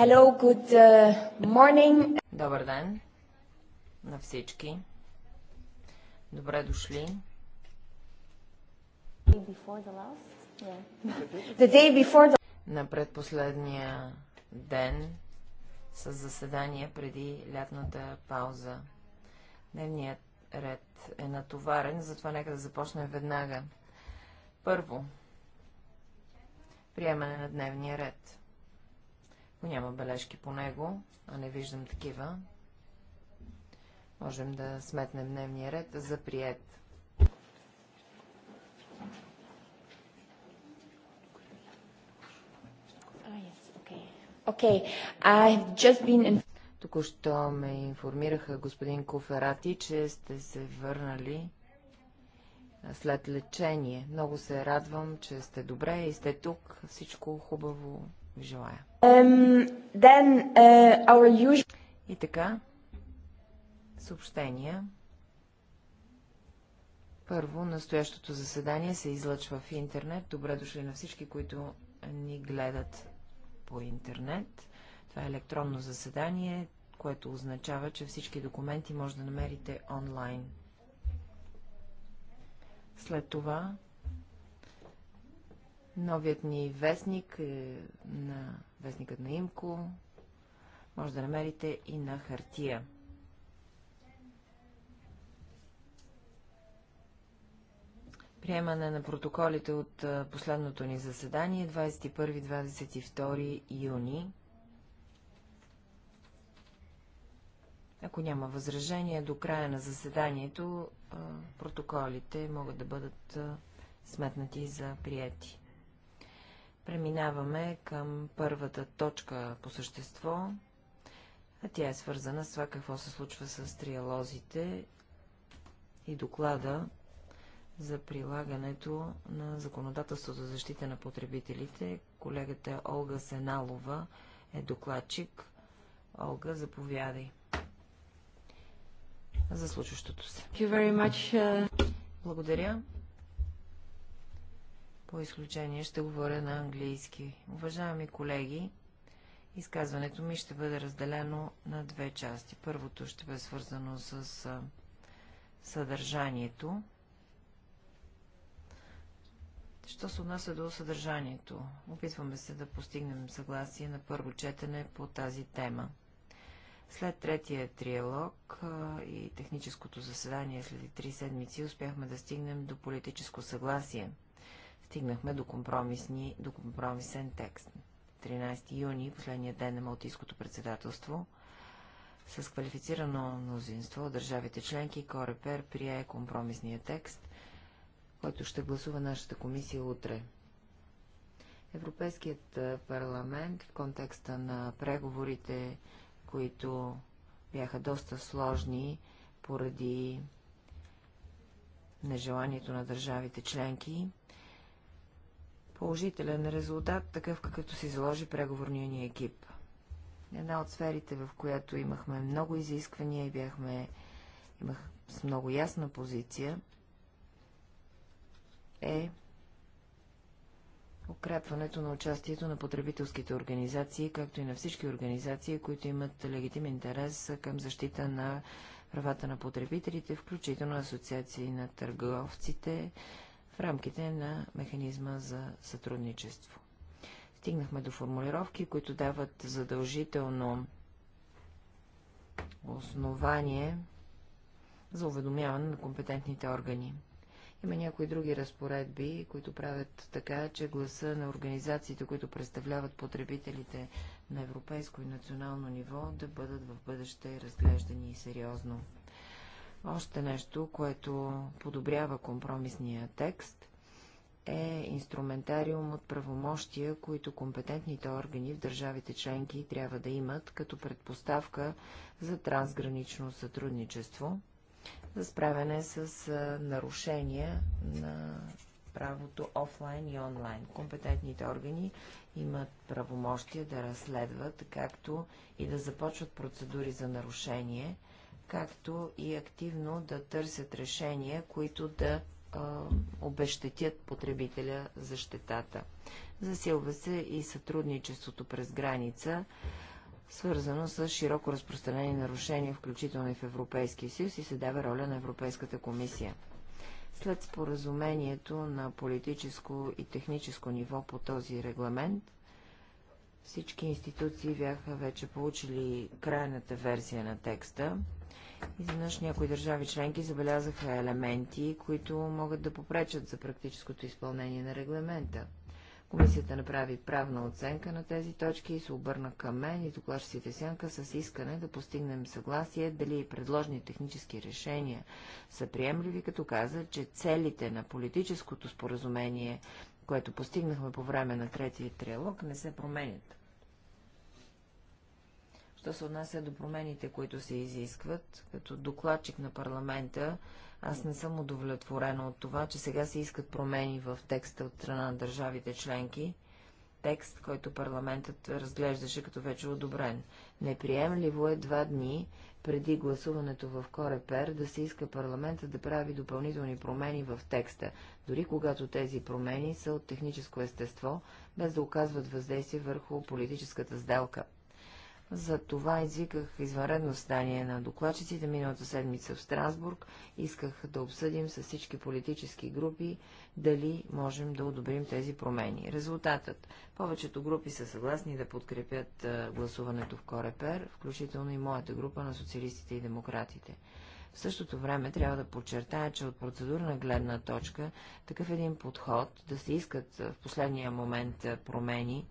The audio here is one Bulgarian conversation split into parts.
Hello, good uh, morning. Добър ден на всички. Добре дошли. The... На предпоследния ден с заседание преди лятната пауза. Дневният ред е натоварен, затова нека да започнем веднага. Първо, приемане на дневния ред. Ако няма бележки по него, а не виждам такива, можем да сметнем дневния ред за прият. Oh, Току-що ме информираха господин Коферати, че сте се върнали след лечение. Много се радвам, че сте добре и сте тук. Всичко хубаво желая. Um, then, uh, our usual... И така, съобщения. Първо, настоящото заседание се излъчва в интернет. Добре дошли на всички, които ни гледат по интернет. Това е електронно заседание, което означава, че всички документи може да намерите онлайн. След това Новият ни вестник е на вестникът на Имко. Може да намерите и на хартия. Приемане на протоколите от последното ни заседание 21-22 юни. Ако няма възражение, до края на заседанието протоколите могат да бъдат сметнати за прияти. Преминаваме към първата точка по същество, а тя е свързана с това какво се случва с триалозите и доклада за прилагането на Законодателство за защита на потребителите. Колегата Олга Сеналова е докладчик. Олга, заповядай за случващото се. Uh, Благодаря. По изключение ще говоря на английски. Уважаеми колеги, изказването ми ще бъде разделено на две части. Първото ще бъде свързано с съдържанието. Що се отнася до съдържанието? Опитваме се да постигнем съгласие на първо четене по тази тема. След третия триалог и техническото заседание след три седмици успяхме да стигнем до политическо съгласие – стигнахме до, компромисни, до компромисен текст. 13 юни, последния ден на Малтийското председателство, с квалифицирано мнозинство от държавите членки, Корепер прие компромисния текст, който ще гласува нашата комисия утре. Европейският парламент в контекста на преговорите, които бяха доста сложни поради нежеланието на държавите членки, положителен резултат, такъв какъвто си заложи преговорния ни екип. Една от сферите, в която имахме много изисквания и бяхме, имах с много ясна позиция, е укрепването на участието на потребителските организации, както и на всички организации, които имат легитим интерес към защита на правата на потребителите, включително асоциации на търговците, рамките на механизма за сътрудничество. Стигнахме до формулировки, които дават задължително основание за уведомяване на компетентните органи. Има някои други разпоредби, които правят така, че гласа на организациите, които представляват потребителите на европейско и национално ниво, да бъдат в бъдеще разглеждани сериозно. Още нещо, което подобрява компромисния текст, е инструментариум от правомощия, които компетентните органи в държавите членки трябва да имат като предпоставка за трансгранично сътрудничество, за справяне с нарушения на правото офлайн и онлайн. Компетентните органи имат правомощия да разследват, както и да започват процедури за нарушение – както и активно да търсят решения, които да а, обещетят потребителя за щетата. Засилва се и сътрудничеството през граница, свързано с широко разпространени нарушения, включително и в Европейския съюз, и се дава роля на Европейската комисия. След споразумението на политическо и техническо ниво по този регламент, всички институции бяха вече получили крайната версия на текста. Изведнъж някои държави членки забелязаха елементи, които могат да попречат за практическото изпълнение на регламента. Комисията направи правна оценка на тези точки и се обърна към мен и докладчиците сянка с искане да постигнем съгласие дали предложени технически решения са приемливи, като каза, че целите на политическото споразумение което постигнахме по време на третия триалог, не се променят. Що се отнася до промените, които се изискват, като докладчик на парламента, аз не съм удовлетворена от това, че сега се искат промени в текста от страна на държавите членки, текст, който парламентът разглеждаше като вече одобрен. Неприемливо е два дни преди гласуването в Корепер да се иска парламента да прави допълнителни промени в текста, дори когато тези промени са от техническо естество, без да оказват въздействие върху политическата сделка. За това извиках извънредно стание на докладчиците миналата седмица в Страсбург. Исках да обсъдим с всички политически групи дали можем да одобрим тези промени. Резултатът. Повечето групи са съгласни да подкрепят гласуването в Корепер, включително и моята група на социалистите и демократите. В същото време трябва да подчертая, че от процедурна гледна точка такъв един подход, да се искат в последния момент промени,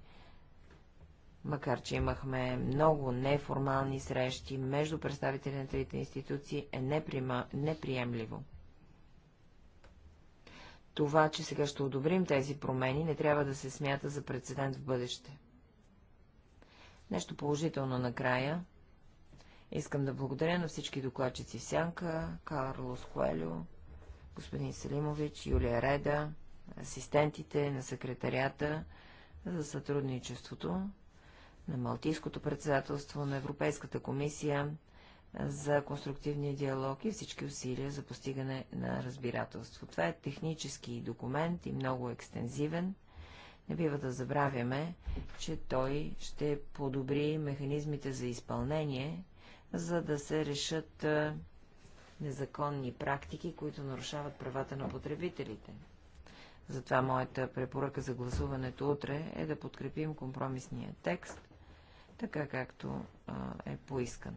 Макар, че имахме много неформални срещи между представители на трите институции, е неприма... неприемливо. Това, че сега ще одобрим тези промени, не трябва да се смята за прецедент в бъдеще. Нещо положително накрая. Искам да благодаря на всички докладчици в Сянка, Карлос Коелю, господин Салимович, Юлия Реда, асистентите на секретарията за сътрудничеството на Малтийското председателство на Европейската комисия за конструктивния диалог и всички усилия за постигане на разбирателство. Това е технически документ и много екстензивен. Не бива да забравяме, че той ще подобри механизмите за изпълнение, за да се решат незаконни практики, които нарушават правата на потребителите. Затова моята препоръка за гласуването утре е да подкрепим компромисния текст така както е поискан.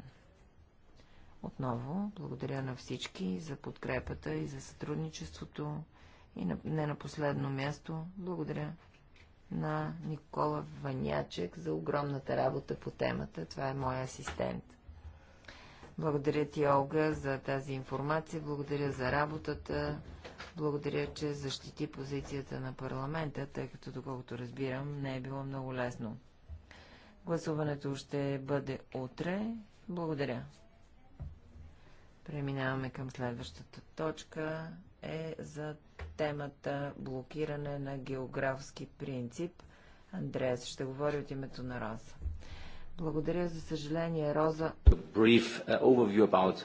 Отново, благодаря на всички за подкрепата и за сътрудничеството. И на, не на последно място, благодаря на Никола Ванячек за огромната работа по темата. Това е мой асистент. Благодаря ти, Олга, за тази информация. Благодаря за работата. Благодаря, че защити позицията на парламента, тъй като, доколкото разбирам, не е било много лесно. Гласуването ще бъде утре. Благодаря. Преминаваме към следващата точка е за темата блокиране на географски принцип. Андреас ще говори от името на Роза. Благодаря за съжаление, Роза. Brief uh, overview about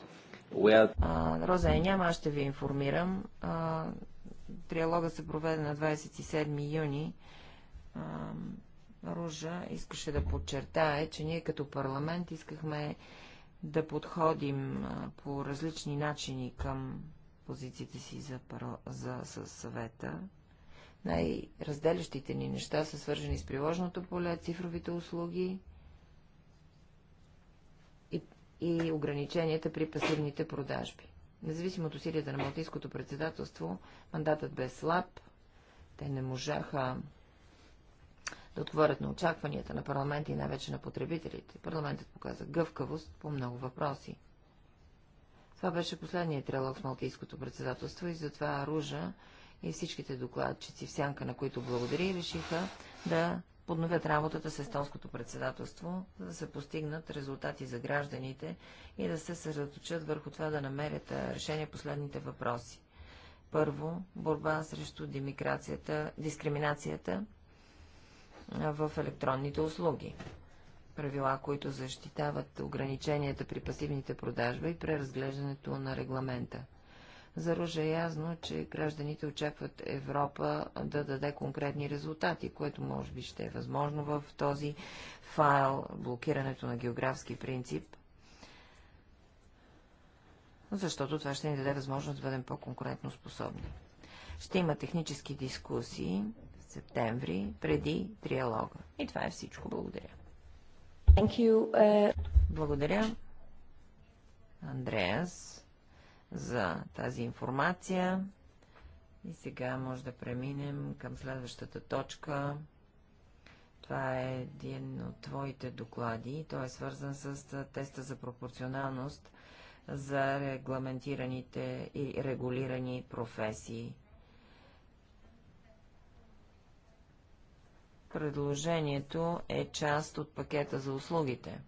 where... а, Роза я няма, аз ще ви информирам. А, триалога се проведе на 27 юни. А, Ружа искаше да подчертае, че ние като парламент искахме да подходим по различни начини към позициите си за, паро... за... за съвета. Най-разделящите ни неща са свържени с приложното поле, цифровите услуги и, и ограниченията при пасивните продажби. Независимо от усилията на Малтийското председателство, мандатът бе слаб. Те не можаха да отговорят на очакванията на парламента и най-вече на потребителите. Парламентът показа гъвкавост по много въпроси. Това беше последният трилог в Малтийското председателство и затова Ружа и всичките докладчици в сянка, на които благодари, решиха да подновят работата с естонското председателство, за да се постигнат резултати за гражданите и да се съсредоточат върху това да намерят решение последните въпроси. Първо, борба срещу дискриминацията в електронните услуги. Правила, които защитават ограниченията при пасивните продажба и преразглеждането на регламента. За Ружа е ясно, че гражданите очакват Европа да даде конкретни резултати, което може би ще е възможно в този файл, блокирането на географски принцип, защото това ще ни даде възможност да бъдем по-конкурентно способни. Ще има технически дискусии септември, преди триалога. И това е всичко. Благодаря. Thank you, uh... Благодаря, Андреас, за тази информация. И сега може да преминем към следващата точка. Това е един от твоите доклади. Той е свързан с теста за пропорционалност за регламентираните и регулирани професии. предложението е част от пакета за услугите.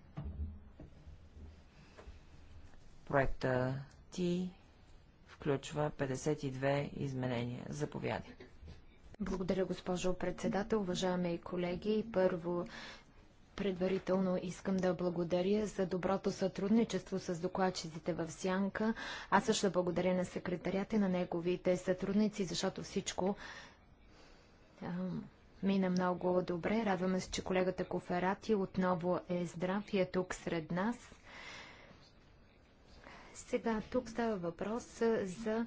Проекта Ти включва 52 изменения. Заповядай. Благодаря, госпожо председател. Уважаеми колеги, първо предварително искам да благодаря за доброто сътрудничество с докладчиците в Сянка. Аз също благодаря на секретарята на неговите сътрудници, защото всичко мина много добре. Радваме се, че колегата Коферати отново е здрав и е тук сред нас. Сега тук става въпрос за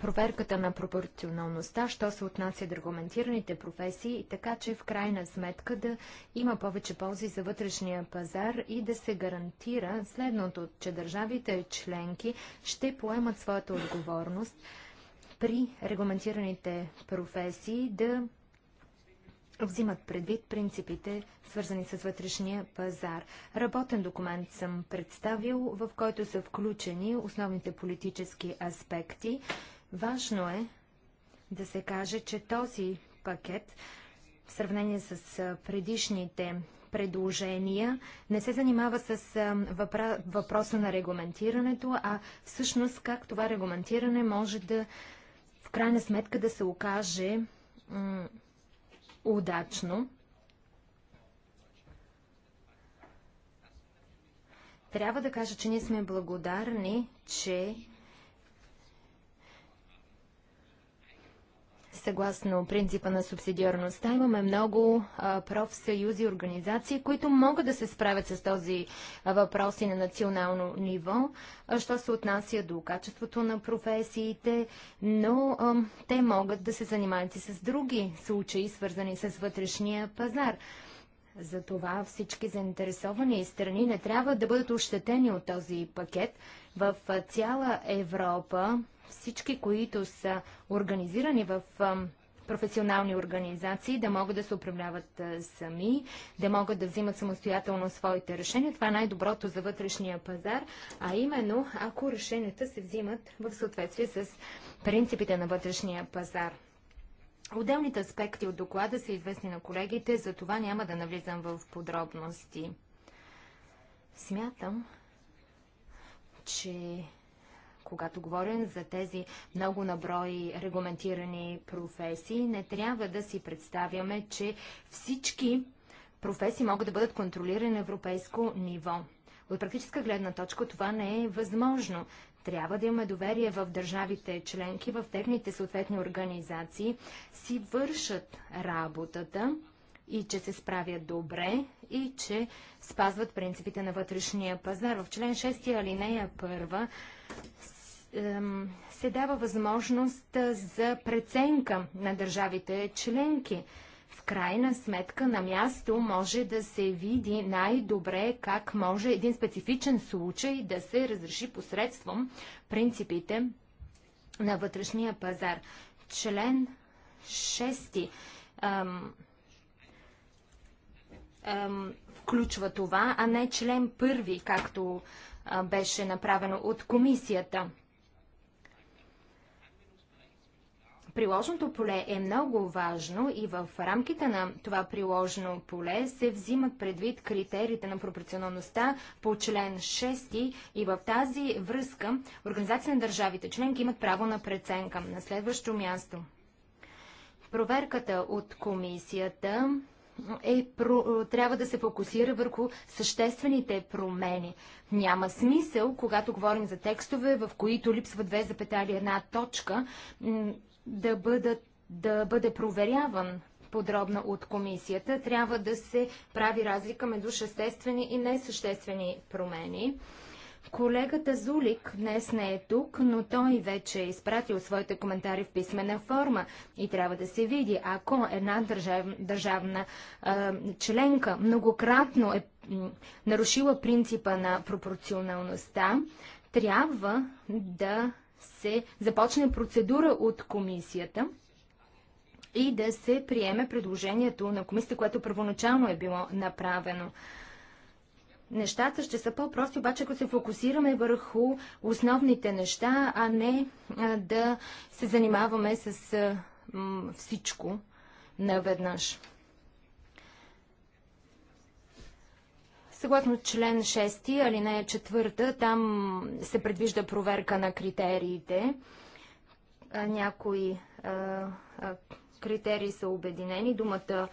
проверката на пропорционалността, що се отнася до регламентираните професии, така че в крайна сметка да има повече ползи за вътрешния пазар и да се гарантира следното, че държавите членки ще поемат своята отговорност при регламентираните професии да взимат предвид принципите, свързани с вътрешния пазар. Работен документ съм представил, в който са включени основните политически аспекти. Важно е да се каже, че този пакет в сравнение с предишните предложения не се занимава с въпроса на регламентирането, а всъщност как това регламентиране може да в крайна сметка да се окаже удачно. Трябва да кажа, че ние сме благодарни, че съгласно принципа на субсидиарността имаме много а, профсъюзи и организации, които могат да се справят с този въпрос и на национално ниво, а, що се отнася до качеството на професиите, но а, те могат да се занимават и с други случаи, свързани с вътрешния пазар. Затова всички заинтересовани страни не трябва да бъдат ощетени от този пакет. В цяла Европа всички, които са организирани в професионални организации, да могат да се управляват сами, да могат да взимат самостоятелно своите решения. Това е най-доброто за вътрешния пазар, а именно ако решенията се взимат в съответствие с принципите на вътрешния пазар. Отделните аспекти от доклада са известни на колегите, за това няма да навлизам в подробности. Смятам, че когато говорим за тези много наброи регламентирани професии, не трябва да си представяме, че всички професии могат да бъдат контролирани на европейско ниво. От практическа гледна точка това не е възможно. Трябва да имаме доверие в държавите членки, в техните съответни организации, си вършат работата и че се справят добре и че спазват принципите на вътрешния пазар. В член 6 алинея 1 се дава възможност за преценка на държавите членки. В крайна сметка на място може да се види най-добре как може един специфичен случай да се разреши посредством принципите на вътрешния пазар. Член 6 ам, ам, включва това, а не член 1, както а, беше направено от комисията. Приложното поле е много важно и в рамките на това приложено поле се взимат предвид критериите на пропорционалността по член 6 и в тази връзка Организация на държавите членки имат право на преценка. На следващо място. Проверката от комисията е, трябва да се фокусира върху съществените промени. Няма смисъл, когато говорим за текстове, в които липсва две запетали една точка, да, бъдат, да бъде проверяван подробно от комисията. Трябва да се прави разлика между съществени и несъществени промени. Колегата Зулик днес не е тук, но той вече е изпратил своите коментари в писмена форма и трябва да се види, ако една държав, държавна а, членка многократно е нарушила принципа на пропорционалността, трябва да се започне процедура от комисията и да се приеме предложението на комисията, което първоначално е било направено. Нещата ще са по-прости, обаче ако се фокусираме върху основните неща, а не а, да се занимаваме с а, м, всичко наведнъж. Съгласно член 6, алинея 4, там се предвижда проверка на критериите. Някои а, а, критерии са обединени. Думата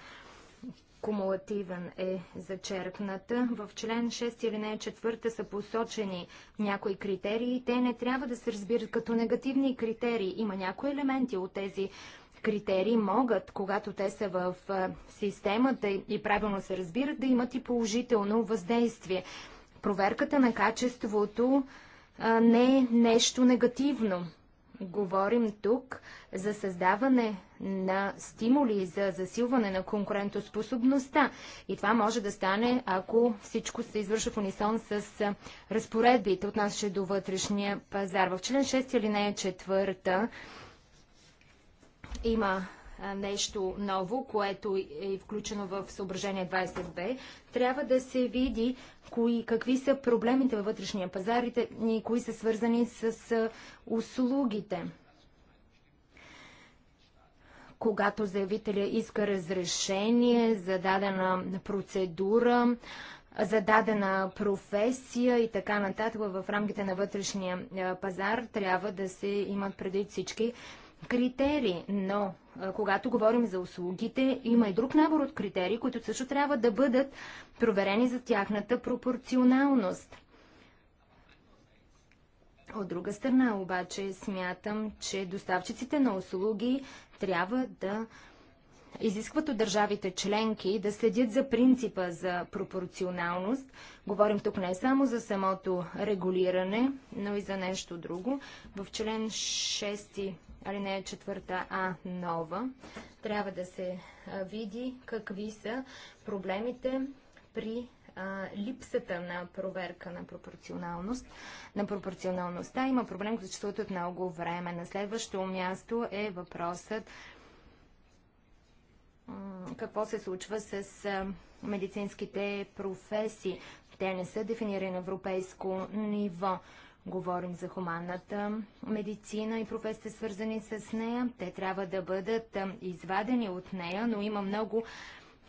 кумулативен е зачеркната. В член 6 или не 4 са посочени някои критерии. Те не трябва да се разбират като негативни критерии. Има някои елементи от тези критерии могат, когато те са в системата и правилно се разбират, да имат и положително въздействие. Проверката на качеството не е нещо негативно. Говорим тук за създаване на стимули за засилване на конкурентоспособността. И това може да стане, ако всичко се извършва в унисон с разпоредбите, отнасящи до вътрешния пазар. В член 6 алинея 4 има нещо ново, което е включено в съображение 20б, трябва да се види кои, какви са проблемите във вътрешния пазар и кои са свързани с услугите. Когато заявителя иска разрешение за дадена процедура, за дадена професия и така нататък в рамките на вътрешния пазар, трябва да се имат преди всички критерии, но когато говорим за услугите, има и друг набор от критерии, които също трябва да бъдат проверени за тяхната пропорционалност. От друга страна, обаче, смятам, че доставчиците на услуги трябва да изискват от държавите членки да следят за принципа за пропорционалност. Говорим тук не само за самото регулиране, но и за нещо друго. В член 6 алинея 4а нова, трябва да се види какви са проблемите при а, липсата на проверка на пропорционалност, на пропорционалността. Има проблем, защото от много време. На следващо място е въпросът какво се случва с медицинските професии. Те не са дефинирани на европейско ниво. Говорим за хуманната медицина и професите свързани с нея. Те трябва да бъдат извадени от нея, но има много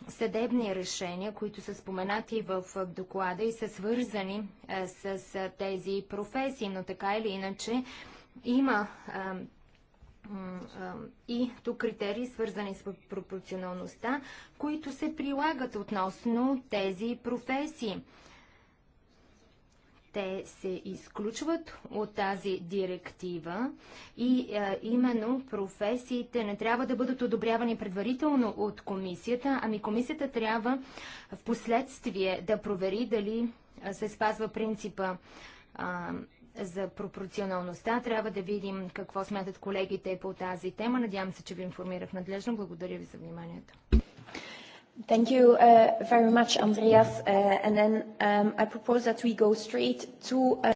съдебни решения, които са споменати в доклада и са свързани а, с, тези професии, но така или иначе има а, и тук критерии, свързани с пропорционалността, които се прилагат относно тези професии те се изключват от тази директива и а, е, именно професиите не трябва да бъдат одобрявани предварително от комисията, ами комисията трябва в последствие да провери дали е, се спазва принципа а, за пропорционалността. Трябва да видим какво смятат колегите по тази тема. Надявам се, че ви информирах надлежно. Благодаря ви за вниманието. Thank you uh, very much, Andreas. Uh, and then um, I propose that we go straight to... Uh...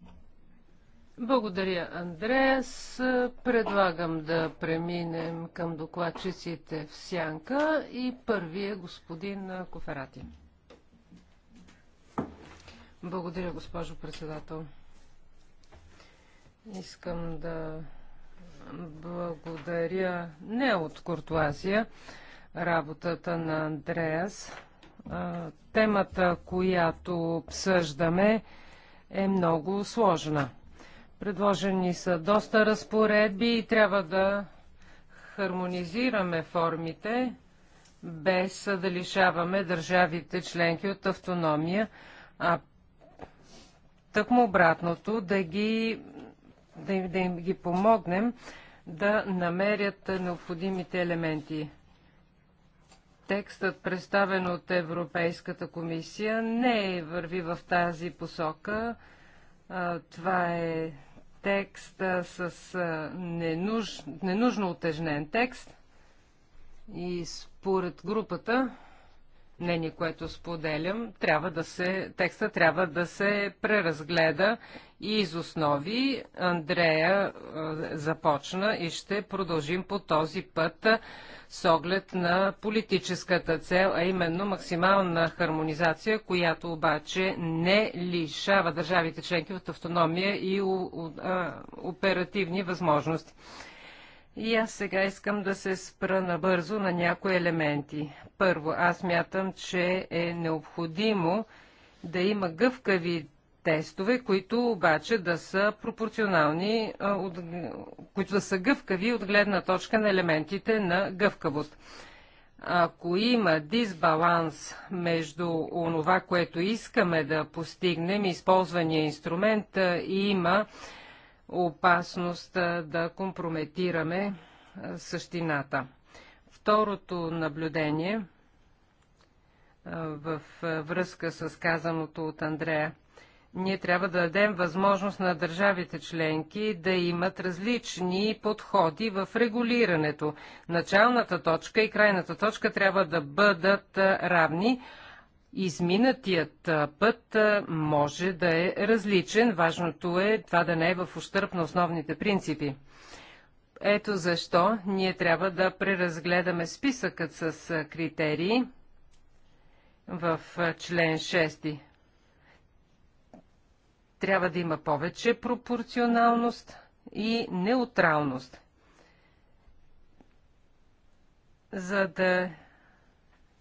Благодаря, Андреас. Предлагам да преминем към докладчиците в сянка и първия е господин Коферати. Благодаря, госпожо председател. Искам да благодаря не от Куртуазия, работата на Андреас. Темата, която обсъждаме, е много сложна. Предложени са доста разпоредби и трябва да хармонизираме формите, без да лишаваме държавите членки от автономия, а тъкмо обратното да ги, да им, да им ги помогнем да намерят необходимите елементи. Текстът, представен от Европейската комисия, не е- върви в тази посока. Това е текст с ненуж... ненужно отежнен текст. И според групата мнение, което споделям, трябва да се, текста трябва да се преразгледа и из основи. Андрея започна и ще продължим по този път с оглед на политическата цел, а именно максимална хармонизация, която обаче не лишава държавите членки от автономия и оперативни възможности. И аз сега искам да се спра набързо на някои елементи. Първо, аз мятам, че е необходимо да има гъвкави тестове, които обаче да са пропорционални, които да са гъвкави от гледна точка на елементите на гъвкавост. Ако има дисбаланс между онова, което искаме да постигнем, използвания инструмент, има опасност да компрометираме същината. Второто наблюдение в връзка с казаното от Андрея. Ние трябва да дадем възможност на държавите членки да имат различни подходи в регулирането. Началната точка и крайната точка трябва да бъдат равни, Изминатият път може да е различен. Важното е това да не е в ущърп на основните принципи. Ето защо ние трябва да преразгледаме списъкът с критерии в член 6. Трябва да има повече пропорционалност и неутралност, за да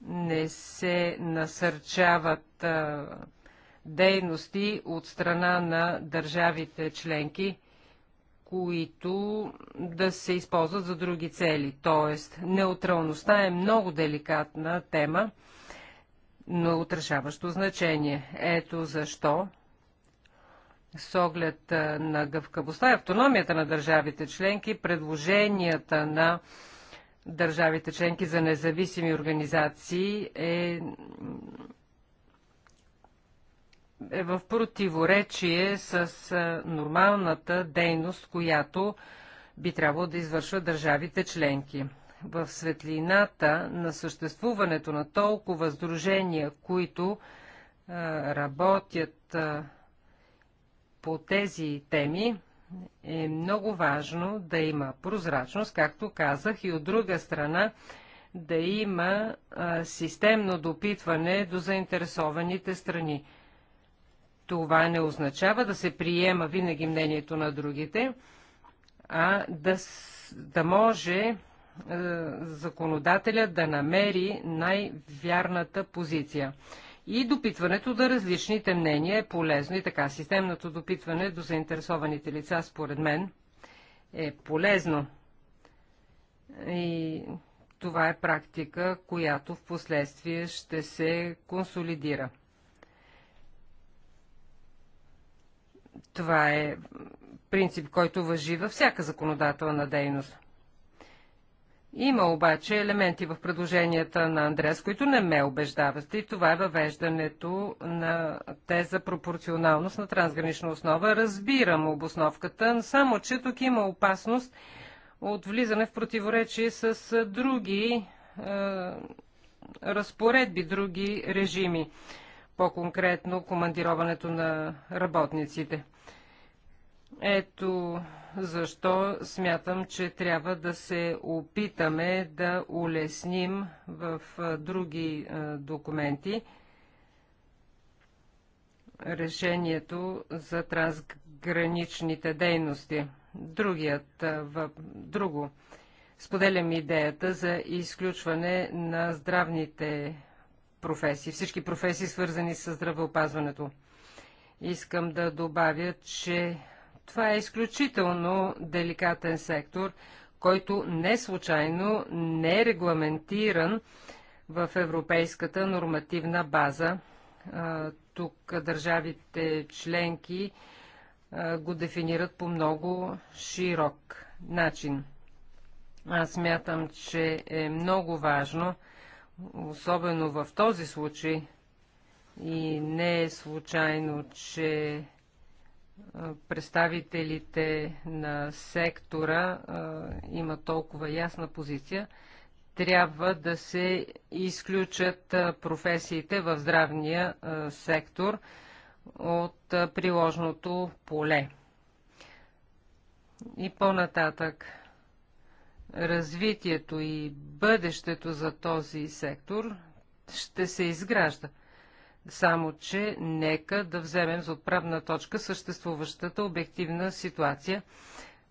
не се насърчават а, дейности от страна на държавите членки, които да се използват за други цели. Тоест, неутралността е много деликатна тема, но е отрешаващо значение. Ето защо с оглед на гъвкавостта и автономията на държавите членки, предложенията на държавите членки за независими организации е, е в противоречие с нормалната дейност, която би трябвало да извършва държавите членки. В светлината на съществуването на толкова сдружения, които работят по тези теми, е много важно да има прозрачност, както казах, и от друга страна да има а, системно допитване до заинтересованите страни. Това не означава да се приема винаги мнението на другите, а да, да може а, законодателя да намери най-вярната позиция и допитването да различните мнения е полезно. И така, системното допитване до заинтересованите лица, според мен, е полезно. И това е практика, която в последствие ще се консолидира. Това е принцип, който въжи във всяка законодателна дейност. Има обаче елементи в предложенията на Андреас, които не ме убеждават и това е въвеждането на теза пропорционалност на трансгранична основа. Разбирам обосновката, само че тук има опасност от влизане в противоречие с други е, разпоредби, други режими, по-конкретно командироването на работниците. Ето защо смятам, че трябва да се опитаме да улесним в други документи решението за трансграничните дейности. Другият, друго. Споделям идеята за изключване на здравните професии, всички професии свързани с здравеопазването. Искам да добавя, че това е изключително деликатен сектор, който не случайно не е регламентиран в европейската нормативна база. Тук държавите членки го дефинират по много широк начин. Аз мятам, че е много важно, особено в този случай, и не е случайно, че представителите на сектора има толкова ясна позиция, трябва да се изключат професиите в здравния сектор от приложното поле. И по-нататък. Развитието и бъдещето за този сектор ще се изгражда – само, че нека да вземем за отправна точка съществуващата обективна ситуация,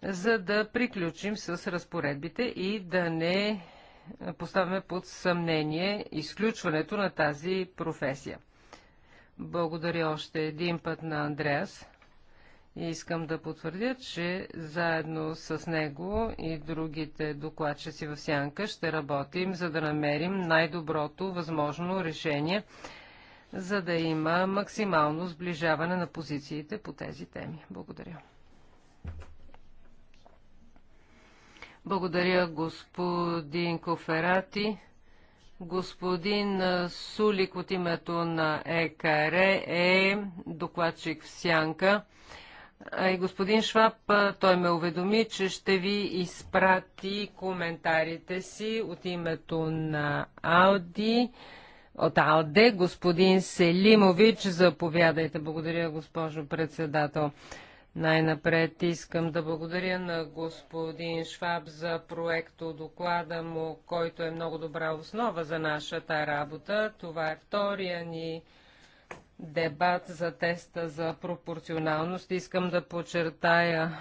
за да приключим с разпоредбите и да не поставяме под съмнение изключването на тази професия. Благодаря още един път на Андреас. И искам да потвърдя, че заедно с него и другите докладчици в Сянка ще работим, за да намерим най-доброто възможно решение – за да има максимално сближаване на позициите по тези теми. Благодаря. Благодаря, господин Коферати. Господин Сулик от името на ЕКР е докладчик в Сянка. И господин Шваб, той ме уведоми, че ще ви изпрати коментарите си от името на Ауди от АЛДЕ. Господин Селимович, заповядайте. Благодаря, госпожо председател. Най-напред искам да благодаря на господин Шваб за проекто доклада му, който е много добра основа за нашата работа. Това е втория ни дебат за теста за пропорционалност. Искам да подчертая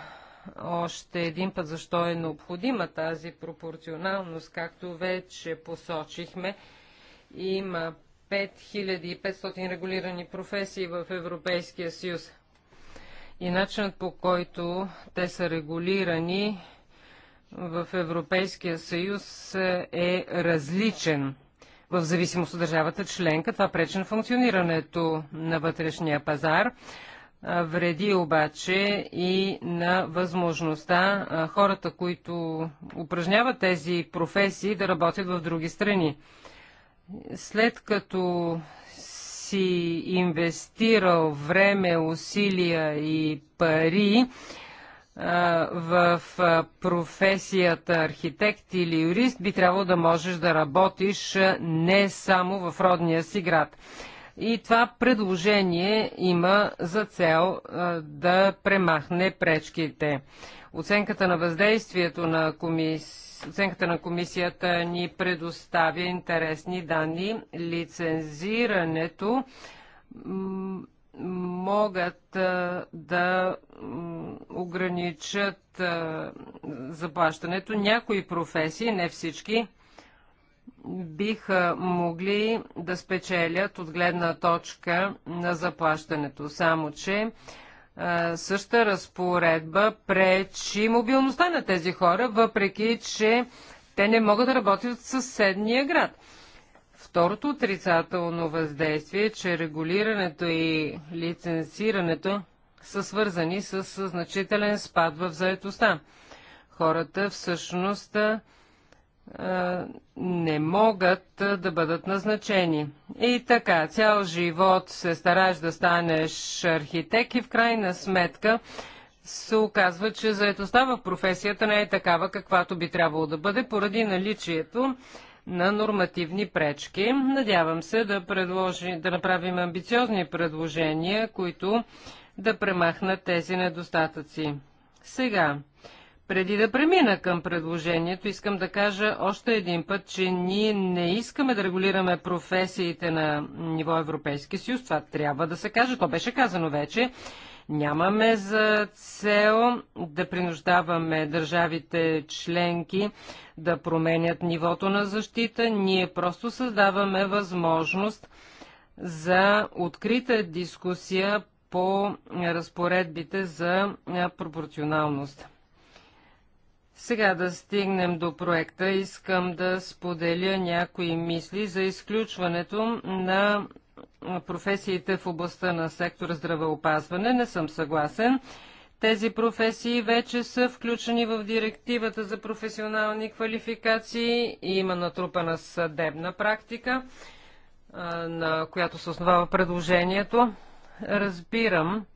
още един път защо е необходима тази пропорционалност, както вече посочихме. Има 5500 регулирани професии в Европейския съюз. И начинът по който те са регулирани в Европейския съюз е различен в зависимост от държавата членка. Това пречи на функционирането на вътрешния пазар. Вреди обаче и на възможността хората, които упражняват тези професии, да работят в други страни. След като си инвестирал време, усилия и пари в професията архитект или юрист, би трябвало да можеш да работиш не само в родния си град. И това предложение има за цел да премахне пречките. Оценката на въздействието на комисията оценката на комисията ни предоставя интересни данни. Лицензирането могат да ограничат заплащането. Някои професии, не всички, биха могли да спечелят от гледна точка на заплащането. Само, че е, същата разпоредба пречи мобилността на тези хора, въпреки че те не могат да работят в съседния град. Второто отрицателно въздействие е, че регулирането и лицензирането са свързани с значителен спад в заетостта. Хората всъщност е, не могат да бъдат назначени. И така, цял живот се стараш да станеш архитект и в крайна сметка се оказва, че заедостта в професията не е такава, каквато би трябвало да бъде, поради наличието на нормативни пречки. Надявам се да, предложи, да направим амбициозни предложения, които да премахнат тези недостатъци. Сега, преди да премина към предложението, искам да кажа още един път, че ние не искаме да регулираме професиите на ниво Европейски съюз. Това трябва да се каже. То беше казано вече. Нямаме за цел да принуждаваме държавите членки да променят нивото на защита. Ние просто създаваме възможност за открита дискусия по разпоредбите за пропорционалност. Сега да стигнем до проекта, искам да споделя някои мисли за изключването на професиите в областта на сектора здравеопазване. Не съм съгласен. Тези професии вече са включени в директивата за професионални квалификации и има натрупана съдебна практика, на която се основава предложението. Разбирам,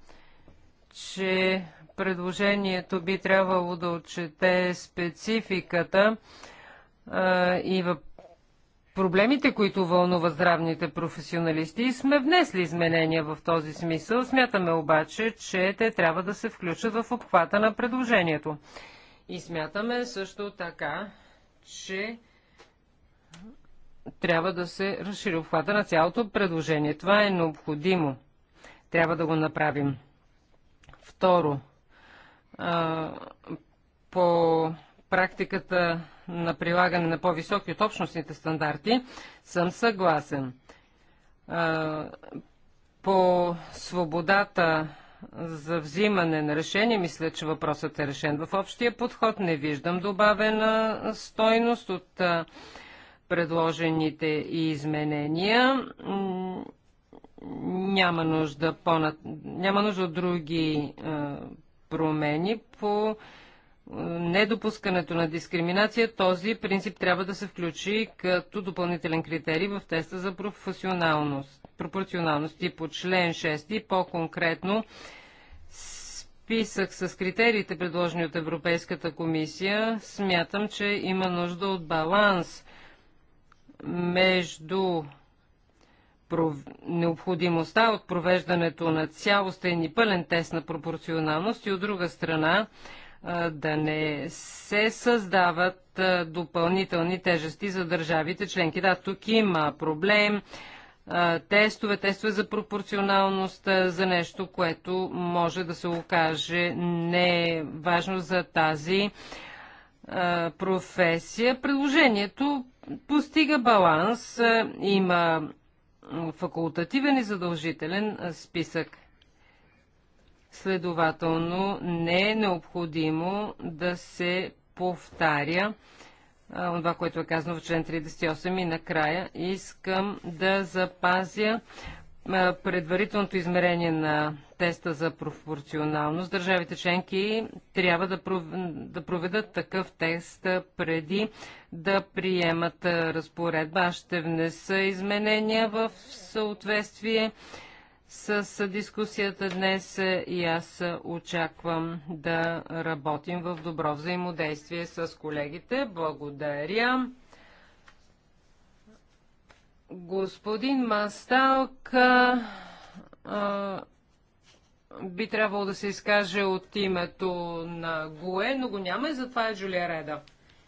че предложението би трябвало да отчете спецификата а, и в проблемите, които вълнуват здравните професионалисти и сме внесли изменения в този смисъл. Смятаме обаче, че те трябва да се включат в обхвата на предложението. И смятаме също така, че трябва да се разшири обхвата на цялото предложение. Това е необходимо. Трябва да го направим. Второ, а, по практиката на прилагане на по-високи от общностните стандарти, съм съгласен. А, по свободата за взимане на решение, мисля, че въпросът е решен в общия подход. Не виждам добавена стойност от предложените изменения. Няма нужда, по- няма нужда от други промени по е, недопускането на дискриминация, този принцип трябва да се включи като допълнителен критерий в теста за професионалност, пропорционалност и по член 6 по-конкретно списък с критериите, предложени от Европейската комисия, смятам, че има нужда от баланс между пров... необходимостта от провеждането на цялостен и пълен тест на пропорционалност и от друга страна да не се създават допълнителни тежести за държавите членки. Да, тук има проблем. Тестове, тестове за пропорционалност, за нещо, което може да се окаже не е важно за тази професия. Предложението постига баланс, има факултативен и задължителен списък. Следователно не е необходимо да се повтаря това, което е казано в член 38 и накрая искам да запазя предварителното измерение на теста за пропорционалност, държавите членки трябва да, да проведат такъв тест преди да приемат разпоредба. Аз ще внеса изменения в съответствие с дискусията днес и аз очаквам да работим в добро взаимодействие с колегите. Благодаря. Господин Масталка а, би трябвало да се изкаже от името на ГУЕ, но го няма и затова е Джулия Реда.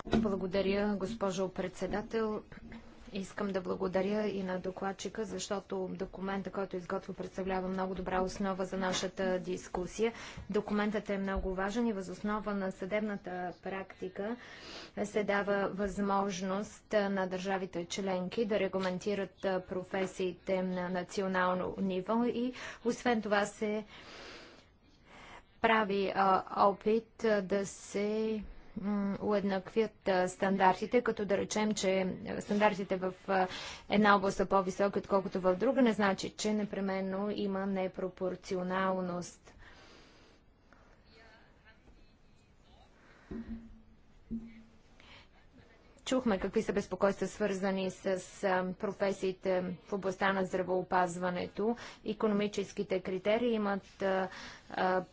Благодаря, госпожо председател. Искам да благодаря и на докладчика, защото документа, който изготвя, представлява много добра основа за нашата дискусия. Документът е много важен и възоснова на съдебната практика се дава възможност на държавите членки да регламентират професиите на национално ниво и освен това се прави опит да се уеднаквят стандартите, като да речем, че стандартите в една област са по-високи, отколкото в друга, не значи, че непременно има непропорционалност. Чухме какви са безпокойства свързани с професиите в областта на здравоопазването. Економическите критерии имат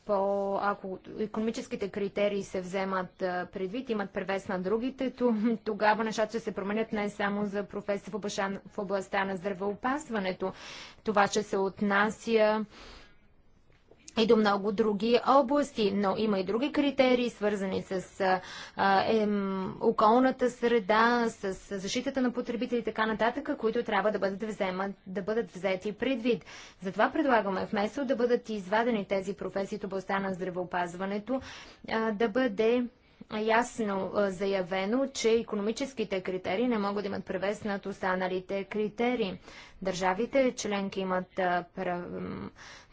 по... Ако економическите критерии се вземат предвид, имат превес на другите, тогава нещата ще се променят не само за професия в областта на здравеопазването. Това ще се отнася и до много други области, но има и други критерии, свързани с а, околната среда, с, защитата на потребители и така нататък, които трябва да бъдат, взема, да бъдат взети предвид. Затова предлагаме вместо да бъдат извадени тези професии от областта на здравеопазването, а, да бъде ясно заявено, че економическите критерии не могат да имат превес над останалите критерии. Държавите членки имат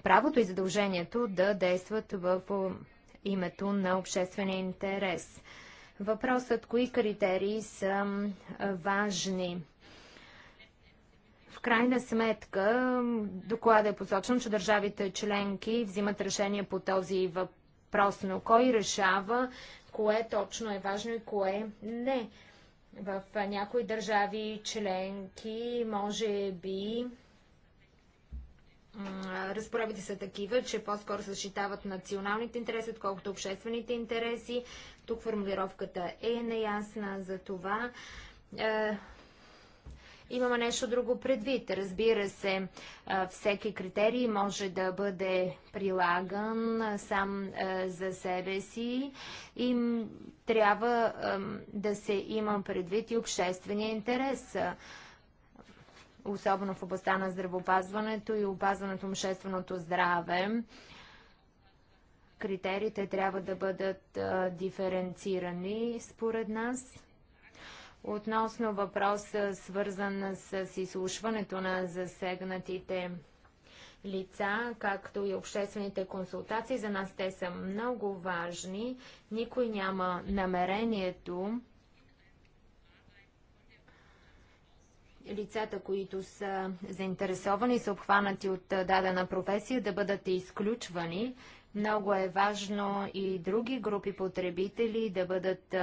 правото и задължението да действат в името на обществения интерес. Въпросът кои критерии са важни. В крайна сметка, доклада е посочен, че държавите членки взимат решение по този въпрос, но кой решава кое точно е важно и кое не. В някои държави членки може би разправите са такива, че по-скоро защитават националните интереси, отколкото обществените интереси. Тук формулировката е неясна за това. Е, Имаме нещо друго предвид. Разбира се, всеки критерий може да бъде прилаган сам за себе си и трябва да се има предвид и обществения интерес особено в областта на здравопазването и опазването на общественото здраве. Критериите трябва да бъдат диференцирани според нас. Относно въпроса, свързан с изслушването на засегнатите лица, както и обществените консултации, за нас те са много важни. Никой няма намерението лицата, които са заинтересовани, са обхванати от дадена професия, да бъдат изключвани. Много е важно и други групи потребители да бъдат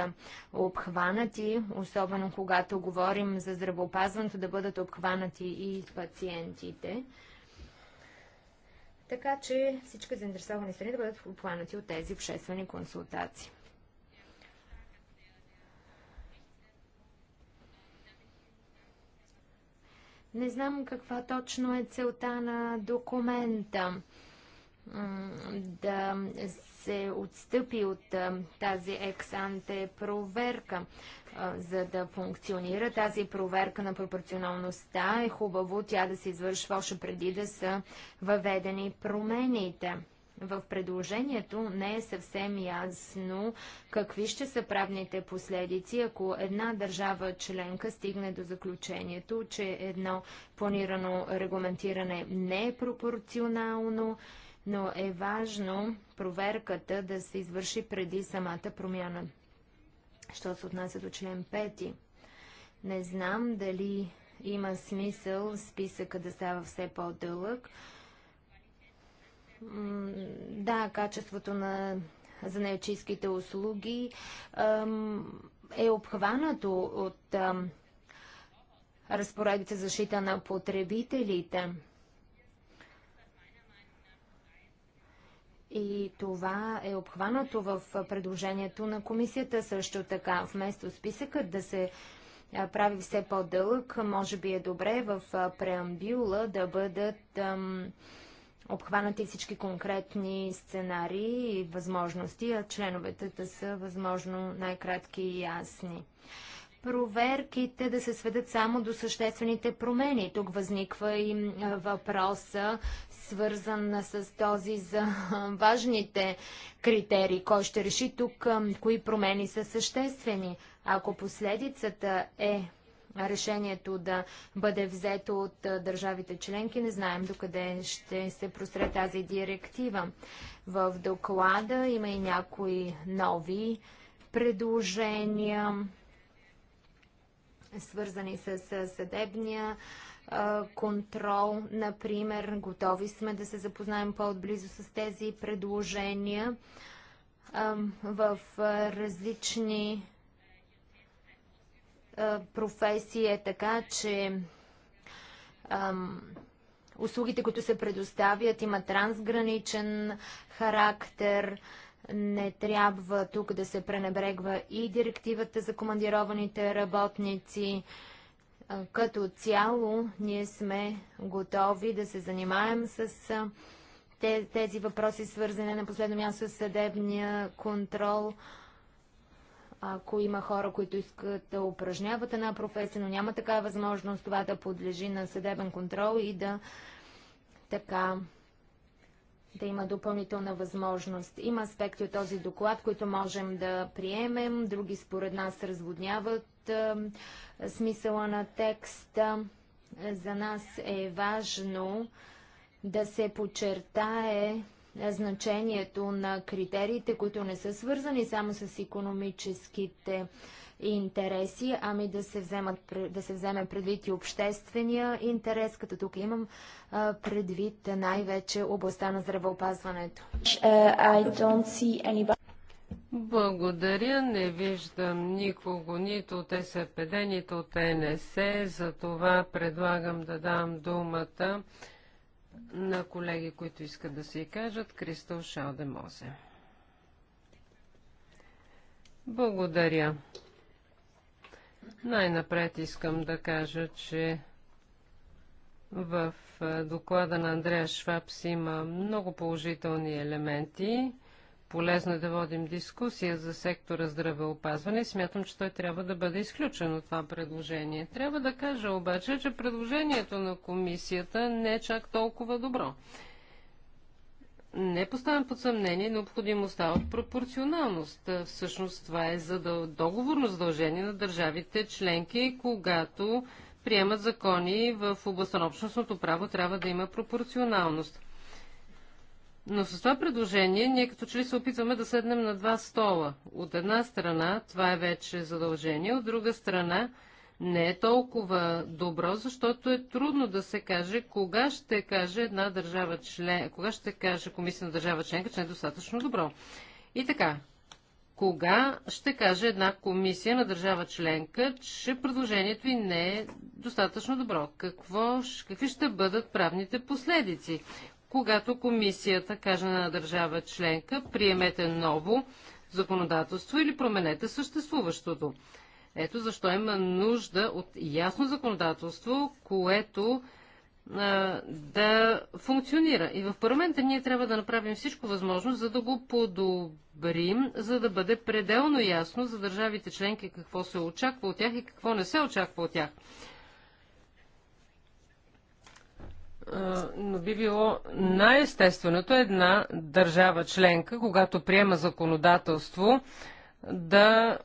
обхванати, особено когато говорим за здравеопазването, да бъдат обхванати и пациентите. Така че всички заинтересовани страни да бъдат обхванати от тези обществени консултации. Не знам каква точно е целта на документа да се отстъпи от тази ексанте проверка, за да функционира тази проверка на пропорционалността. Е хубаво тя да се извършва още преди да са въведени промените. В предложението не е съвсем ясно какви ще са правните последици, ако една държава членка стигне до заключението, че едно планирано регламентиране не е пропорционално, но е важно проверката да се извърши преди самата промяна. Що се отнася до член 5? Не знам дали има смисъл списъка да става все по-дълъг. Да, качеството на занечистките услуги е обхванато от разпоредите защита на потребителите. И това е обхванато в предложението на комисията също така. Вместо списъкът да се прави все по-дълъг, може би е добре в преамбюла да бъдат ам, обхванати всички конкретни сценарии и възможности, а членовете да са възможно най-кратки и ясни проверките да се сведат само до съществените промени. Тук възниква и въпроса, свързан с този за важните критерии. Кой ще реши тук кои промени са съществени? Ако последицата е решението да бъде взето от държавите членки. Не знаем докъде ще се простре тази директива. В доклада има и някои нови предложения свързани с съдебния контрол, например. Готови сме да се запознаем по-отблизо с тези предложения в различни професии е така, че услугите, които се предоставят, имат трансграничен характер. Не трябва тук да се пренебрегва и директивата за командированите работници. Като цяло ние сме готови да се занимаем с тези въпроси, свързани на последно място с съдебния контрол. Ако има хора, които искат да упражняват една професия, но няма такава възможност това да подлежи на съдебен контрол и да така да има допълнителна възможност. Има аспекти от този доклад, които можем да приемем, други според нас разводняват смисъла на текста. За нас е важно да се подчертае значението на критериите, които не са свързани само с економическите и интереси, ами да се, вземат, да се вземе предвид и обществения интерес, като тук имам предвид най-вече областта на здравеопазването. Uh, Благодаря, не виждам никого, нито от СПД, нито от НС. за това предлагам да дам думата на колеги, които искат да се и кажат. Кристал Шалдемозе. Благодаря. Най-напред искам да кажа, че в доклада на Андрея Швабс има много положителни елементи. Полезно е да водим дискусия за сектора здравеопазване и смятам, че той трябва да бъде изключен от това предложение. Трябва да кажа обаче, че предложението на комисията не е чак толкова добро не поставям под съмнение необходимостта от пропорционалност. Е, всъщност това е задъл... договорно задължение на държавите членки, когато приемат закони в областта на общностното право, трябва да има пропорционалност. Но с това предложение ние като че ли се опитваме да седнем на два стола. От една страна това е вече задължение, от друга страна не е толкова добро, защото е трудно да се каже кога ще каже една държава член, кога ще каже комисия на държава членка, че не е достатъчно добро. И така, кога ще каже една комисия на държава членка, че предложението ви не е достатъчно добро? Какво, какви ще бъдат правните последици? Когато комисията каже на държава членка, приемете ново законодателство или променете съществуващото. Ето защо има нужда от ясно законодателство, което а, да функционира. И в парламента ние трябва да направим всичко възможно, за да го подобрим, за да бъде пределно ясно за държавите членки какво се очаква от тях и какво не се очаква от тях. но би било най-естественото една държава членка, когато приема законодателство, да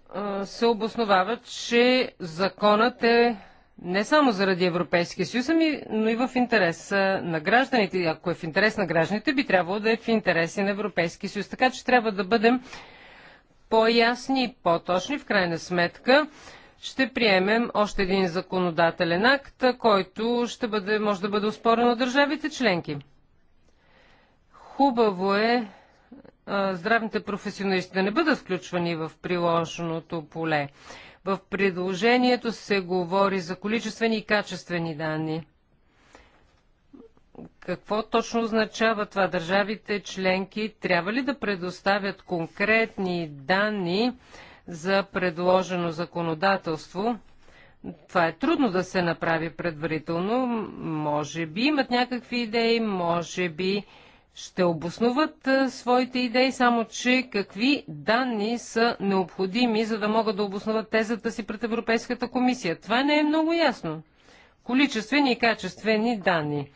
се обосновават, че законът е не само заради Европейския съюз, ами, но и в интерес на гражданите. Ако е в интерес на гражданите, би трябвало да е в интерес и на Европейския съюз. Така че трябва да бъдем по-ясни и по-точни. В крайна сметка ще приемем още един законодателен акт, който ще бъде, може да бъде успорен от държавите членки. Хубаво е здравните професионалисти да не бъдат включвани в приложеното поле. В предложението се говори за количествени и качествени данни. Какво точно означава това? Държавите членки трябва ли да предоставят конкретни данни за предложено законодателство? Това е трудно да се направи предварително. Може би имат някакви идеи, може би ще обосноват своите идеи, само че какви данни са необходими, за да могат да обосноват тезата си пред Европейската комисия. Това не е много ясно. Количествени и качествени данни.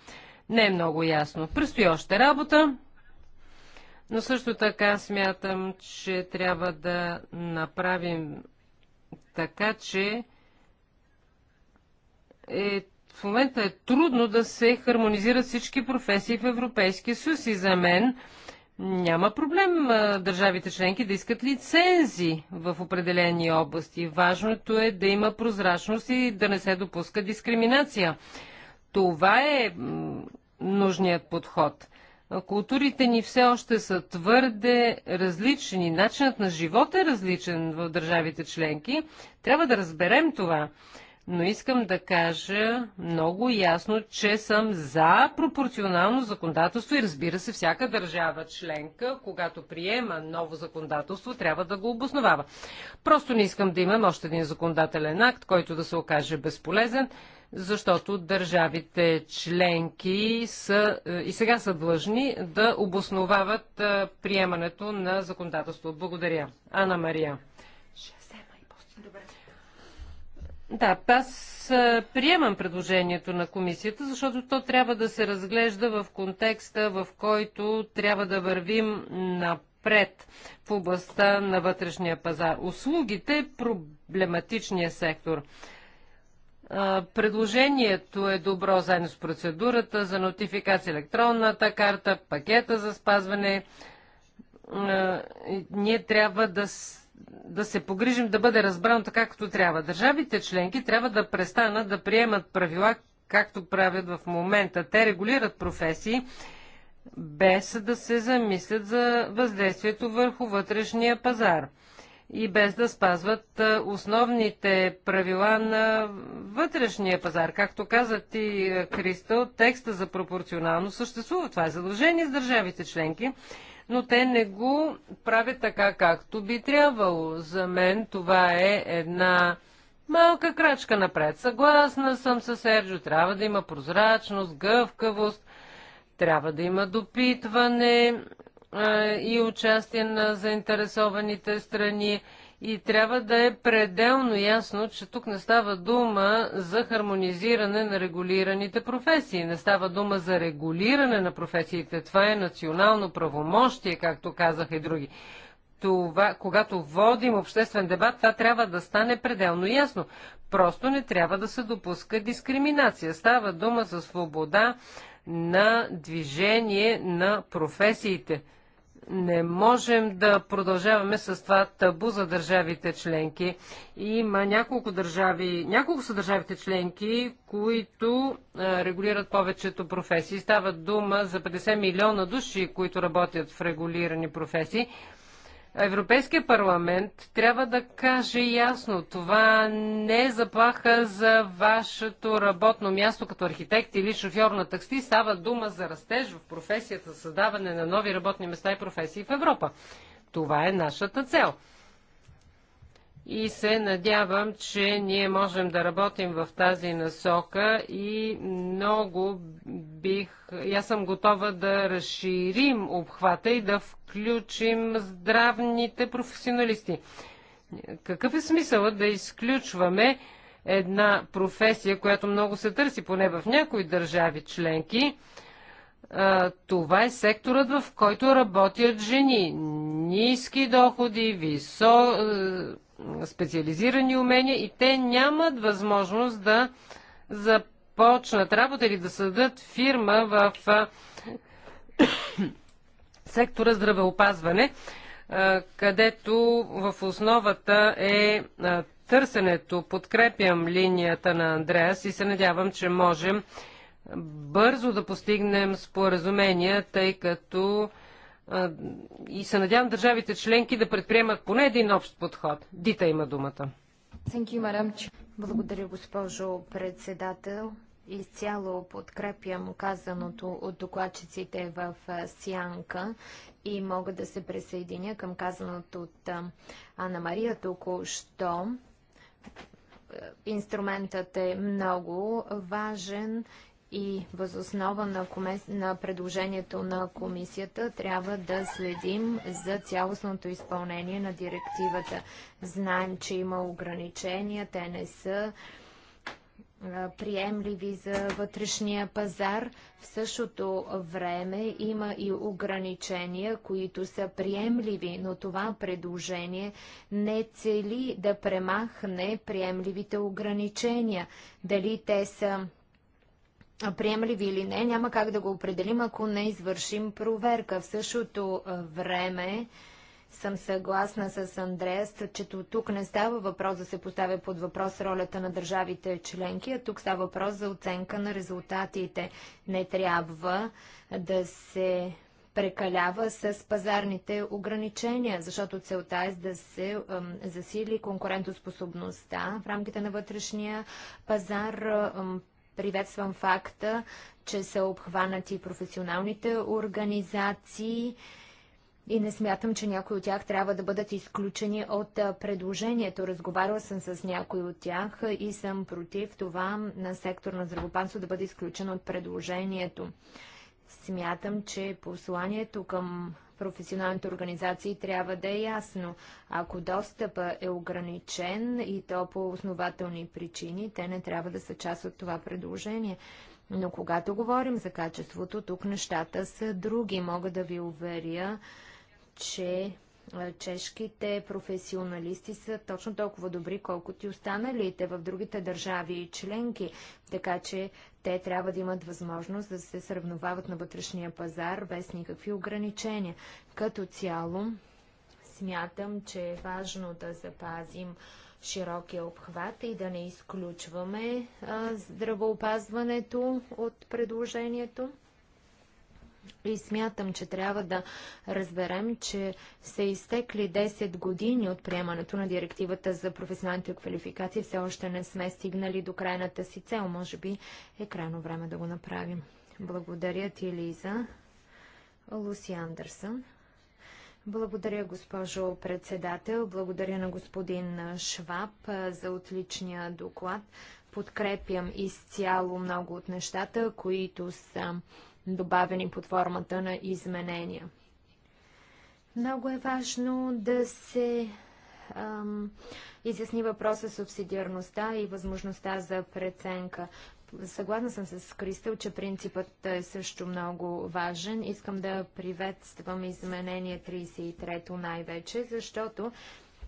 Не е много ясно. Престои още работа, но също така смятам, че трябва да направим така, че е в момента е трудно да се хармонизират всички професии в Европейския съюз и за мен няма проблем държавите членки да искат лицензи в определени области. Важното е да има прозрачност и да не се допуска дискриминация. Това е нужният подход. Културите ни все още са твърде различни. Начинът на живот е различен в държавите членки. Трябва да разберем това но искам да кажа много ясно, че съм за пропорционално законодателство и разбира се, всяка държава членка, когато приема ново законодателство, трябва да го обосновава. Просто не искам да имам още един законодателен акт, който да се окаже безполезен, защото държавите членки са, е, и сега са длъжни да обосновават е, приемането на законодателство. Благодаря. Ана Мария. Да, аз приемам предложението на комисията, защото то трябва да се разглежда в контекста, в който трябва да вървим напред в областта на вътрешния пазар. Услугите е проблематичния сектор. Предложението е добро заедно с процедурата за нотификация електронната карта, пакета за спазване. Ние трябва да да се погрижим да бъде разбрано така, както трябва. Държавите членки трябва да престанат да приемат правила, както правят в момента. Те регулират професии, без да се замислят за въздействието върху вътрешния пазар и без да спазват основните правила на вътрешния пазар. Както каза ти, Кристал, текста за пропорционално съществува. Това е задължение с държавите членки но те не го правят така, както би трябвало. За мен това е една малка крачка напред. Съгласна съм с Серджо, трябва да има прозрачност, гъвкавост, трябва да има допитване и участие на заинтересованите страни. И трябва да е пределно ясно, че тук не става дума за хармонизиране на регулираните професии. Не става дума за регулиране на професиите. Това е национално правомощие, както казаха и други. Това, когато водим обществен дебат, това трябва да стане пределно ясно. Просто не трябва да се допуска дискриминация. Става дума за свобода на движение на професиите. Не можем да продължаваме с това табу за държавите членки. Има няколко държави, няколко са държавите членки, които регулират повечето професии. Става дума за 50 милиона души, които работят в регулирани професии. Европейския парламент трябва да каже ясно, това не е заплаха за вашето работно място като архитект или шофьор на такси, става дума за растеж в професията, създаване на нови работни места и професии в Европа. Това е нашата цел и се надявам, че ние можем да работим в тази насока и много бих... Аз съм готова да разширим обхвата и да включим здравните професионалисти. Какъв е смисълът да изключваме една професия, която много се търси, поне в някои държави членки? това е секторът, в който работят жени. Ниски доходи, висо, специализирани умения и те нямат възможност да започнат работа или да създадат фирма в сектора здравеопазване, където в основата е търсенето. Подкрепям линията на Андреас и се надявам, че можем бързо да постигнем споразумения, тъй като и се надявам държавите членки да предприемат поне един общ подход. Дита има думата. Благодаря, госпожо председател. Изцяло подкрепям казаното от докладчиците в Сянка и мога да се присъединя към казаното от Анна Мария току-що. Инструментът е много важен и възоснова на, на предложението на комисията трябва да следим за цялостното изпълнение на директивата. Знаем, че има ограничения, те не са приемливи за вътрешния пазар. В същото време има и ограничения, които са приемливи, но това предложение не цели да премахне приемливите ограничения. Дали те са приемливи или не, няма как да го определим, ако не извършим проверка. В същото време съм съгласна с Андреас, че тук не става въпрос да се поставя под въпрос ролята на държавите членки, а тук става въпрос за оценка на резултатите. Не трябва да се прекалява с пазарните ограничения, защото целта е да се ъм, засили конкурентоспособността в рамките на вътрешния пазар, ъм, Приветствам факта, че са обхванати професионалните организации и не смятам, че някои от тях трябва да бъдат изключени от предложението. Разговарял съм с някои от тях и съм против това на сектор на здравопанство да бъде изключен от предложението. Смятам, че посланието към професионалните организации трябва да е ясно. Ако достъпа е ограничен и то по основателни причини, те не трябва да са част от това предложение. Но когато говорим за качеството, тук нещата са други. Мога да ви уверя, че е, чешките професионалисти са точно толкова добри, колкото и останалите в другите държави и членки, така че те трябва да имат възможност да се сравновават на вътрешния пазар без никакви ограничения. Като цяло, смятам, че е важно да запазим широкия обхват и да не изключваме а, здравоопазването от предложението. И смятам, че трябва да разберем, че са изтекли 10 години от приемането на директивата за професионалните квалификации. Все още не сме стигнали до крайната си цел. Може би е крайно време да го направим. Благодаря ти, Лиза. Луси Андерсън. Благодаря, госпожо председател. Благодаря на господин Шваб за отличния доклад. Подкрепям изцяло много от нещата, които са добавени под формата на изменения. Много е важно да се ам, изясни въпроса субсидиарността и възможността за преценка. Съгласна съм с Кристал, че принципът е също много важен. Искам да приветствам изменение 33-то най-вече, защото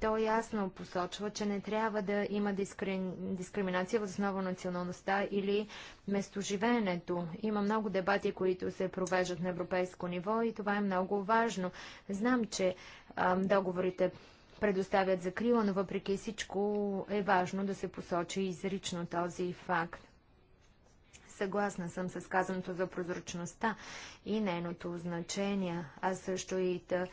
то ясно посочва, че не трябва да има дискри... дискриминация в основа на националността или местоживеенето. Има много дебати, които се провеждат на европейско ниво и това е много важно. Знам, че а, договорите предоставят закрила, но въпреки всичко е важно да се посочи изрично този факт. Съгласна съм с казаното за прозрачността и нейното значение, а също и да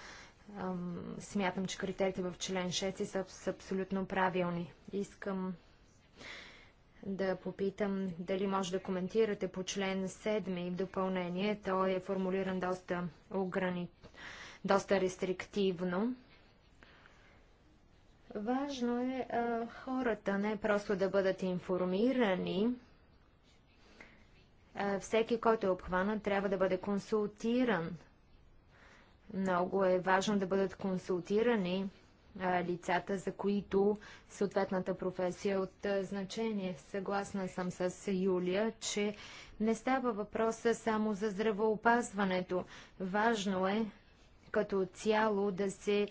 смятам, че критериите в член 6 са, са абсолютно правилни. Искам да попитам дали може да коментирате по член 7 в допълнение. Той е формулиран доста, ограни... доста рестриктивно. Важно е а, хората не просто да бъдат информирани. А, всеки, който е обхванат, трябва да бъде консултиран много е важно да бъдат консултирани лицата, за които съответната професия е от значение. Съгласна съм с Юлия, че не става въпроса само за здравоопазването. Важно е като цяло да се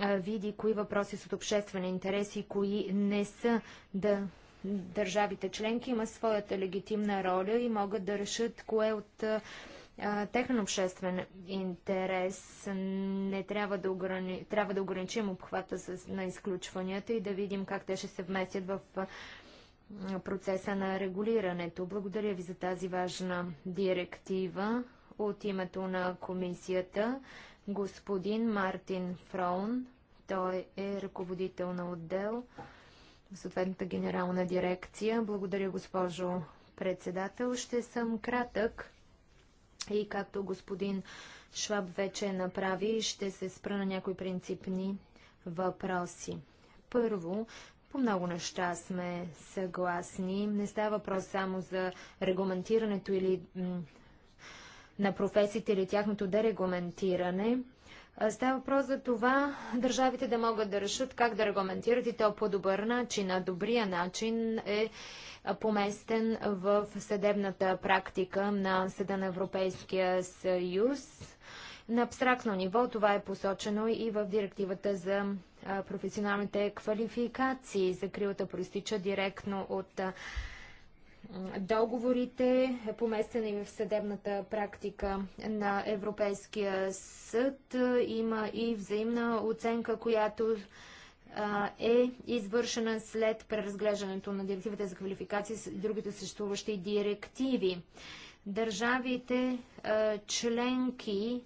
види кои въпроси са от обществен интерес и кои не са да държавите членки има своята легитимна роля и могат да решат кое от техен обществен интерес. Не трябва да, ограни... трябва да ограничим обхвата с... на изключванията и да видим как те ще се вместят в процеса на регулирането. Благодаря ви за тази важна директива от името на комисията. Господин Мартин Фроун, той е ръководител на отдел в съответната генерална дирекция. Благодаря, госпожо председател. Ще съм кратък. И както господин Шваб вече направи, ще се спра на някои принципни въпроси. Първо, по много неща сме съгласни. Не става въпрос само за регламентирането или на професиите или тяхното дерегламентиране. Става въпрос за това държавите да могат да решат как да регламентират и то по добър начин. А добрия начин е поместен в съдебната практика на Съда на Европейския съюз. На абстрактно ниво това е посочено и в директивата за професионалните квалификации. Закрилата проистича директно от договорите, поместени в съдебната практика на Европейския съд. Има и взаимна оценка, която е извършена след преразглеждането на директивите за квалификации с другите съществуващи директиви. Държавите членки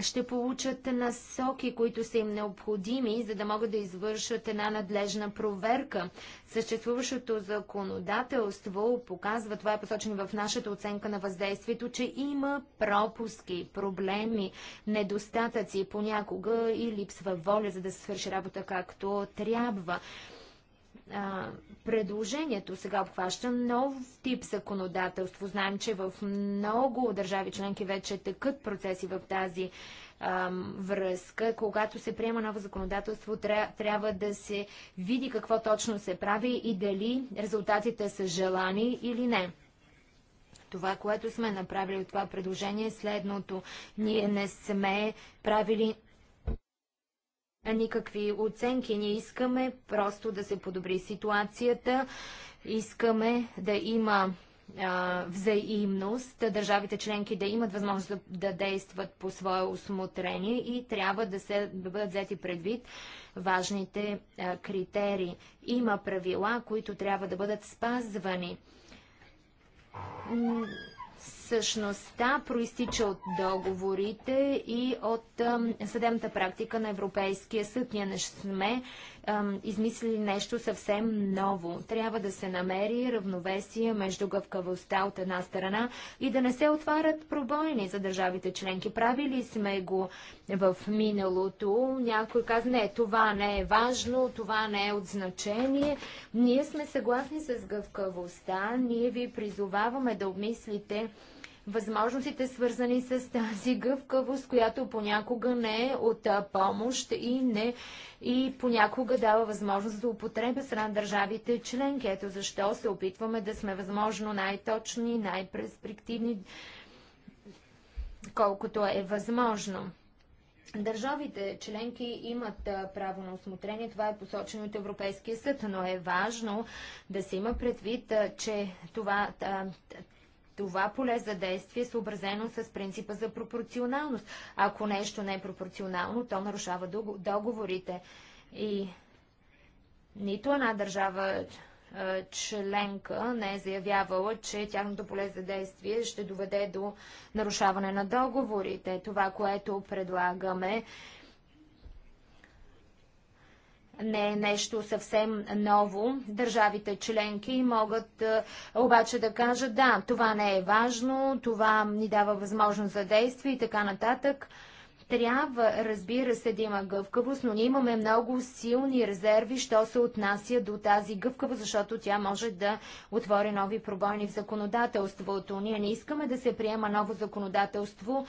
ще получат насоки, които са им необходими, за да могат да извършат една надлежна проверка. Съществуващото законодателство показва, това е посочено в нашата оценка на въздействието, че има пропуски, проблеми, недостатъци понякога и липсва воля, за да се свърши работа както трябва. Предложението сега обхваща нов тип законодателство. Знаем, че в много държави членки вече текат процеси в тази ам, връзка. Когато се приема ново законодателство, трябва да се види какво точно се прави и дали резултатите са желани или не. Това, което сме направили от това предложение е следното. Ние не сме правили никакви оценки. Ние искаме просто да се подобри ситуацията. Искаме да има а, взаимност, държавите членки да имат възможност да, да действат по свое усмотрение и трябва да, се, да бъдат взети предвид важните а, критерии. Има правила, които трябва да бъдат спазвани същността проистича от договорите и от съдебната практика на Европейския съд. Ние не сме измислили нещо съвсем ново. Трябва да се намери равновесие между гъвкавостта от една страна и да не се отварят пробойни за държавите членки. Правили сме го в миналото. Някой каза, не, това не е важно, това не е от значение. Ние сме съгласни с гъвкавостта. Ние ви призоваваме да обмислите възможностите, свързани с тази гъвкавост, която понякога не е от помощ и, не, и понякога дава възможност за употреба страна държавите членки. Ето защо се опитваме да сме възможно най-точни, най-перспективни, колкото е възможно. Държавите членки имат право на осмотрение, това е посочено от Европейския съд, но е важно да се има предвид, че това, това поле за действие е съобразено с принципа за пропорционалност. Ако нещо не е пропорционално, то нарушава договорите. И нито една държава членка не е заявявала, че тяхното поле за действие ще доведе до нарушаване на договорите. Това, което предлагаме, не е нещо съвсем ново. Държавите членки могат е, обаче да кажат да, това не е важно, това ни дава възможност за действие и така нататък. Трябва, разбира се, да има гъвкавост, но ние имаме много силни резерви, що се отнася до тази гъвкавост, защото тя може да отвори нови пробойни в законодателството. Ние не искаме да се приема ново законодателство,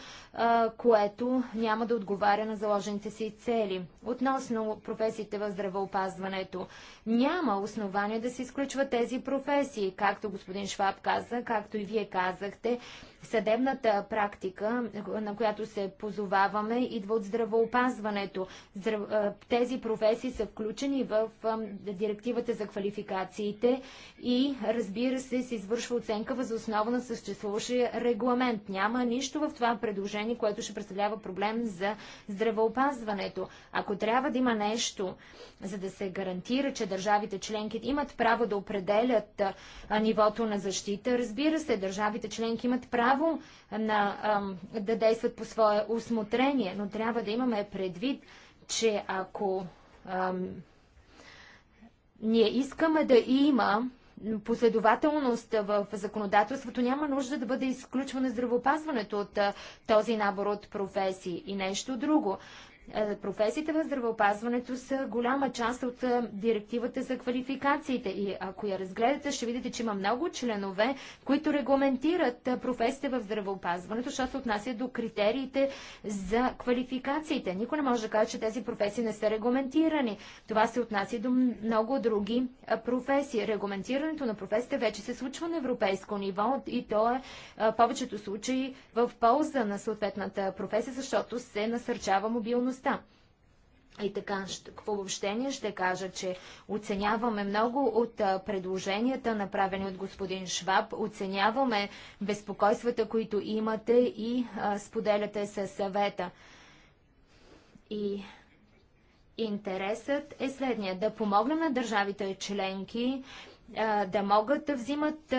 което няма да отговаря на заложените си цели. Относно професиите в здравеопазването, няма основание да се изключват тези професии, както господин Шваб каза, както и вие казахте. Съдебната практика, на която се позовавам, имаме, идва от здравоопазването. Здрав... Тези професии са включени в директивата за квалификациите и разбира се се извършва оценка въз основа на съществуващия регламент. Няма нищо в това предложение, което ще представлява проблем за здравоопазването. Ако трябва да има нещо, за да се гарантира, че държавите членки имат право да определят нивото на защита, разбира се, държавите членки имат право на, да действат по свое усмотрение внимание, но трябва да имаме предвид, че ако ам, ние искаме да има последователност в законодателството, няма нужда да бъде изключване здравеопазването от този набор от професии и нещо друго. Е, професиите в здравеопазването са голяма част от е, директивата за квалификациите. И ако я разгледате, ще видите, че има много членове, които регламентират е, професиите в здравеопазването, защото се отнася до критериите за квалификациите. Никой не може да каже, че тези професии не са регламентирани. Това се отнася до много други професии. Регламентирането на професиите вече се случва на европейско ниво и то е в повечето случаи в полза на съответната професия, защото се насърчава мобилност заетостта. И така, в обобщение ще кажа, че оценяваме много от предложенията, направени от господин Шваб. Оценяваме безпокойствата, които имате и споделяте със съвета. И интересът е следния. Да помогнем на държавите членки да могат да взимат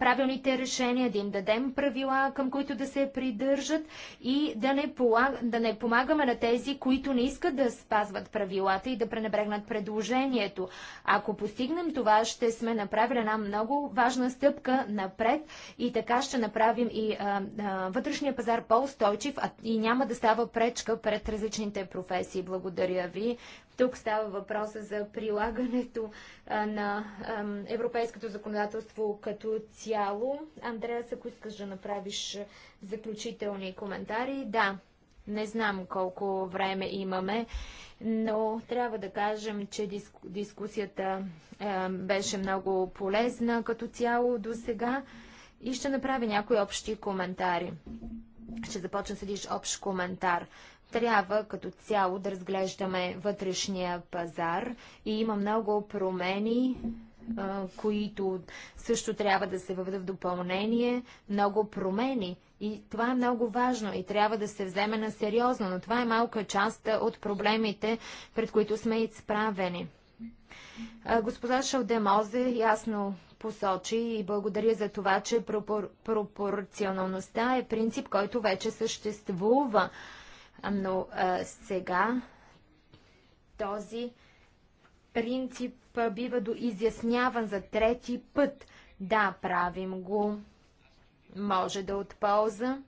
правилните решения, да им дадем правила, към които да се придържат и да не, полаг... да не помагаме на тези, които не искат да спазват правилата и да пренебрегнат предложението. Ако постигнем това, ще сме направили една много важна стъпка напред и така ще направим и а, а, вътрешния пазар по-устойчив и няма да става пречка пред различните професии. Благодаря ви. Тук става въпроса за прилагането а, на а, европейското законодателство като цяло. Андреас, ако искаш да направиш е, заключителни коментари, да, не знам колко време имаме, но трябва да кажем, че диску, дискусията е, беше много полезна като цяло до сега и ще направя някои общи коментари. Ще започна да един общ коментар трябва като цяло да разглеждаме вътрешния пазар и има много промени които също трябва да се въведат в допълнение, много промени. И това е много важно и трябва да се вземе на сериозно, но това е малка част от проблемите, пред които сме изправени. Госпожа Шалдемозе ясно посочи и благодаря за това, че пропор... пропорционалността е принцип, който вече съществува. Но а, сега този принцип бива доизясняван за трети път. Да, правим го. Може да от полза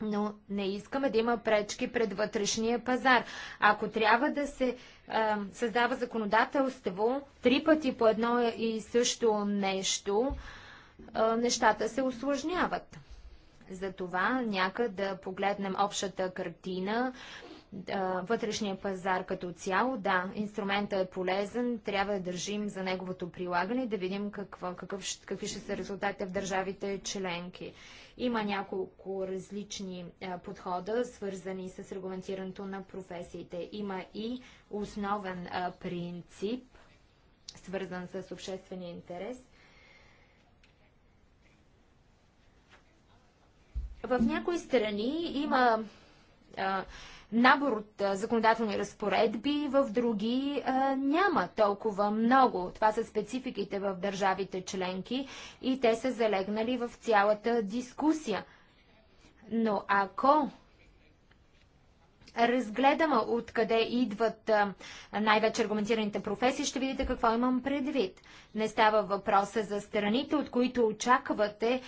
но не искаме да има пречки пред вътрешния пазар. Ако трябва да се е, създава законодателство три пъти по едно и също нещо, е, нещата се осложняват. Затова някъде да погледнем общата картина, вътрешния пазар като цяло. Да, инструментът е полезен, трябва да държим за неговото прилагане и да видим какво, какъв, какви ще са резултатите в държавите членки. Има няколко различни а, подхода, свързани с регламентирането на професиите. Има и основен а, принцип, свързан с обществения интерес. В някои страни има набор от законодателни разпоредби, в други няма толкова много. Това са спецификите в държавите членки и те са залегнали в цялата дискусия. Но ако разгледаме откъде идват най-вече аргументираните професии, ще видите какво имам предвид. Не става въпроса за страните, от които очаквате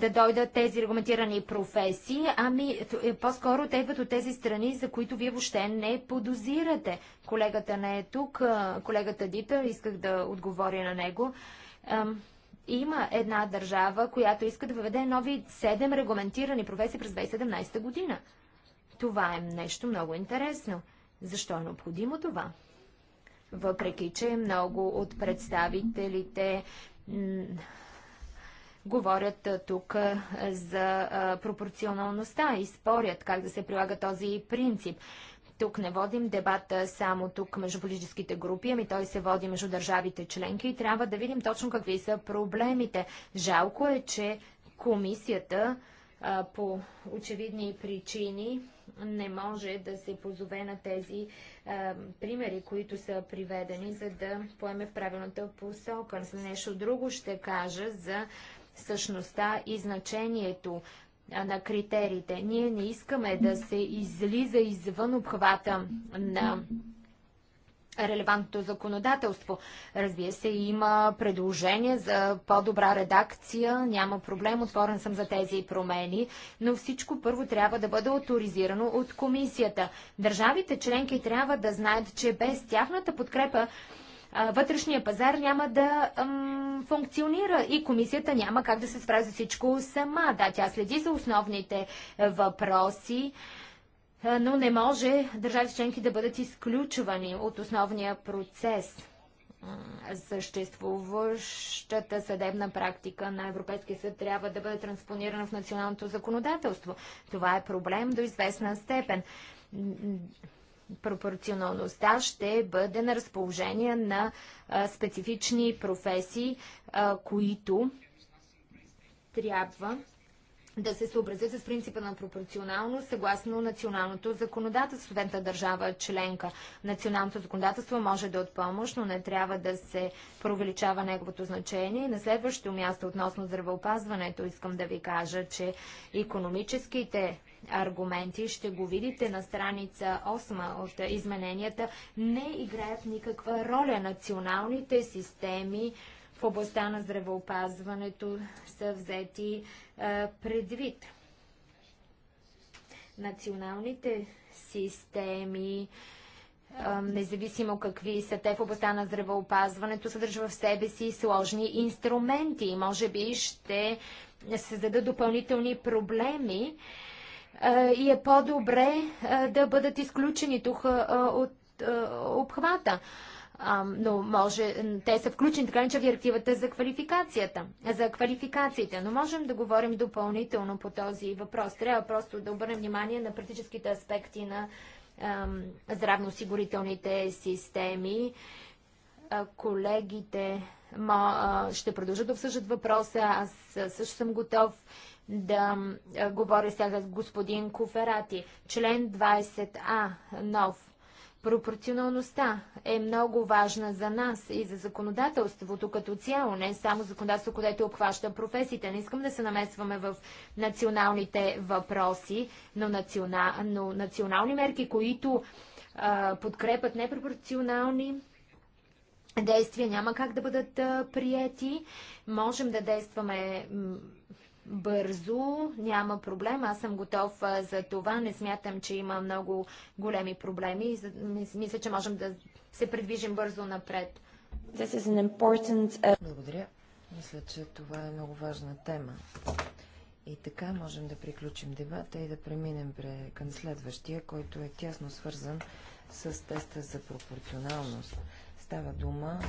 да дойдат тези аргументирани професии, ами е, по-скоро те идват от тези страни, за които вие въобще не подозирате. Колегата не е тук, колегата Дита, исках да отговоря на него има една държава, която иска да въведе нови 7 регламентирани професии през 2017 година. Това е нещо много интересно. Защо е необходимо това? Въпреки, че много от представителите говорят тук за пропорционалността и спорят как да се прилага този принцип. Тук не водим дебата само тук между политическите групи, ами той се води между държавите членки и трябва да видим точно какви са проблемите. Жалко е, че комисията по очевидни причини не може да се позове на тези а, примери, които са приведени, за да поеме правилната посока. Нещо друго ще кажа за същността и значението на критериите. Ние не искаме да се излиза извън обхвата на релевантното законодателство. Разбира се, има предложение за по-добра редакция, няма проблем, отворен съм за тези промени, но всичко първо трябва да бъде авторизирано от комисията. Държавите членки трябва да знаят, че без тяхната подкрепа вътрешния пазар няма да ам, функционира и комисията няма как да се справи за всичко сама. Да, тя следи за основните въпроси. Е, но не може държави членки да бъдат изключвани от основния процес. Съществуващата съдебна практика на Европейския съд трябва да бъде транспонирана в националното законодателство. Това е проблем до известна степен. Пропорционалността ще бъде на разположение на специфични професии, които трябва да се съобразят с принципа на пропорционалност съгласно националното законодателство. Студента държава членка. Националното законодателство може да е от помощ, но не трябва да се провеличава неговото значение. На следващото място относно здравеопазването искам да ви кажа, че економическите аргументи, ще го видите на страница 8 от измененията, не играят никаква роля. Националните системи в областта на здравеопазването са взети предвид. Националните системи, независимо какви са те в областта на здравеопазването, съдържа в себе си сложни инструменти и може би ще създадат допълнителни проблеми и е по-добре да бъдат изключени тук от обхвата но може, те са включени така че в директивата за квалификацията, за квалификациите, но можем да говорим допълнително по този въпрос. Трябва просто да обърнем внимание на практическите аспекти на здравноосигурителните системи. колегите ще продължат да обсъждат въпроса. Аз също съм готов да говоря сега с господин Куферати. Член 20А, нов Пропорционалността е много важна за нас и за законодателството като цяло, не само законодателство, което обхваща професиите. Не искам да се намесваме в националните въпроси, но, национа... но национални мерки, които а, подкрепят непропорционални действия, няма как да бъдат а, прияти. Можем да действаме бързо, няма проблем. Аз съм готов за това. Не смятам, че има много големи проблеми. Мисля, че можем да се придвижим бързо напред. Important... Благодаря. Мисля, че това е много важна тема. И така можем да приключим дебата и да преминем към следващия, който е тясно свързан с теста за пропорционалност. Става дума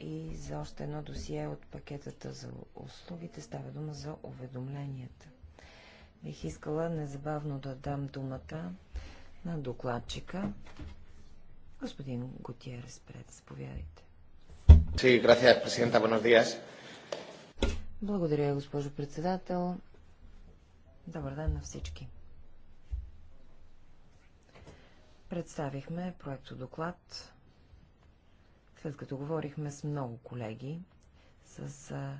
и за още едно досие от пакетата за услугите. Става дума за уведомленията. Бих искала незабавно да дам думата на докладчика. Господин Готиер, пред, заповядайте. Sí, gracias, presidenta. Buenos días. Благодаря, госпожо председател. Добър ден на всички. Представихме проекто доклад след като говорихме с много колеги, с а,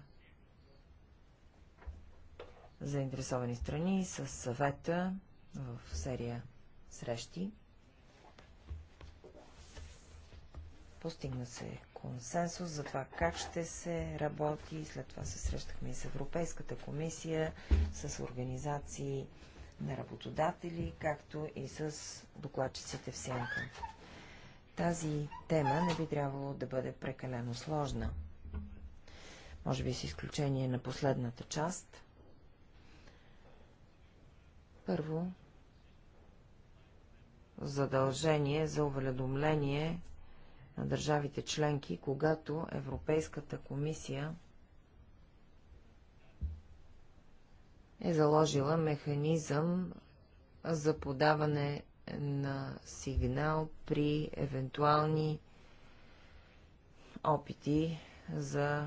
заинтересовани страни, с съвета в серия срещи, постигна се консенсус за това как ще се работи. След това се срещахме и с Европейската комисия, с организации на работодатели, както и с докладчиците в Сянка. Тази тема не би трябвало да бъде прекалено сложна. Може би с изключение на последната част. Първо, задължение за уведомление на държавите членки, когато Европейската комисия е заложила механизъм за подаване на сигнал при евентуални опити за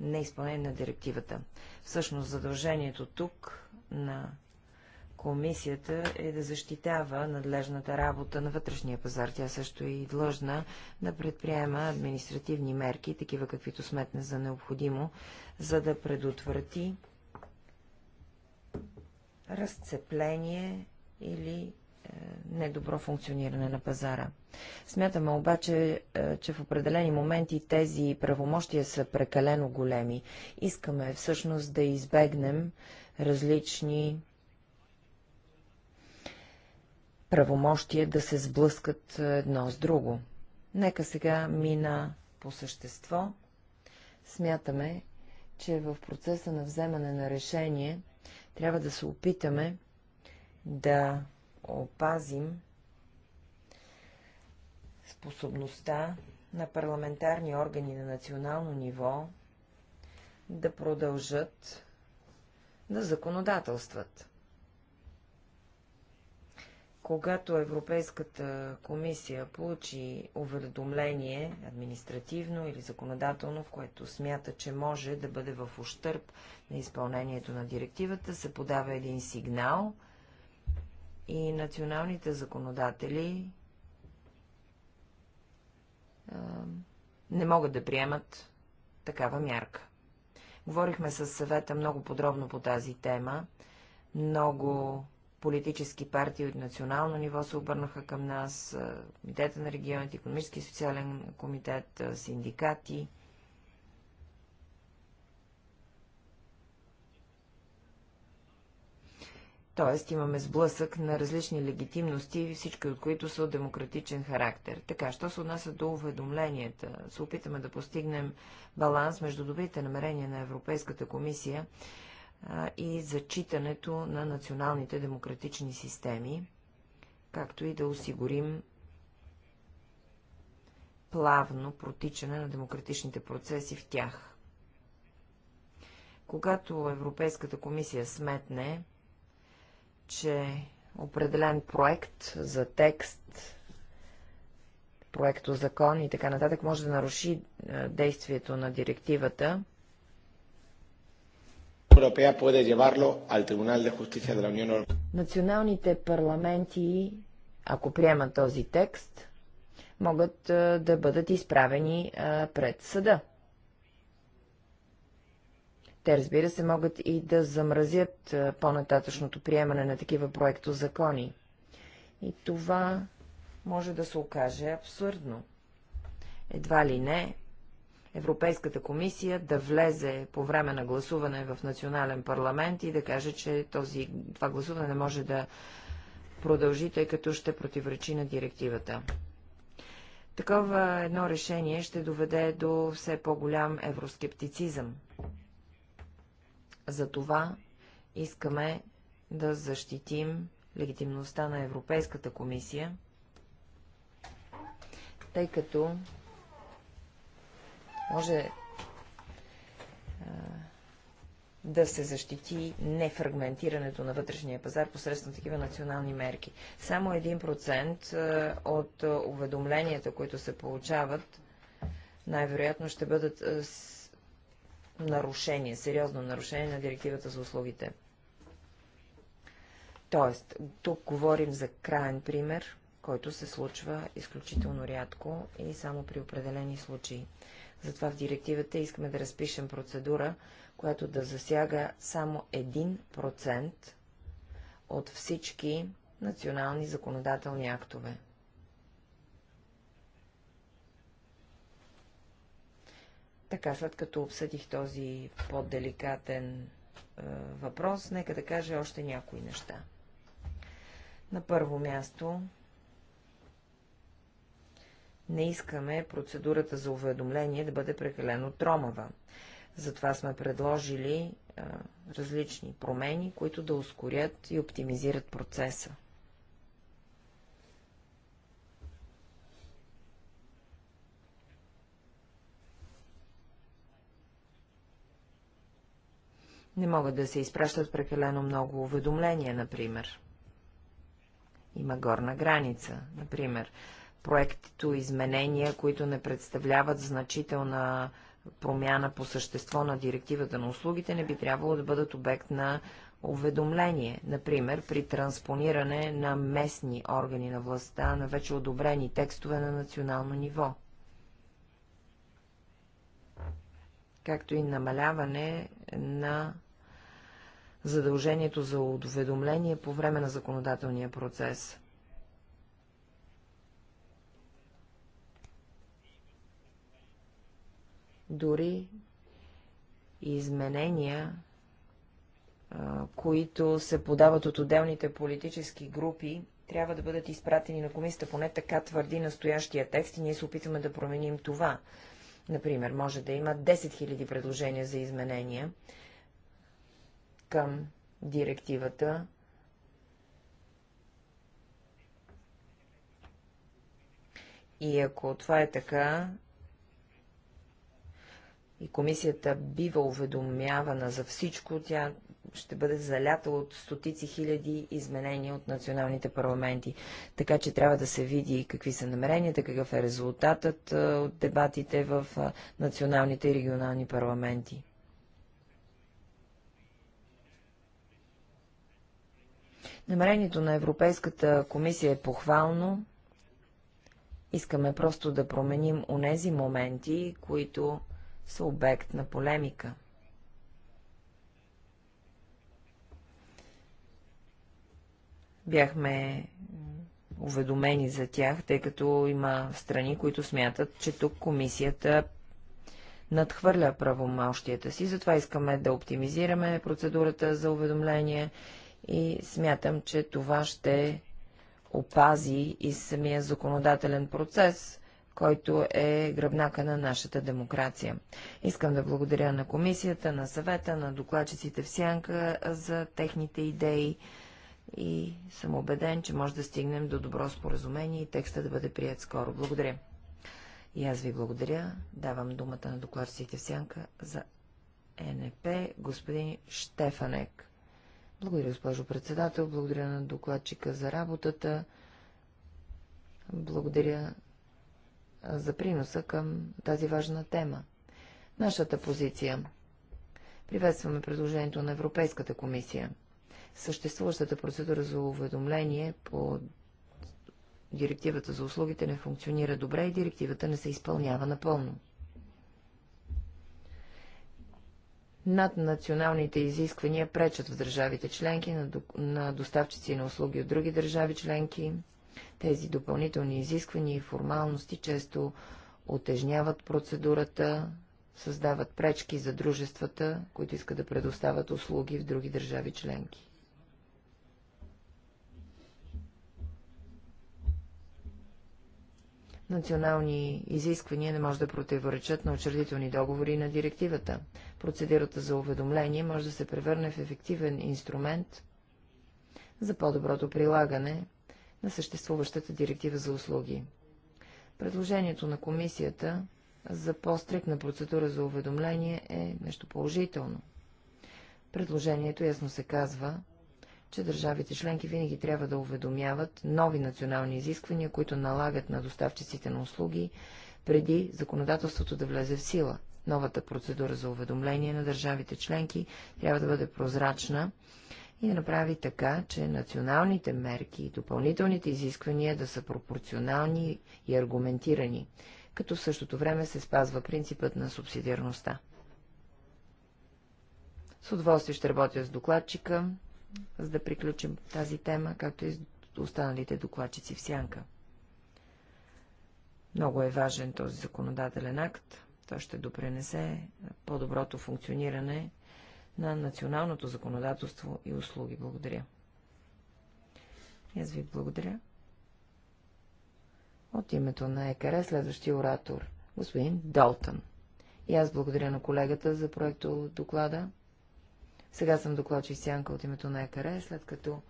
неизпълнение на директивата. Всъщност задължението тук на комисията е да защитава надлежната работа на вътрешния пазар. Тя също е и длъжна да предприема административни мерки, такива каквито сметне за необходимо, за да предотврати разцепление или е, недобро функциониране на пазара. Смятаме обаче, е, че в определени моменти тези правомощия са прекалено големи. Искаме всъщност да избегнем различни правомощия да се сблъскат е, едно с друго. Нека сега мина по същество. Смятаме, че в процеса на вземане на решение трябва да се опитаме да опазим способността на парламентарни органи на национално ниво да продължат да законодателстват. Когато Европейската комисия получи уведомление, административно или законодателно, в което смята, че може да бъде в ущърп на изпълнението на директивата, се подава един сигнал – и националните законодатели не могат да приемат такава мярка. Говорихме с съвета много подробно по тази тема. Много политически партии от национално ниво се обърнаха към нас, Комитета на регионите, Економически и социален комитет, синдикати – Тоест имаме сблъсък на различни легитимности, всички от които са от демократичен характер. Така, що се отнася до уведомленията, се опитаме да постигнем баланс между добрите намерения на Европейската комисия а, и зачитането на националните демократични системи, както и да осигурим плавно протичане на демократичните процеси в тях. Когато Европейската комисия сметне, че определен проект за текст, проекто закон и така нататък може да наруши е, действието на директивата. Националните парламенти, ако приемат този текст, могат е, да бъдат изправени е, пред съда. Те, разбира се, могат и да замразят по-нататъчното приемане на такива проектозакони. И това може да се окаже абсурдно. Едва ли не, Европейската комисия да влезе по време на гласуване в национален парламент и да каже, че този, това гласуване не може да продължи, тъй като ще противоречи на директивата. Такова едно решение ще доведе до все по-голям евроскептицизъм. Затова искаме да защитим легитимността на Европейската комисия, тъй като може да се защити нефрагментирането на вътрешния пазар посредством такива национални мерки. Само 1% от уведомленията, които се получават, най-вероятно ще бъдат нарушение, сериозно нарушение на директивата за услугите. Тоест, тук говорим за крайен пример, който се случва изключително рядко и само при определени случаи. Затова в директивата искаме да разпишем процедура, която да засяга само 1% от всички национални законодателни актове. Така, след като обсъдих този по-деликатен е, въпрос, нека да кажа още някои неща. На първо място, не искаме процедурата за уведомление да бъде прекалено тромава. Затова сме предложили е, различни промени, които да ускорят и оптимизират процеса. Не могат да се изпращат прекалено много уведомления, например. Има горна граница, например. Проектито изменения, които не представляват значителна промяна по същество на директивата на услугите, не би трябвало да бъдат обект на уведомление, например при транспониране на местни органи на властта на вече одобрени текстове на национално ниво, както и намаляване на задължението за уведомление по време на законодателния процес. Дори изменения, които се подават от отделните политически групи, трябва да бъдат изпратени на комисията, поне така твърди настоящия текст и ние се опитваме да променим това. Например, може да има 10 000 предложения за изменения, към директивата. И ако това е така, и комисията бива уведомявана за всичко, тя ще бъде залята от стотици хиляди изменения от националните парламенти. Така че трябва да се види какви са намеренията, какъв е резултатът от дебатите в националните и регионални парламенти. Намерението на Европейската комисия е похвално. Искаме просто да променим онези моменти, които са обект на полемика. Бяхме уведомени за тях, тъй като има страни, които смятат, че тук комисията надхвърля правомощията си. Затова искаме да оптимизираме процедурата за уведомление и смятам, че това ще опази и самия законодателен процес, който е гръбнака на нашата демокрация. Искам да благодаря на комисията, на съвета, на докладчиците в Сянка за техните идеи и съм убеден, че може да стигнем до добро споразумение и текста да бъде прият скоро. Благодаря. И аз ви благодаря. Давам думата на докладчиците в Сянка за НП, господин Штефанек. Благодаря, госпожо председател. Благодаря на докладчика за работата. Благодаря за приноса към тази важна тема. Нашата позиция. Приветстваме предложението на Европейската комисия. Съществуващата процедура за уведомление по директивата за услугите не функционира добре и директивата не се изпълнява напълно. над националните изисквания пречат в държавите членки на, до... на доставчици на услуги от други държави членки. Тези допълнителни изисквания и формалности често отежняват процедурата, създават пречки за дружествата, които искат да предоставят услуги в други държави членки. национални изисквания не може да противоречат на учредителни договори на директивата. Процедурата за уведомление може да се превърне в ефективен инструмент за по-доброто прилагане на съществуващата директива за услуги. Предложението на комисията за по-стрикна процедура за уведомление е нещо положително. Предложението ясно се казва, че държавите членки винаги трябва да уведомяват нови национални изисквания, които налагат на доставчиците на услуги, преди законодателството да влезе в сила. Новата процедура за уведомление на държавите членки трябва да бъде прозрачна и да направи така, че националните мерки и допълнителните изисквания да са пропорционални и аргументирани, като в същото време се спазва принципът на субсидиарността. С удоволствие ще работя с докладчика, за да приключим тази тема, както и с останалите докладчици в сянка. Много е важен този законодателен акт. Той ще допренесе по-доброто функциониране на националното законодателство и услуги. Благодаря. Аз ви благодаря. От името на ЕКР следващия оратор, господин Долтън. И аз благодаря на колегата за проекто доклада. Сега съм докладчик Сянка от името на ЕКР, след като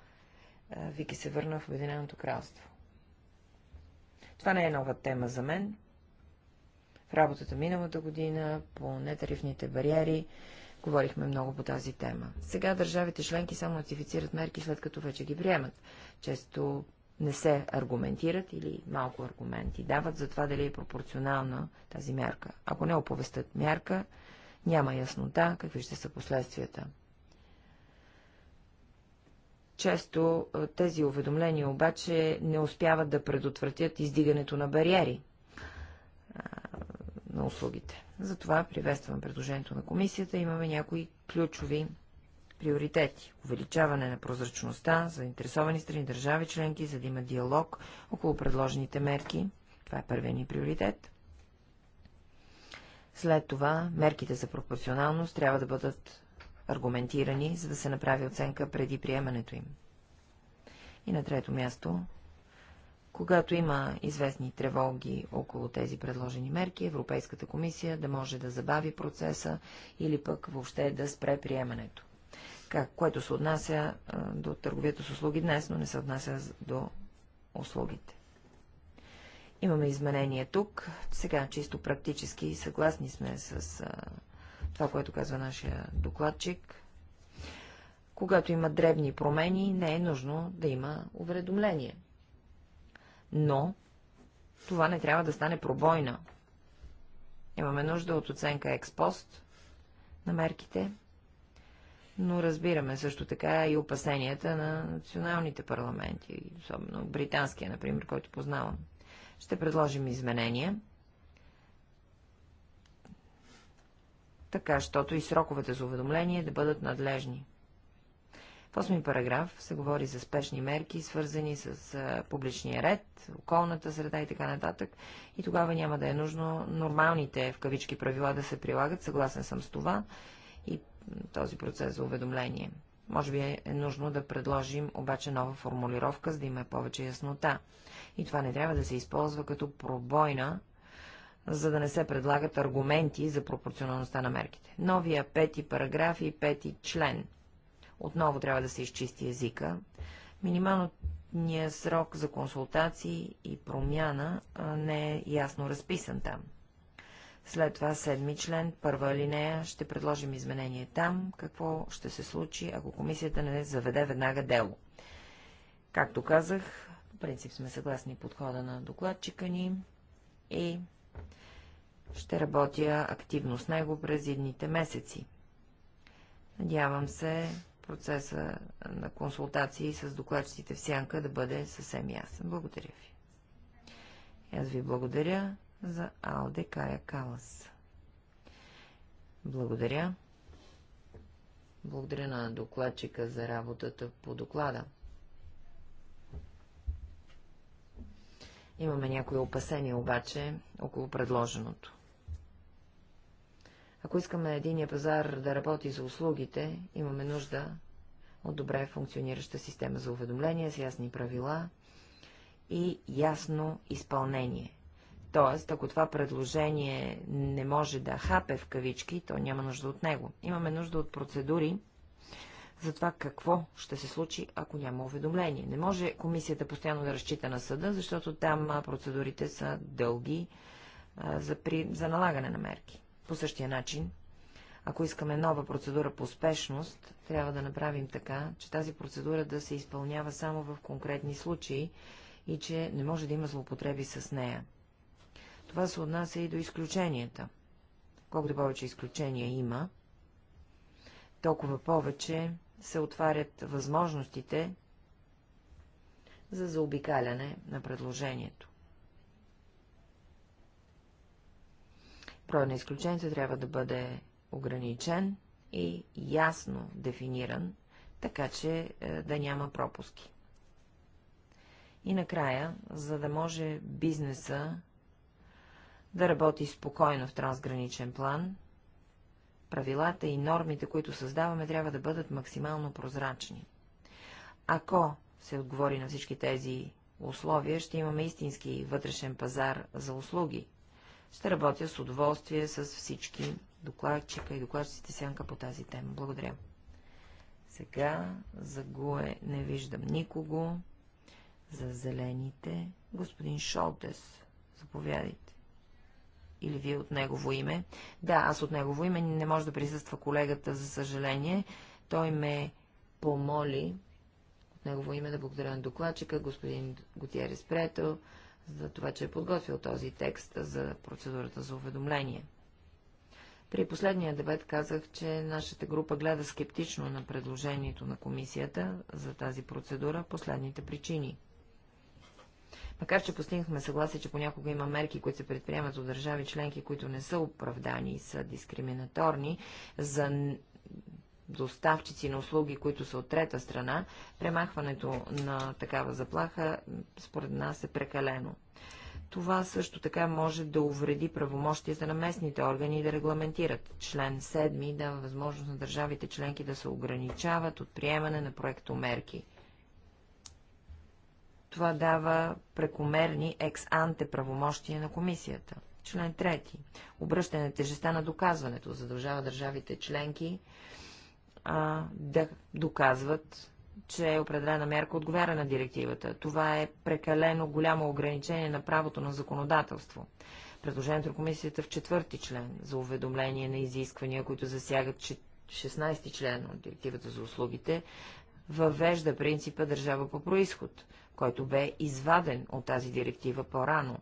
Вики се върна в Обединеното кралство. Това не е нова тема за мен в работата миналата година по нетарифните бариери. Говорихме много по тази тема. Сега държавите членки само нотифицират мерки, след като вече ги приемат. Често не се аргументират или малко аргументи дават за това дали е пропорционална тази мярка. Ако не оповестят мярка, няма яснота какви ще са последствията. Често тези уведомления обаче не успяват да предотвратят издигането на бариери на услугите. Затова приветствам предложението на комисията. Имаме някои ключови приоритети. Увеличаване на прозрачността, за интересовани страни, държави членки, за да има диалог около предложените мерки. Това е първият ни приоритет. След това мерките за пропорционалност трябва да бъдат аргументирани, за да се направи оценка преди приемането им. И на трето място когато има известни тревоги около тези предложени мерки, Европейската комисия да може да забави процеса или пък въобще да спре приемането. Как, което се отнася до търговията с услуги днес, но не се отнася до услугите. Имаме изменения тук. Сега чисто практически съгласни сме с а, това, което казва нашия докладчик. Когато има дребни промени, не е нужно да има уведомление но това не трябва да стане пробойна. Имаме нужда от оценка експост на мерките, но разбираме също така и опасенията на националните парламенти, особено британския, например, който познавам. Ще предложим изменения, така, щото и сроковете за уведомление да бъдат надлежни. В 8 параграф се говори за спешни мерки, свързани с публичния ред, околната среда и така нататък. И тогава няма да е нужно нормалните, в кавички, правила да се прилагат. Съгласен съм с това и този процес за уведомление. Може би е, е нужно да предложим обаче нова формулировка, за да има повече яснота. И това не трябва да се използва като пробойна, за да не се предлагат аргументи за пропорционалността на мерките. Новия пети параграф и пети член. Отново трябва да се изчисти езика. Минималният срок за консултации и промяна не е ясно разписан там. След това седми член, първа алинея, ще предложим изменение там, какво ще се случи, ако комисията не заведе веднага дело. Както казах, в принцип сме съгласни подхода на докладчика ни и ще работя активно с него през едните месеци. Надявам се процеса на консултации с докладчиците в Сянка да бъде съвсем ясен. Благодаря ви. Аз ви благодаря за Алде Кая Калас. Благодаря. Благодаря на докладчика за работата по доклада. Имаме някои опасения обаче около предложеното. Ако искаме единия пазар да работи за услугите, имаме нужда от добре функционираща система за уведомления с ясни правила и ясно изпълнение. Тоест, ако това предложение не може да хапе в кавички, то няма нужда от него. Имаме нужда от процедури за това какво ще се случи, ако няма уведомление. Не може комисията постоянно да разчита на съда, защото там процедурите са дълги за, при... за налагане на мерки. По същия начин, ако искаме нова процедура по спешност, трябва да направим така, че тази процедура да се изпълнява само в конкретни случаи и че не може да има злоупотреби с нея. Това се отнася и до изключенията. Колкото повече изключения има, толкова повече се отварят възможностите за заобикаляне на предложението. Брой на изключенията трябва да бъде ограничен и ясно дефиниран, така че е, да няма пропуски. И накрая, за да може бизнеса да работи спокойно в трансграничен план, правилата и нормите, които създаваме, трябва да бъдат максимално прозрачни. Ако се отговори на всички тези условия, ще имаме истински вътрешен пазар за услуги, ще работя с удоволствие с всички докладчика и докладчиците сянка по тази тема. Благодаря. Сега за Гуе не виждам никого. За зелените господин Шолтес. Заповядайте. Или вие от негово име. Да, аз от негово име не може да присъства колегата, за съжаление. Той ме помоли от негово име да благодаря на докладчика, господин Готиерес Прето, за това, че е подготвил този текст за процедурата за уведомление. При последния дебет казах, че нашата група гледа скептично на предложението на комисията за тази процедура последните причини. Макар, че постигнахме съгласие, че понякога има мерки, които се предприемат от държави членки, които не са оправдани и са дискриминаторни за доставчици на услуги, които са от трета страна, премахването на такава заплаха според нас е прекалено. Това също така може да увреди правомощията на местните органи да регламентират. Член 7 дава възможност на държавите членки да се ограничават от приемане на проектомерки. Това дава прекомерни екс-анте правомощия на комисията. Член 3. Обръщане тежеста на доказването задължава държавите членки а, да доказват, че е определена мерка отговаря на директивата. Това е прекалено голямо ограничение на правото на законодателство. Предложението на комисията в четвърти член за уведомление на изисквания, които засягат 16 член от директивата за услугите, въвежда принципа държава по происход, който бе изваден от тази директива по-рано.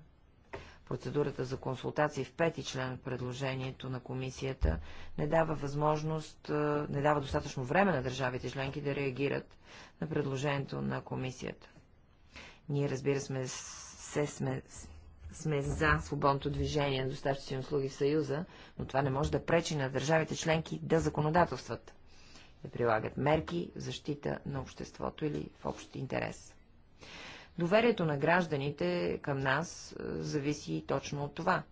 Процедурата за консултации в пети член от предложението на комисията не дава възможност, не дава достатъчно време на държавите членки да реагират на предложението на комисията. Ние, разбира сме, се сме, сме за свободното движение на доставчици услуги в Съюза, но това не може да пречи на държавите членки да законодателстват, да прилагат мерки в защита на обществото или в общ интерес. Доверието на гражданите към нас е, зависи точно от това.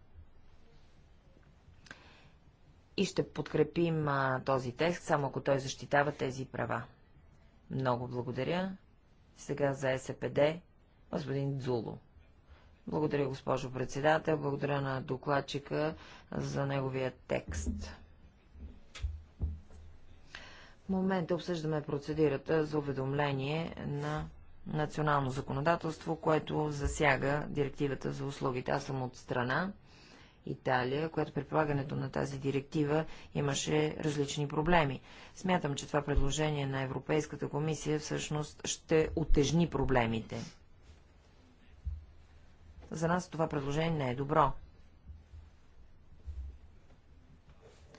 И ще подкрепим а, този текст, само ако той защитава тези права. Много благодаря. Сега за СПД, господин Дзуло. Благодаря, госпожо председател. Благодаря на докладчика за неговия текст. В момента обсъждаме процедурата за уведомление на национално законодателство, което засяга директивата за услугите. Аз съм от страна Италия, която при прилагането на тази директива имаше различни проблеми. Смятам, че това предложение на Европейската комисия всъщност ще отежни проблемите. За нас това предложение не е добро.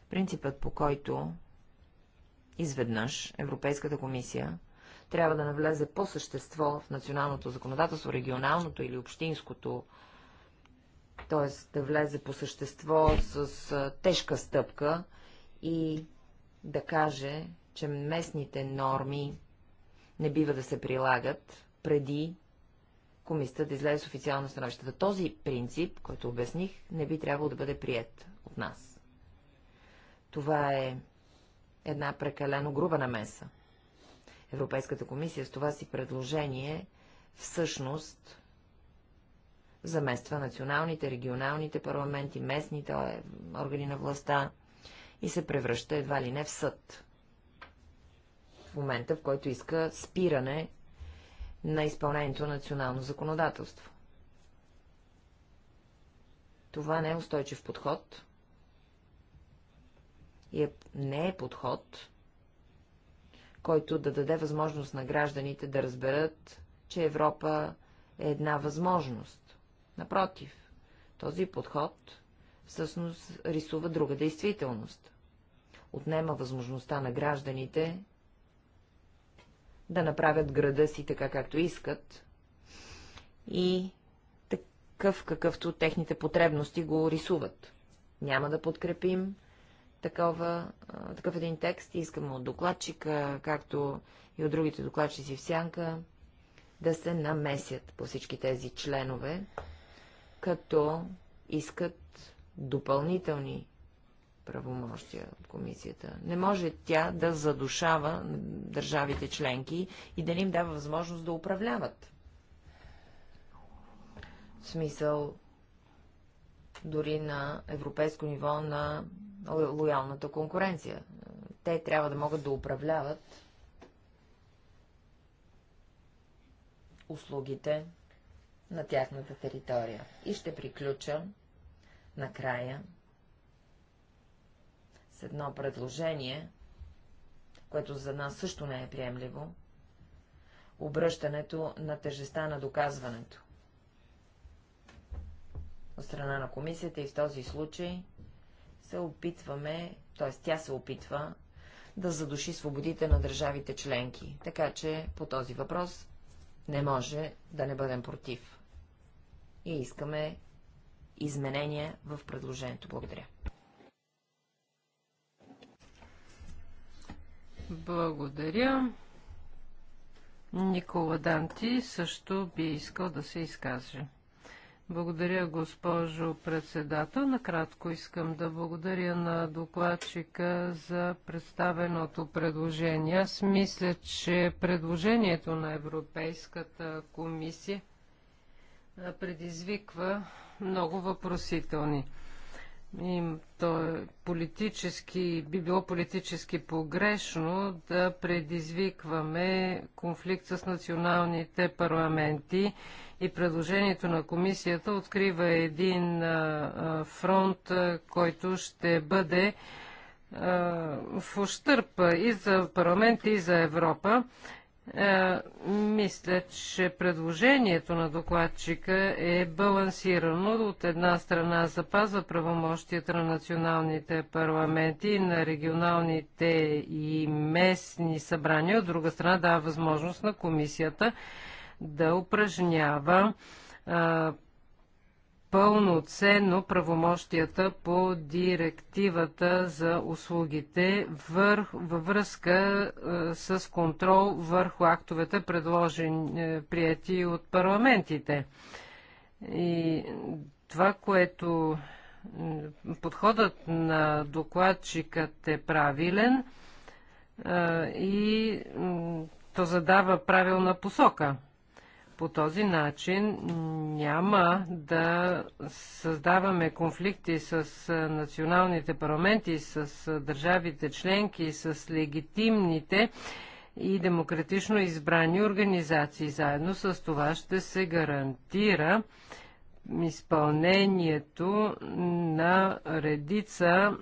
Принципът, по който изведнъж Европейската комисия трябва да навлезе по същество в националното законодателство, регионалното или общинското, т.е. да влезе по същество с тежка стъпка и да каже, че местните норми не бива да се прилагат преди комисията да излезе с официално становище. Този принцип, който обясних, не би трябвало да бъде прият от нас. Това е една прекалено груба намеса. Европейската комисия с това си предложение всъщност замества националните, регионалните парламенти, местните е, органи на властта и се превръща едва ли не в съд. В момента, в който иска спиране на изпълнението на национално законодателство. Това не е устойчив подход и е, не е подход, който да даде възможност на гражданите да разберат, че Европа е една възможност. Напротив, този подход всъщност рисува друга действителност. Отнема възможността на гражданите да направят града си така, както искат и такъв, какъвто техните потребности го рисуват. Няма да подкрепим такова, такъв един текст. Искаме от докладчика, както и от другите докладчици в сянка, да се намесят по всички тези членове, като искат допълнителни правомощия от комисията. Не може тя да задушава държавите членки и да не им дава възможност да управляват. В смисъл дори на европейско ниво на лоялната конкуренция. Те трябва да могат да управляват услугите на тяхната територия. И ще приключа накрая с едно предложение, което за нас също не е приемливо – обръщането на тежеста на доказването. От страна на комисията и в този случай – се опитваме, т.е. тя се опитва да задуши свободите на държавите членки. Така че по този въпрос не може да не бъдем против. И искаме изменения в предложението. Благодаря. Благодаря. Никола Данти също би искал да се изкаже. Благодаря, госпожо председател. Накратко искам да благодаря на докладчика за представеното предложение. Аз мисля, че предложението на Европейската комисия предизвиква много въпросителни им, то е политически, би било политически погрешно да предизвикваме конфликт с националните парламенти и предложението на комисията открива един фронт, който ще бъде в ощърп и за парламент, и за Европа. Е, мисля, че предложението на докладчика е балансирано. От една страна запазва правомощията на националните парламенти, на регионалните и местни събрания, от друга страна дава възможност на комисията да упражнява е, пълноценно правомощията по директивата за услугите вър... във връзка е, с контрол върху актовете, е, прияти от парламентите. И това, което е, подходът на докладчикът е правилен и то задава правилна посока. По този начин няма да създаваме конфликти с националните парламенти, с държавите членки, с легитимните и демократично избрани организации. Заедно с това ще се гарантира изпълнението на редица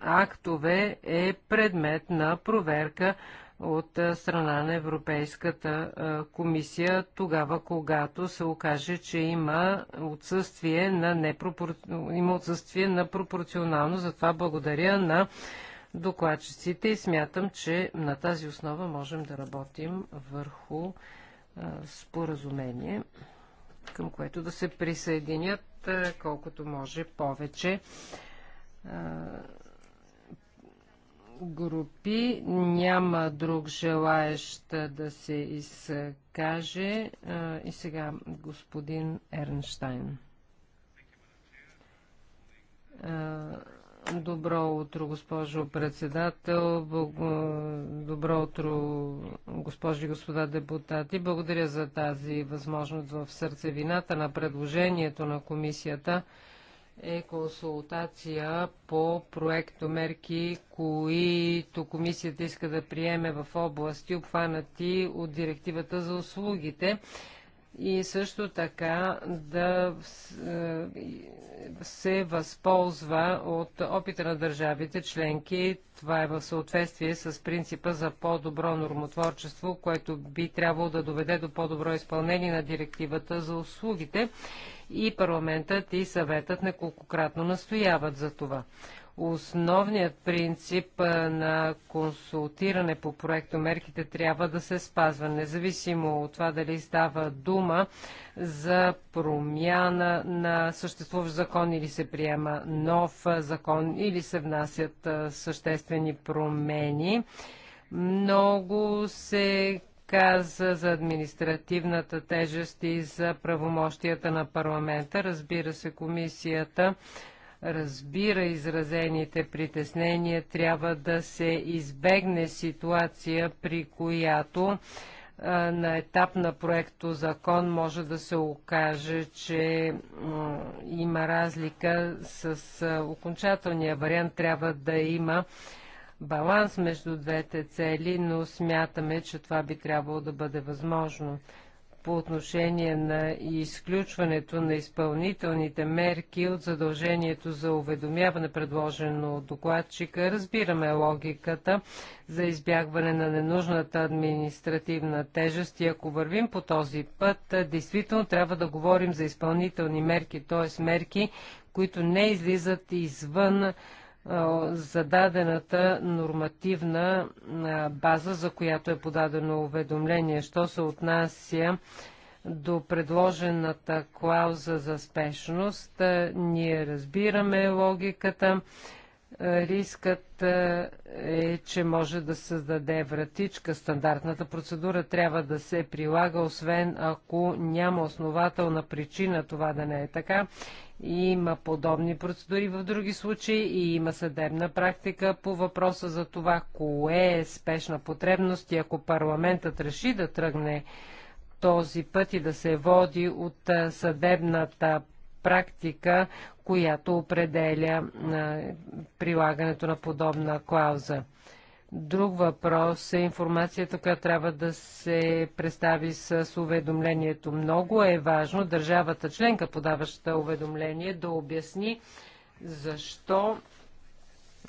актове е предмет на проверка от страна на Европейската комисия, тогава когато се окаже, че има отсъствие на, непропор... има отсъствие на пропорционално. Затова благодаря на докладчиците и смятам, че на тази основа можем да работим върху споразумение, към което да се присъединят колкото може повече групи. Няма друг желаещ да се изкаже. И сега господин Ернштайн. Добро утро, госпожо председател. Добро утро, госпожи и господа депутати. Благодаря за тази възможност в сърцевината на предложението на комисията е консултация по проекто мерки, които комисията иска да приеме в области, обхванати от директивата за услугите и също така да е, се възползва от опита на държавите членки. Това е в съответствие с принципа за по-добро нормотворчество, което би трябвало да доведе до по-добро изпълнение на директивата за услугите и парламентът и съветът неколкократно настояват за това. Основният принцип на консултиране по проекто мерките трябва да се спазва, независимо от това дали става дума за промяна на съществуващ закон или се приема нов закон или се внасят съществени промени. Много се каза за административната тежест и за правомощията на парламента. Разбира се, комисията разбира изразените притеснения, трябва да се избегне ситуация, при която на етап на проекто закон може да се окаже, че има разлика с окончателния вариант. Трябва да има баланс между двете цели, но смятаме, че това би трябвало да бъде възможно по отношение на изключването на изпълнителните мерки от задължението за уведомяване, предложено от докладчика. Разбираме логиката за избягване на ненужната административна тежест и ако вървим по този път, действително трябва да говорим за изпълнителни мерки, т.е. мерки, които не излизат извън за дадената нормативна база, за която е подадено уведомление. Що се отнася до предложената клауза за спешност, ние разбираме логиката. Рискът е, че може да създаде вратичка. Стандартната процедура трябва да се прилага, освен ако няма основателна причина това да не е така има подобни процедури в други случаи и има съдебна практика по въпроса за това, кое е спешна потребност и ако парламентът реши да тръгне този път и да се води от съдебната практика, която определя прилагането на подобна клауза. Друг въпрос е информацията, която трябва да се представи с уведомлението. Много е важно държавата членка, подаваща уведомление, да обясни защо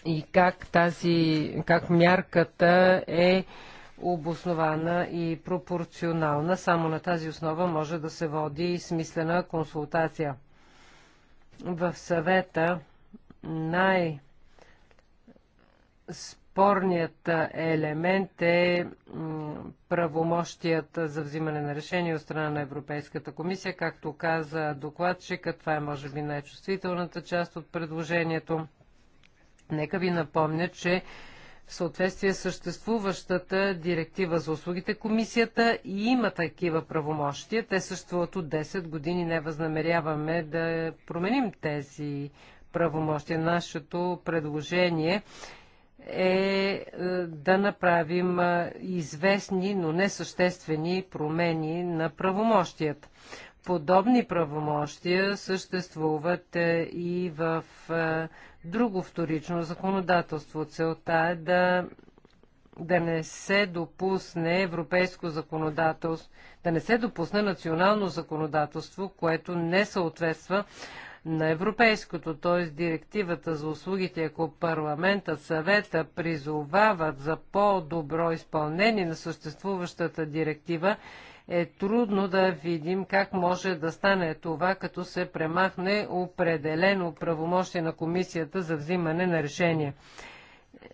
и как, тази, как мярката е обоснована и пропорционална. Само на тази основа може да се води смислена консултация. В съвета най- Спорният елемент е правомощията за взимане на решение от страна на Европейската комисия. Както каза докладчика, това е може би най-чувствителната част от предложението. Нека ви напомня, че в съответствие с съществуващата директива за услугите, комисията и има такива правомощия. Те съществуват от 10 години. Не възнамеряваме да променим тези правомощия. Нашето предложение е, е да направим е, известни, но не съществени промени на правомощията. Подобни правомощия съществуват е, и в друго вторично законодателство. Целта е да, да не се допусне европейско законодателство, да не се допусне национално законодателство, което не съответства на европейското, т.е. директивата за услугите, ако парламентът, съвета призовават за по-добро изпълнение на съществуващата директива, е трудно да видим как може да стане това, като се премахне определено правомощие на комисията за взимане на решения.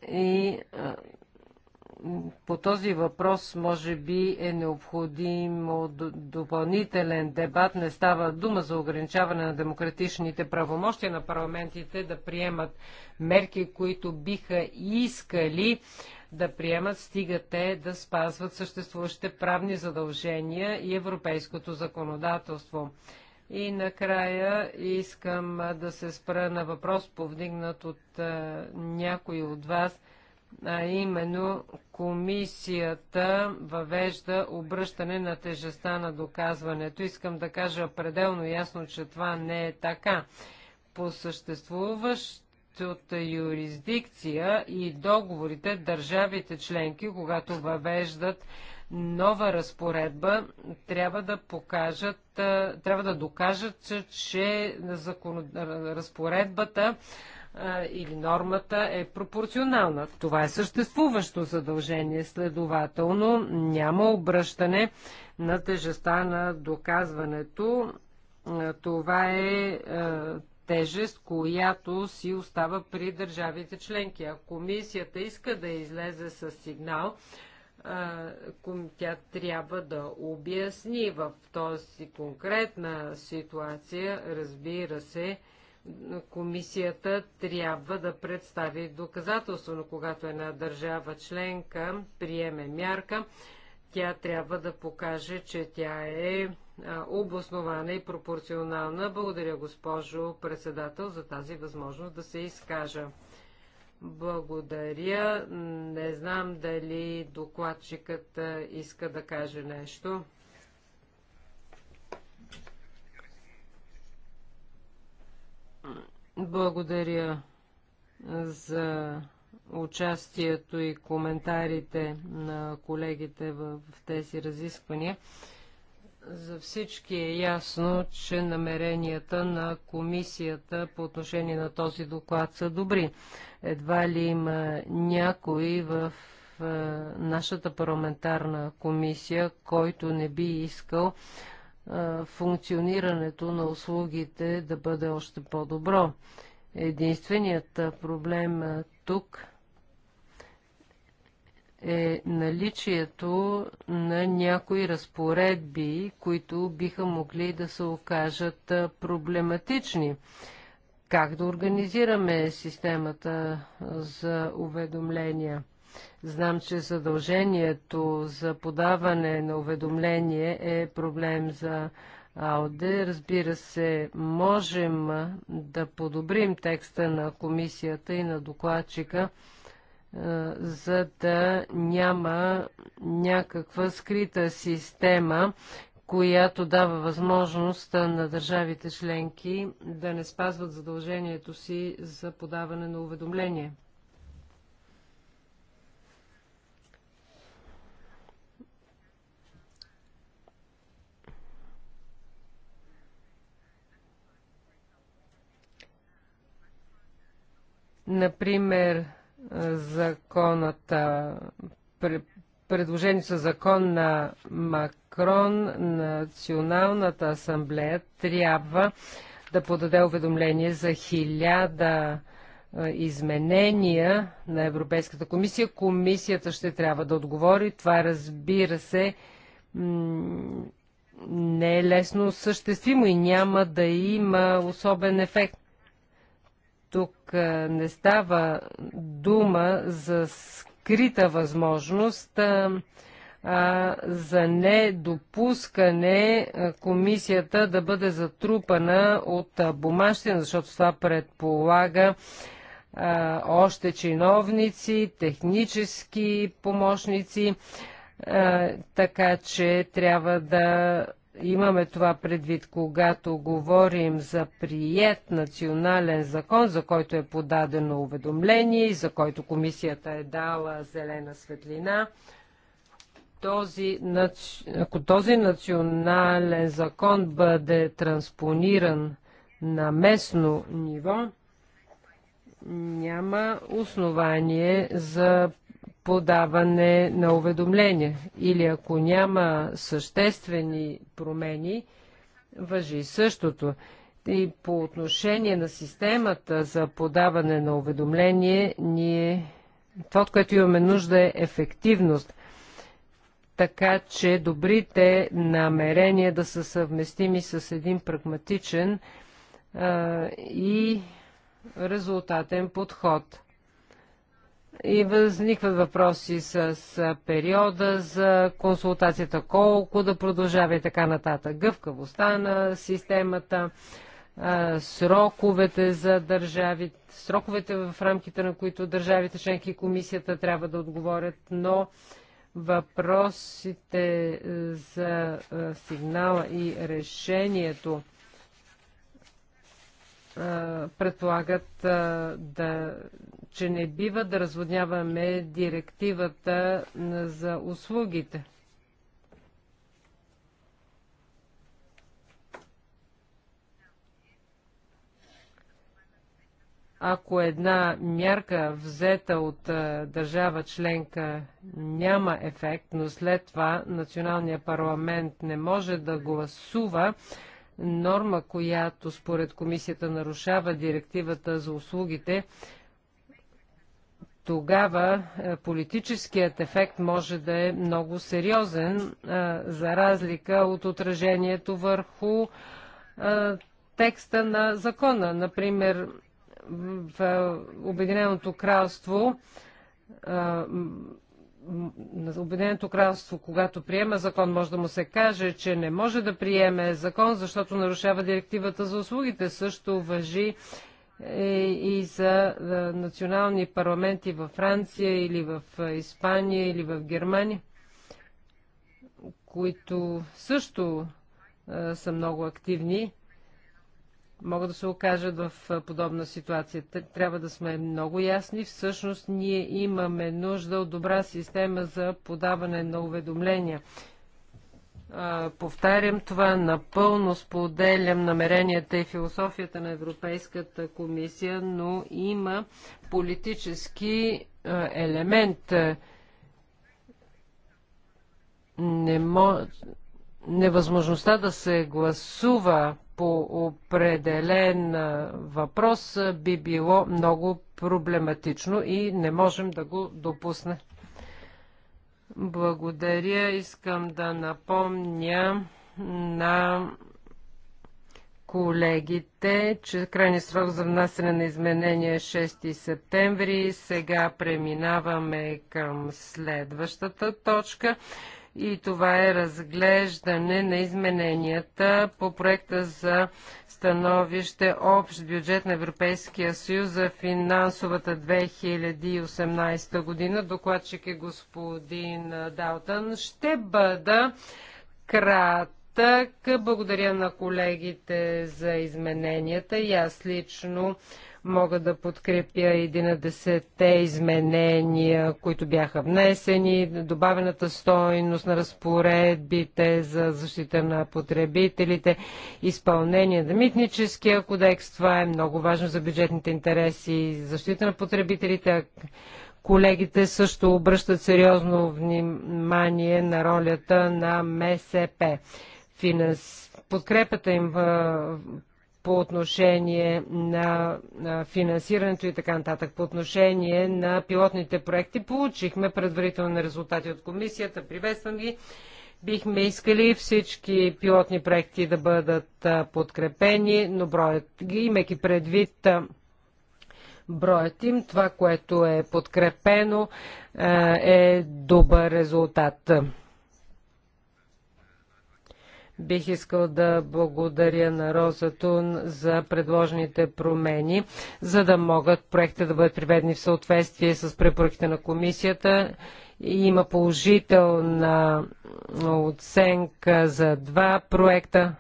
И по този въпрос може би е необходимо допълнителен дебат. Не става дума за ограничаване на демократичните правомощия на парламентите да приемат мерки, които биха искали да приемат, стига те да спазват съществуващите правни задължения и европейското законодателство. И накрая искам да се спра на въпрос, повдигнат от някои от вас а именно комисията въвежда обръщане на тежеста на доказването. Искам да кажа пределно ясно, че това не е така. По съществуващата юрисдикция и договорите държавите членки, когато въвеждат нова разпоредба, трябва да покажат, трябва да докажат, че, че разпоредбата или нормата е пропорционална. Това е съществуващо задължение, следователно няма обръщане на тежестта на доказването. Това е тежест, която си остава при държавите членки. А комисията иска да излезе с сигнал, тя трябва да обясни в този конкретна ситуация, разбира се, комисията трябва да представи доказателство, но когато една държава членка приеме мярка, тя трябва да покаже, че тя е обоснована и пропорционална. Благодаря, госпожо председател, за тази възможност да се изкажа. Благодаря. Не знам дали докладчикът иска да каже нещо. Благодаря за участието и коментарите на колегите в, тези разисквания. За всички е ясно, че намеренията на комисията по отношение на този доклад са добри. Едва ли има някой в е, нашата парламентарна комисия, който не би искал функционирането на услугите да бъде още по-добро. Единственият проблем тук е наличието на някои разпоредби, които биха могли да се окажат проблематични. Как да организираме системата за уведомления? Знам, че задължението за подаване на уведомление е проблем за Ауде. Разбира се, можем да подобрим текста на комисията и на докладчика, е, за да няма някаква скрита система, която дава възможност на държавите членки да не спазват задължението си за подаване на уведомление. Например, законата, предложението за закон на Макрон, Националната асамблея трябва да подаде уведомление за хиляда изменения на Европейската комисия. Комисията ще трябва да отговори. Това разбира се не е лесно съществимо и няма да има особен ефект. Тук не става дума за скрита възможност, а за недопускане комисията да бъде затрупана от бумащина, защото това предполага още чиновници, технически помощници, така че трябва да имаме това предвид, когато говорим за прият национален закон, за който е подадено уведомление и за който комисията е дала зелена светлина, този, ако този национален закон бъде транспониран на местно ниво, няма основание за подаване на уведомление. Или ако няма съществени промени, въжи същото. И по отношение на системата за подаване на уведомление, ние... това, от което имаме нужда е ефективност. Така че добрите намерения да са съвместими с един прагматичен а, и резултатен подход – и възникват въпроси с периода за консултацията, колко да продължава и така нататък. Гъвкавостта на системата, сроковете за държавите, сроковете в рамките на които държавите членки и комисията трябва да отговорят, но въпросите е, за е, сигнала и решението предполагат да, че не бива да разводняваме директивата за услугите. Ако една мярка взета от държава членка няма ефект, но след това националния парламент не може да гласува, норма, която според комисията нарушава директивата за услугите, тогава е, политическият ефект може да е много сериозен, е, за разлика от отражението върху е, текста на закона. Например, в Обединеното кралство на Обединеното кралство, когато приема закон, може да му се каже, че не може да приеме закон, защото нарушава директивата за услугите. Също въжи е, и за национални парламенти във Франция или в Испания или в Германия, които също са много активни могат да се окажат в подобна ситуация. Трябва да сме много ясни. Всъщност ние имаме нужда от добра система за подаване на уведомления. Повтарям това, напълно споделям намеренията и философията на Европейската комисия, но има политически елемент. Не мож... Невъзможността да се гласува по определен въпрос би било много проблематично и не можем да го допусне. Благодаря. Искам да напомня на колегите, че крайни срок за внасяне на изменения е 6 септември. Сега преминаваме към следващата точка и това е разглеждане на измененията по проекта за становище Общ бюджет на Европейския съюз за финансовата 2018 година. Докладчик е господин Далтън. Ще бъда кратък. Благодаря на колегите за измененията и аз лично Мога да подкрепя 11-те изменения, които бяха внесени, добавената стойност на разпоредбите за защита на потребителите, изпълнение на митническия кодекс. Това е много важно за бюджетните интереси, и защита на потребителите, Колегите също обръщат сериозно внимание на ролята на МСП. Финанс... Подкрепата им по отношение на, финансирането и така нататък. По отношение на пилотните проекти получихме предварителни резултати от комисията. Приветствам ги. Бихме искали всички пилотни проекти да бъдат подкрепени, но броят ги, имайки предвид броят им, това, което е подкрепено, е добър резултат. Бих искал да благодаря на Роза Тун за предложените промени, за да могат проектите да бъдат приведени в съответствие с препоръките на комисията. Има положителна оценка за два проекта.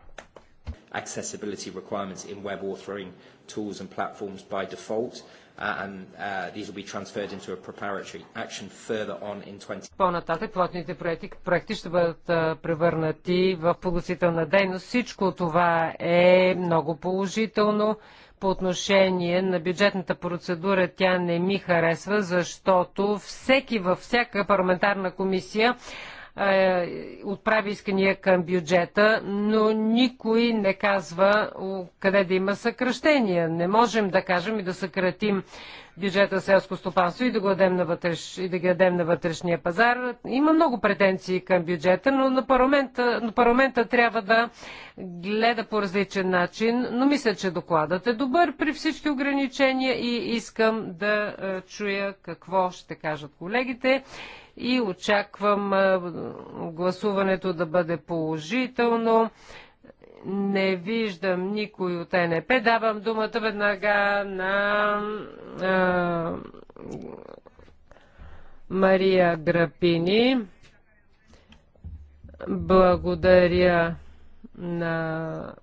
Accessibility requirements in web authoring tools and platforms by default Uh, and uh, these will be transferred into a preparatory action further on in 20. По-нататък пилотните проекти, проекти ще бъдат превърнати в подготвителна дейност. Всичко това е много положително. По отношение на бюджетната процедура тя не ми харесва, защото всеки във всяка парламентарна комисия е, отправи искания към бюджета, но никой не казва къде да има съкръщения. Не можем да кажем и да съкратим бюджета селско стопанство и да го дадем на, вътреш, и да ги дадем на вътрешния пазар. Има много претенции към бюджета, но на парламента, на парламента трябва да гледа по различен начин, но мисля, че докладът е добър при всички ограничения и искам да е, чуя какво ще кажат колегите и очаквам гласуването да бъде положително. Не виждам никой от НП. Давам думата веднага на а, Мария Грапини. Благодаря на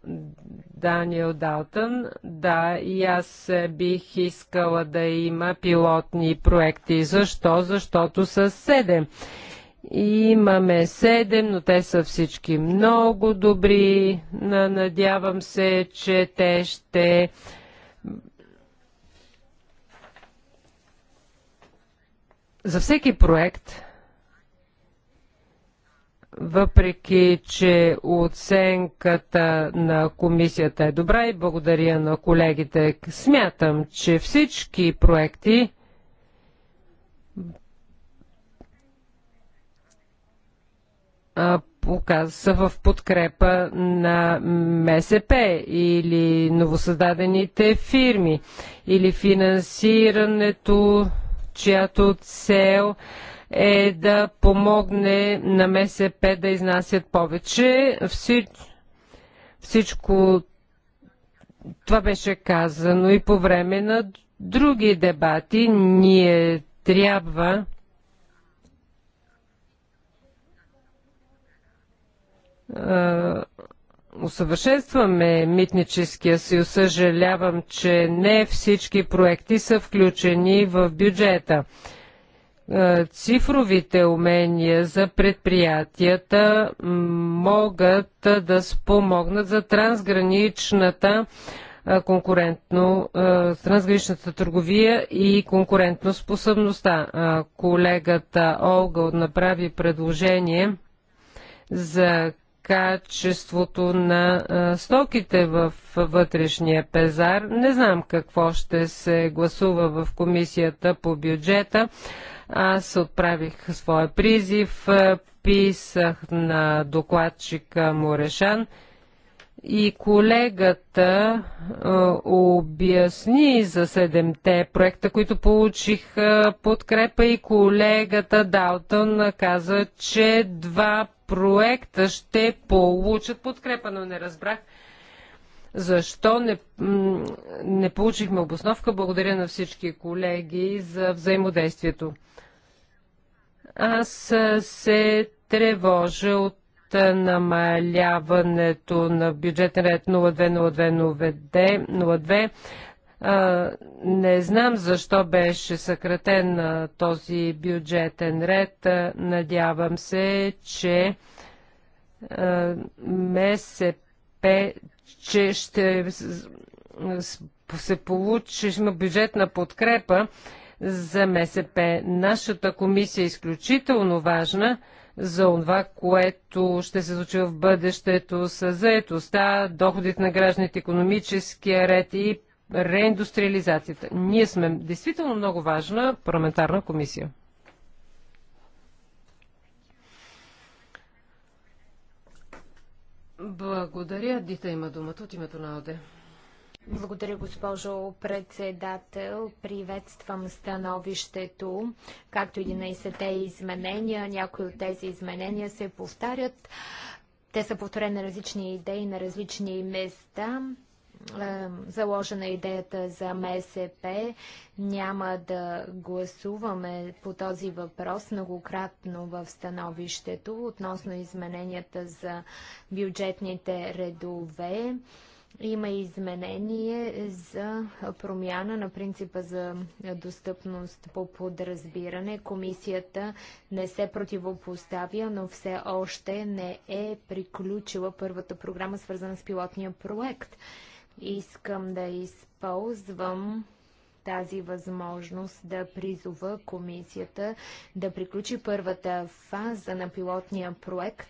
Даниел Далтън. Да, и аз бих искала да има пилотни проекти. Защо? Защото са 7. Имаме 7, но те са всички много добри. Надявам се, че те ще за всеки проект въпреки че оценката на комисията е добра и благодаря на колегите, смятам, че всички проекти са в подкрепа на МСП или новосъздадените фирми или финансирането, чиято цел е е да помогне на МСП да изнасят повече. Всич... Всичко това беше казано и по време на други дебати. Ние трябва усъвършенстваме митническия съюз. Съжалявам, че не всички проекти са включени в бюджета. Е, цифровите умения за предприятията могат да спомогнат за трансграничната е, конкурентно, е, трансграничната търговия и конкурентно способността. Колегата Олга направи предложение за качеството на стоките в вътрешния пазар. Не знам какво ще се гласува в комисията по бюджета аз отправих своя призив, писах на докладчика Морешан и колегата обясни за седемте проекта, които получих подкрепа и колегата Далтън каза, че два проекта ще получат подкрепа, но не разбрах защо не, не получихме обосновка. Благодаря на всички колеги за взаимодействието. Аз се тревожа от намаляването на бюджетен ред 020202. Не знам защо беше съкратен този бюджетен ред. Надявам се, че МСП, че ще се получи, ще има бюджетна подкрепа за МСП. Нашата комисия е изключително важна за това, което ще се случи в бъдещето с заетостта, доходите на гражданите, економическия ред и реиндустриализацията. Ние сме действително много важна парламентарна комисия. Благодаря. Дита има думата от името на ОДЕ. Благодаря, госпожо председател. Приветствам становището, както 11-те изменения. Някои от тези изменения се повтарят. Те са повторени на различни идеи на различни места. Е, заложена е идеята за МСП. Няма да гласуваме по този въпрос многократно в становището относно измененията за бюджетните редове. Има изменение за промяна на принципа за достъпност по подразбиране. Комисията не се противопоставя, но все още не е приключила първата програма, свързана с пилотния проект. Искам да използвам тази възможност да призова комисията да приключи първата фаза на пилотния проект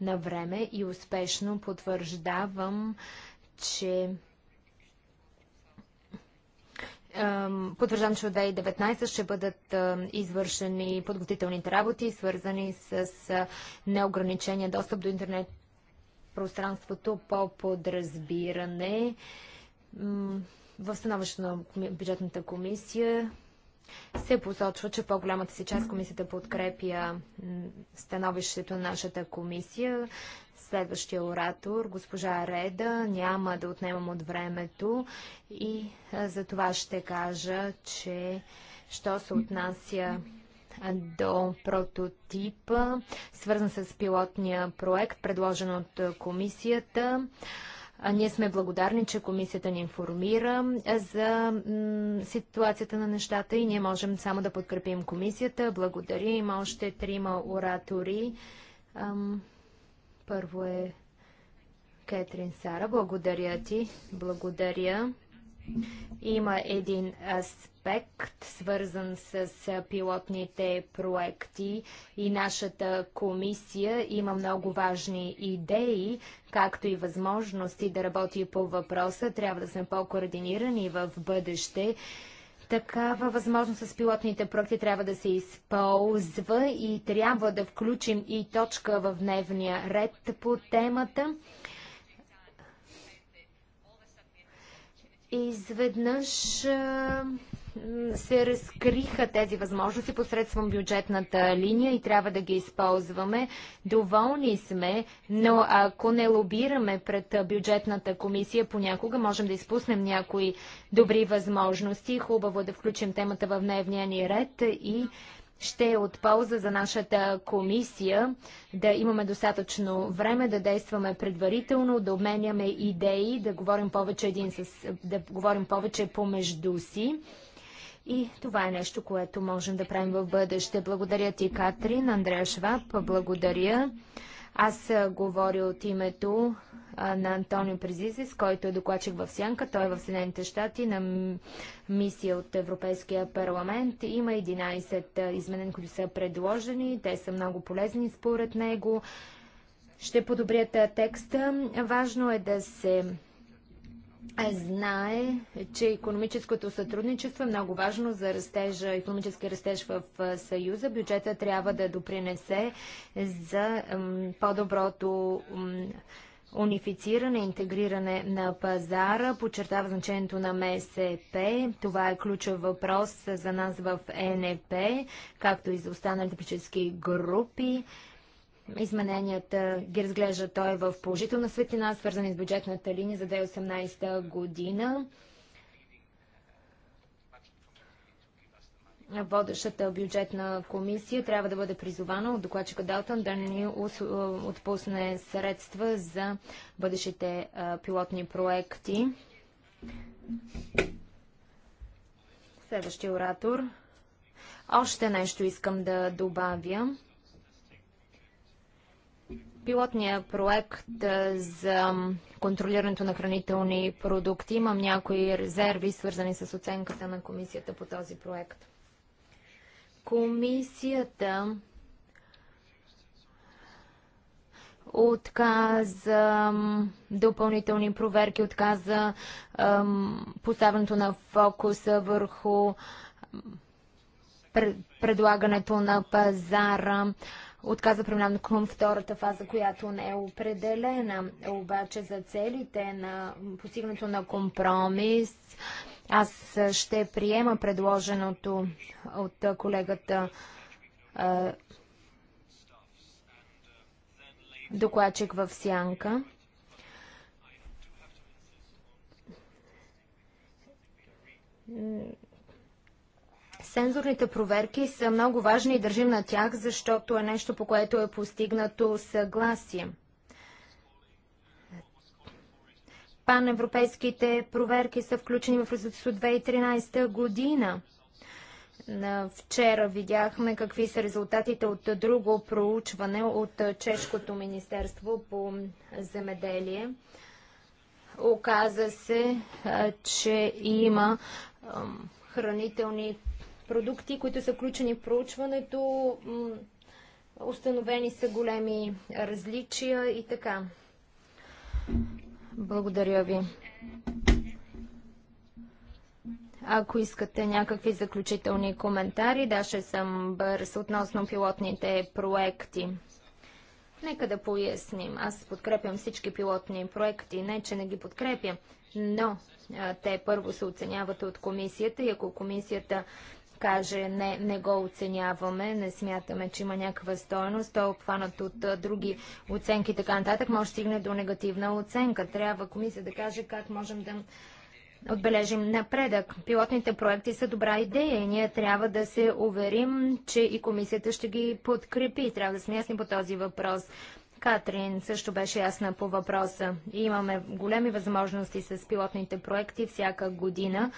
на време и успешно потвърждавам че Подвържам, че от 2019 ще бъдат извършени подготителните работи, свързани с неограничения достъп до интернет пространството по подразбиране. В становището на бюджетната комисия се посочва, че по-голямата си част комисията подкрепя становището на нашата комисия следващия оратор, госпожа Реда. Няма да отнемам от времето и за това ще кажа, че що се отнася до прототипа, свързан с пилотния проект, предложен от комисията. Ние сме благодарни, че комисията ни информира за ситуацията на нещата и ние можем само да подкрепим комисията. Благодаря. Има още трима оратори. Първо е Кетрин Сара. Благодаря ти. Благодаря. Има един аспект, свързан с пилотните проекти и нашата комисия има много важни идеи, както и възможности да работи по въпроса. Трябва да сме по-координирани в бъдеще. Такава възможност с пилотните проекти трябва да се използва и трябва да включим и точка в дневния ред по темата. Изведнъж се разкриха тези възможности посредством бюджетната линия и трябва да ги използваме. Доволни сме, но ако не лобираме пред бюджетната комисия, понякога можем да изпуснем някои добри възможности. Хубаво да включим темата в дневния ни ред и ще е от полза за нашата комисия да имаме достатъчно време да действаме предварително, да обменяме идеи, да говорим повече, един с, да говорим повече помежду си. И това е нещо, което можем да правим в бъдеще. Благодаря ти, Катрин, Андрея Шваб, благодаря. Аз говоря от името на Антонио Презисис, който е докладчик в Сянка. Той е в Съединените щати на мисия от Европейския парламент. Има 11 изменения, които са предложени. Те са много полезни според него. Ще подобрят текста. Важно е да се знае, че економическото сътрудничество е много важно за растежа, економически растеж в Съюза. Бюджета трябва да допринесе за по-доброто унифициране, интегриране на пазара, подчертава значението на МСП. Това е ключов въпрос за нас в ЕНП, както и за останалите политически групи. Измененията ги разглежда той в положителна светлина, свързани с бюджетната линия за 2018 година. Водещата бюджетна комисия трябва да бъде призована от докладчика Далтън да ни отпусне средства за бъдещите пилотни проекти. Следващия оратор. Още нещо искам да добавя пилотния проект за контролирането на хранителни продукти имам някои резерви, свързани с оценката на комисията по този проект. Комисията отказа допълнителни проверки, отказа поставянето на фокуса върху предлагането на пазара, отказа преминаване към втората фаза, която не е определена. Обаче за целите на постигането на компромис, аз ще приема предложеното от колегата е, докладчик в сянка. Mm Сензорните проверки са много важни и държим на тях, защото е нещо, по което е постигнато съгласие. Паневропейските проверки са включени в резултат от 2013 година. Вчера видяхме какви са резултатите от друго проучване от Чешкото Министерство по земеделие. Оказа се, че има хранителни продукти, които са включени в проучването. Установени са големи различия и така. Благодаря ви. Ако искате някакви заключителни коментари, да, ще съм бърз относно пилотните проекти. Нека да поясним. Аз подкрепям всички пилотни проекти, не че не ги подкрепям, но а, те първо се оценяват от комисията и ако комисията каже не, не го оценяваме, не смятаме, че има някаква стоеност, той е обхванат от а, други оценки и така нататък, може стигне до негативна оценка. Трябва комисия да каже как можем да отбележим напредък. Пилотните проекти са добра идея и ние трябва да се уверим, че и комисията ще ги подкрепи. Трябва да сме ясни по този въпрос. Катрин също беше ясна по въпроса. Имаме големи възможности с пилотните проекти всяка година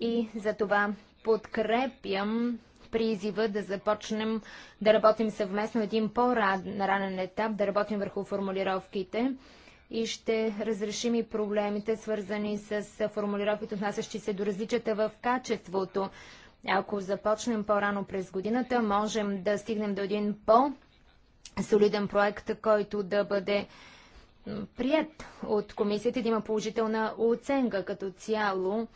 и за това подкрепям призива да започнем да работим съвместно един по-ранен етап, да работим върху формулировките и ще разрешим и проблемите, свързани с формулировките, отнасящи се до различията в качеството. Ако започнем по-рано през годината, можем да стигнем до един по-солиден проект, който да бъде прият от комисията, да има положителна оценка като цяло.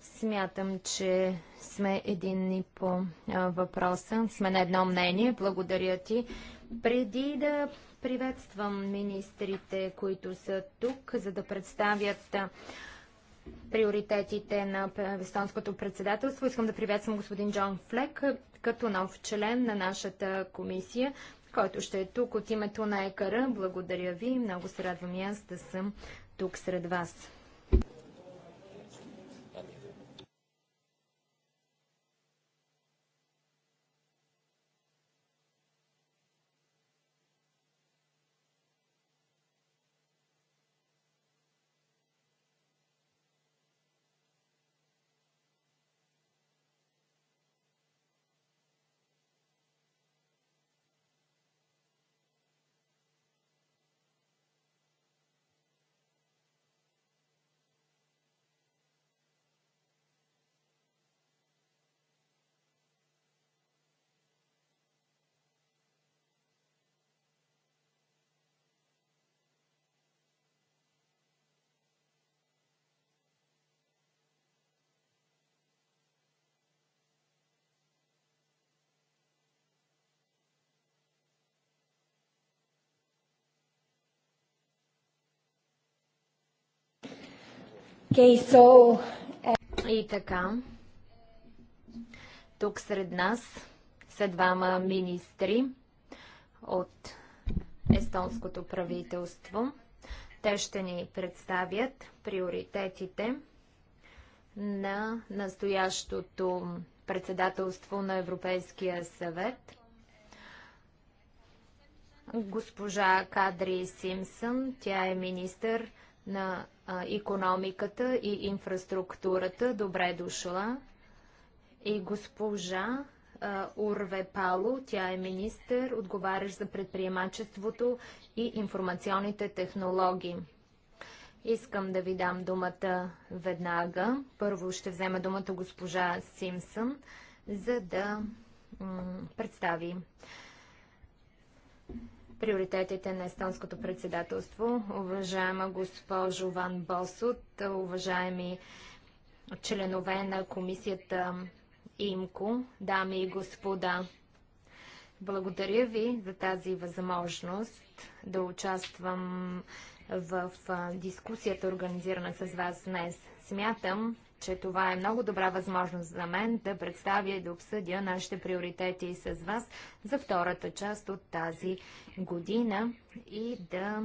Смятам, че сме единни по въпроса. Сме на едно мнение. Благодаря ти. Преди да приветствам министрите, които са тук, за да представят приоритетите на Вестонското председателство, искам да приветствам господин Джон Флек като нов член на нашата комисия, който ще е тук от името на ЕКР. Благодаря ви. Много се радвам и аз да съм тук сред вас. Okay, so... И така, тук сред нас са двама министри от естонското правителство. Те ще ни представят приоритетите на настоящото председателство на Европейския съвет. Госпожа Кадри Симсън, тя е министър на економиката и инфраструктурата. Добре дошла. И госпожа Урве Пало, тя е министър, отговаряш за предприемачеството и информационните технологии. Искам да ви дам думата веднага. Първо ще взема думата госпожа Симсън, за да представи приоритетите на естонското председателство. Уважаема госпожо Ван Босот, уважаеми членове на комисията ИМКО, дами и господа, благодаря ви за тази възможност да участвам в дискусията, организирана с вас днес. Смятам, че това е много добра възможност за мен да представя и да обсъдя нашите приоритети с вас за втората част от тази година и да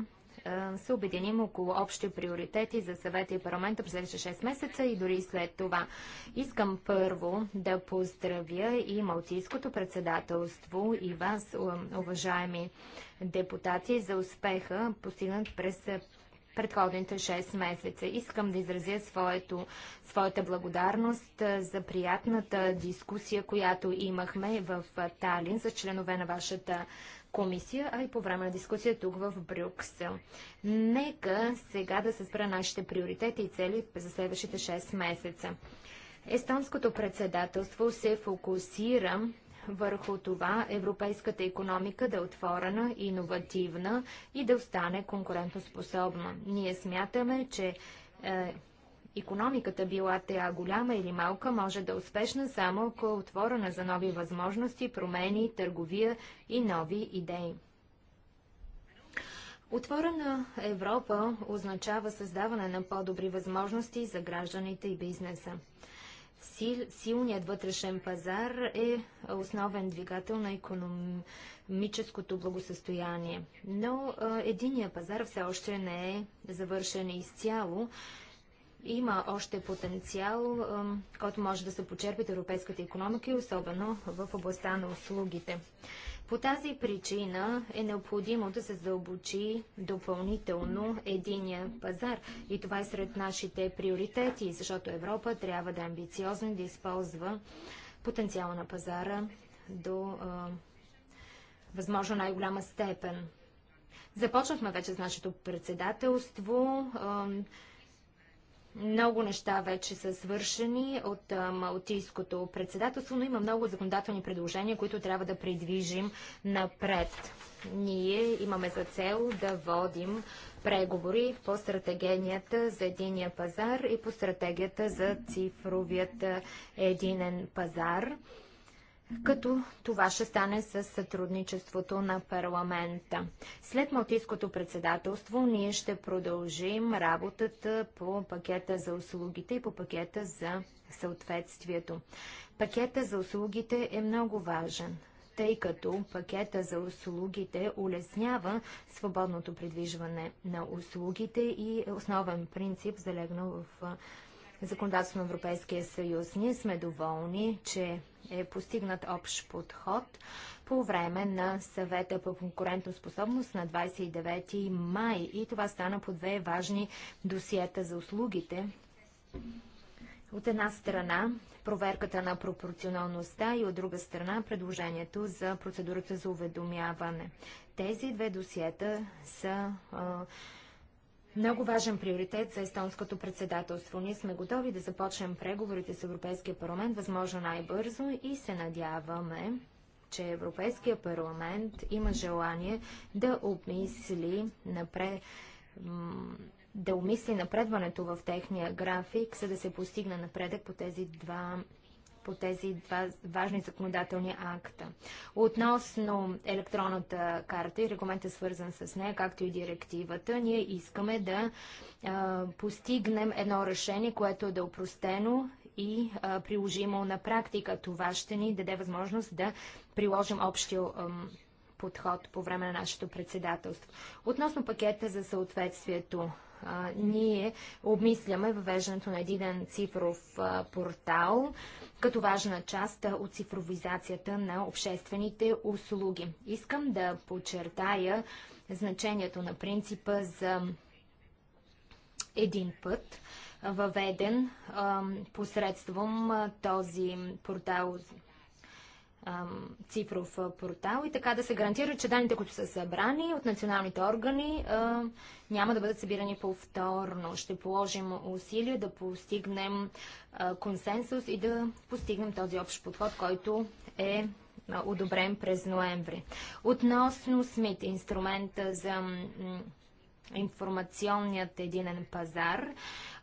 се обединим около общи приоритети за съвета и парламента през следващите 6 месеца и дори след това. Искам първо да поздравя и Малтийското председателство и вас, уважаеми депутати, за успеха постигнат през предходните 6 месеца. Искам да изразя своето, своята благодарност за приятната дискусия, която имахме в Талин за членове на вашата комисия, а и по време на дискусия тук в Брюксел. Нека сега да се спра нашите приоритети и цели за следващите 6 месеца. Естонското председателство се фокусира върху това европейската економика да е отворена, иновативна и да остане конкурентоспособна. Ние смятаме, че е, економиката, била тя голяма или малка, може да е успешна само ако е отворена за нови възможности, промени, търговия и нови идеи. Отворена Европа означава създаване на по-добри възможности за гражданите и бизнеса. Сил, силният вътрешен пазар е основен двигател на економическото благосъстояние. Но а, единия пазар все още не е завършен изцяло. Има още потенциал, а, който може да се почерпи от европейската економика и особено в областта на услугите. По тази причина е необходимо да се задълбочи допълнително единия пазар. И това е сред нашите приоритети, защото Европа трябва да е амбициозна да използва потенциала на пазара до а, възможно най-голяма степен. Започнахме вече с нашето председателство. А, много неща вече са свършени от Малтийското председателство, но има много законодателни предложения, които трябва да придвижим напред. Ние имаме за цел да водим преговори по стратегенията за единия пазар и по стратегията за цифровият единен пазар като това ще стане с сътрудничеството на парламента. След Малтийското председателство ние ще продължим работата по пакета за услугите и по пакета за съответствието. Пакета за услугите е много важен тъй като пакета за услугите улеснява свободното придвижване на услугите и е основен принцип залегнал в законодателство на Европейския съюз. Ние сме доволни, че е постигнат общ подход по време на съвета по конкурентоспособност на 29 май. И това стана по две важни досиета за услугите. От една страна проверката на пропорционалността и от друга страна предложението за процедурата за уведомяване. Тези две досиета са а, много важен приоритет за естонското председателство. Ние сме готови да започнем преговорите с Европейския парламент възможно най-бързо и се надяваме, че Европейския парламент има желание да обмисли напред да умисли напредването в техния график, за да се постигне напредък по тези два по тези два важни законодателни акта. Относно електронната карта и регламента свързан с нея, както и директивата, ние искаме да а, постигнем едно решение, което да е упростено и а, приложимо на практика. Това ще ни даде възможност да приложим общия подход по време на нашето председателство. Относно пакета за съответствието ние обмисляме въвеждането на един цифров портал като важна част от цифровизацията на обществените услуги. Искам да подчертая значението на принципа за един път, въведен посредством този портал цифров портал и така да се гарантира, че данните, които са събрани от националните органи, няма да бъдат събирани повторно. Ще положим усилия да постигнем консенсус и да постигнем този общ подход, който е одобрен през ноември. Относно СМИТ, инструмента за информационният единен пазар,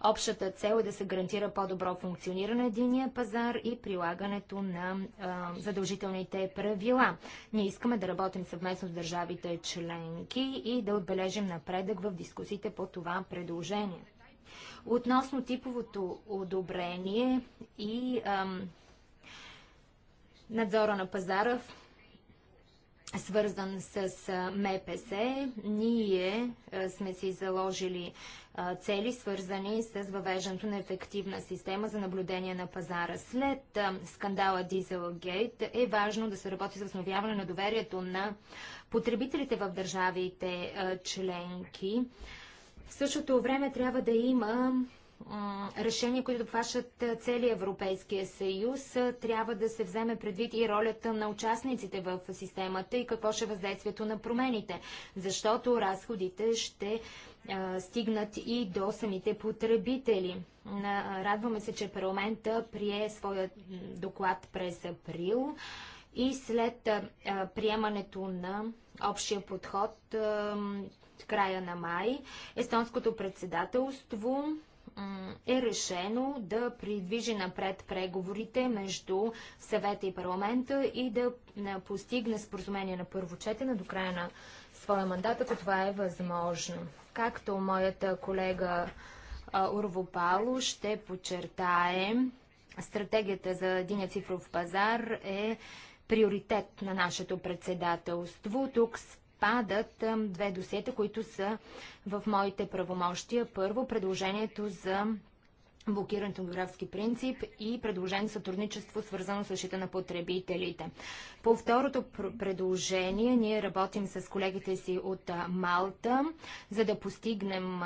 Общата цел е да се гарантира по-добро функциониране на единия пазар и прилагането на а, задължителните правила. Ние искаме да работим съвместно с държавите членки и да отбележим напредък в дискусиите по това предложение. Относно типовото одобрение и ам, надзора на пазара, свързан с МПС. Ние сме си заложили цели, свързани с въвеждането на ефективна система за наблюдение на пазара. След скандала Дизелгейт е важно да се работи за основяване на доверието на потребителите в държавите членки. В същото време трябва да има решения, които обхващат целия Европейския съюз, трябва да се вземе предвид и ролята на участниците в системата и какво ще е въздействието на промените, защото разходите ще стигнат и до самите потребители. Радваме се, че парламента прие своя доклад през април и след приемането на общия подход края на май, естонското председателство е решено да придвижи напред преговорите между съвета и парламента и да постигне споразумение на първо четене до края на своя мандат, ако това е възможно. Както моята колега Урво Пало ще подчертае, стратегията за единия цифров пазар е приоритет на нашето председателство. Тук попадат две досета, които са в моите правомощия. Първо, предложението за блокирането на географски принцип и предложение за сътрудничество, свързано с защита на потребителите. По второто пр предложение ние работим с колегите си от Малта, за да постигнем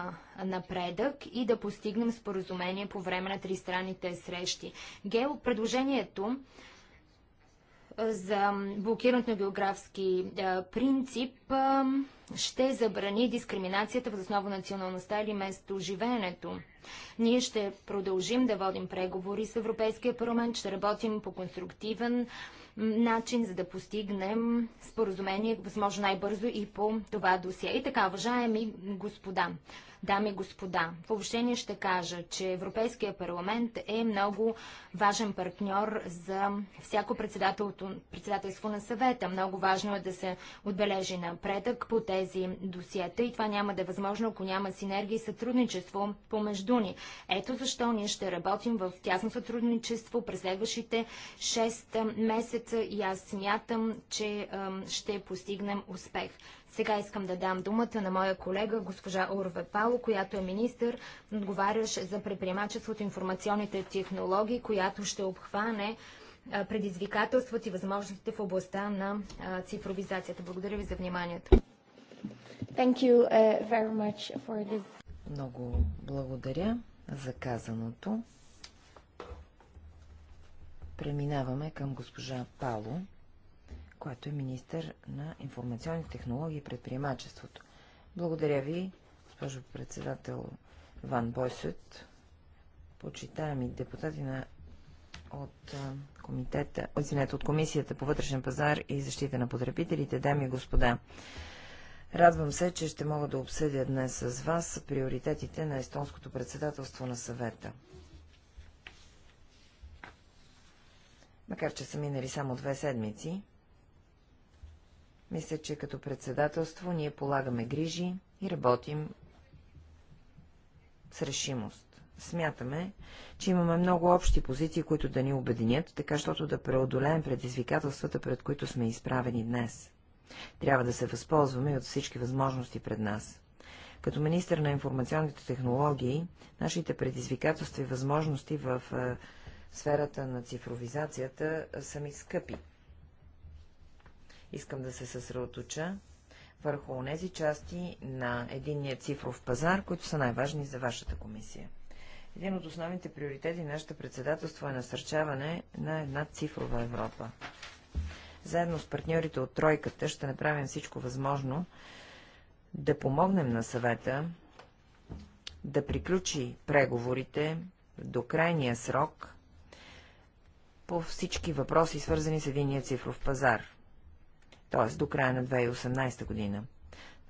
напредък и да постигнем споразумение по време на тристранните срещи. Гео, предложението за блокирането на географски принцип ще забрани дискриминацията в основа националността или место живеенето. Ние ще продължим да водим преговори с Европейския парламент, ще работим по конструктивен начин, за да постигнем споразумение, възможно най-бързо и по това досие. И така, уважаеми господа, Дами и господа, в обобщение ще кажа, че Европейския парламент е много важен партньор за всяко председателство на съвета. Много важно е да се отбележи напредък по тези досиета и това няма да е възможно, ако няма синергия и сътрудничество помежду ни. Ето защо ние ще работим в тясно сътрудничество през следващите 6 месеца и аз смятам, че ще постигнем успех. Сега искам да дам думата на моя колега госпожа Орве Пало, която е министър, отговарящ за предприемачеството информационните технологии, която ще обхване предизвикателствата и възможностите в областта на цифровизацията. Благодаря ви за вниманието. Thank you uh, very much for this. Много благодаря за казаното. Преминаваме към госпожа Пало която е министър на информационните технологии и предприемачеството. Благодаря ви, госпожо председател Ван Бойсет, почитаеми депутати на от комитета, извинете, от Комисията по вътрешен пазар и защита на потребителите, дами и господа. Радвам се, че ще мога да обсъдя днес с вас приоритетите на естонското председателство на съвета. Макар, че са минали само две седмици, мисля, че като председателство ние полагаме грижи и работим с решимост. Смятаме, че имаме много общи позиции, които да ни обединят, така щото да преодолеем предизвикателствата, пред които сме изправени днес. Трябва да се възползваме от всички възможности пред нас. Като министр на информационните технологии, нашите предизвикателства и възможности в е, сферата на цифровизацията са ми скъпи. Искам да се съсредоточа върху тези части на единния цифров пазар, които са най-важни за вашата комисия. Един от основните приоритети на нашето председателство е насърчаване на една цифрова Европа. Заедно с партньорите от Тройката ще направим всичко възможно да помогнем на съвета да приключи преговорите до крайния срок по всички въпроси, свързани с единия цифров пазар т.е. до края на 2018 година.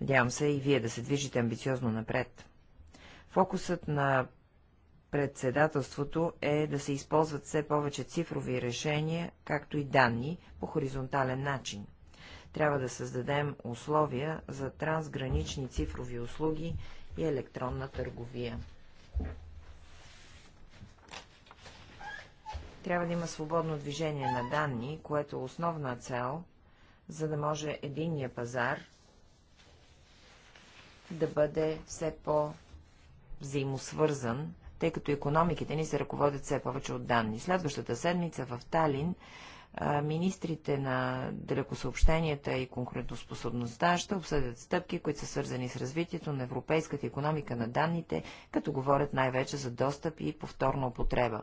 Надявам се и вие да се движите амбициозно напред. Фокусът на председателството е да се използват все повече цифрови решения, както и данни, по хоризонтален начин. Трябва да създадем условия за трансгранични цифрови услуги и електронна търговия. Трябва да има свободно движение на данни, което е основна цел за да може единния пазар да бъде все по-взаимосвързан, тъй като економиките ни се ръководят все повече от данни. Следващата седмица в Талин министрите на далекосъобщенията и конкурентоспособността ще обсъдят стъпки, които са свързани с развитието на европейската економика на данните, като говорят най-вече за достъп и повторна употреба.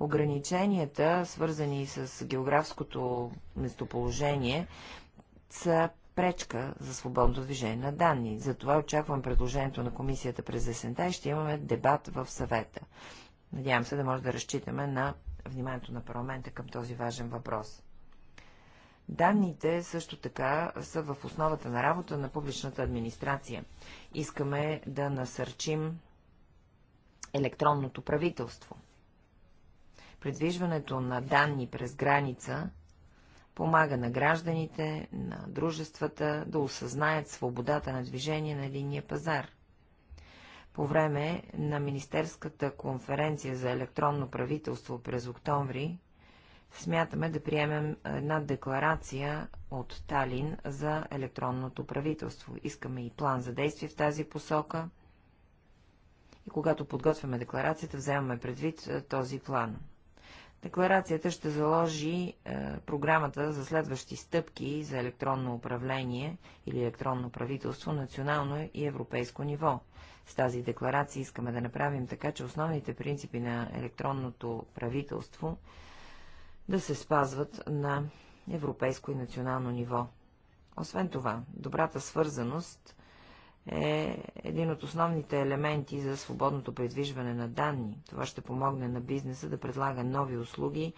Ограниченията, свързани с географското местоположение, са пречка за свободното движение на данни. Затова очаквам предложението на комисията през есента и ще имаме дебат в съвета. Надявам се да може да разчитаме на вниманието на парламента към този важен въпрос. Данните също така са в основата на работа на публичната администрация. Искаме да насърчим електронното правителство. Предвижването на данни през граница помага на гражданите, на дружествата да осъзнаят свободата на движение на единния пазар – по време на Министерската конференция за електронно правителство през октомври смятаме да приемем една декларация от Талин за електронното правителство. Искаме и план за действие в тази посока. И когато подготвяме декларацията, вземаме предвид е, този план. Декларацията ще заложи е, програмата за следващи стъпки за електронно управление или електронно правителство национално и европейско ниво. С тази декларация искаме да направим така, че основните принципи на електронното правителство да се спазват на европейско и национално ниво. Освен това, добрата свързаност е един от основните елементи за свободното предвижване на данни. Това ще помогне на бизнеса да предлага нови услуги,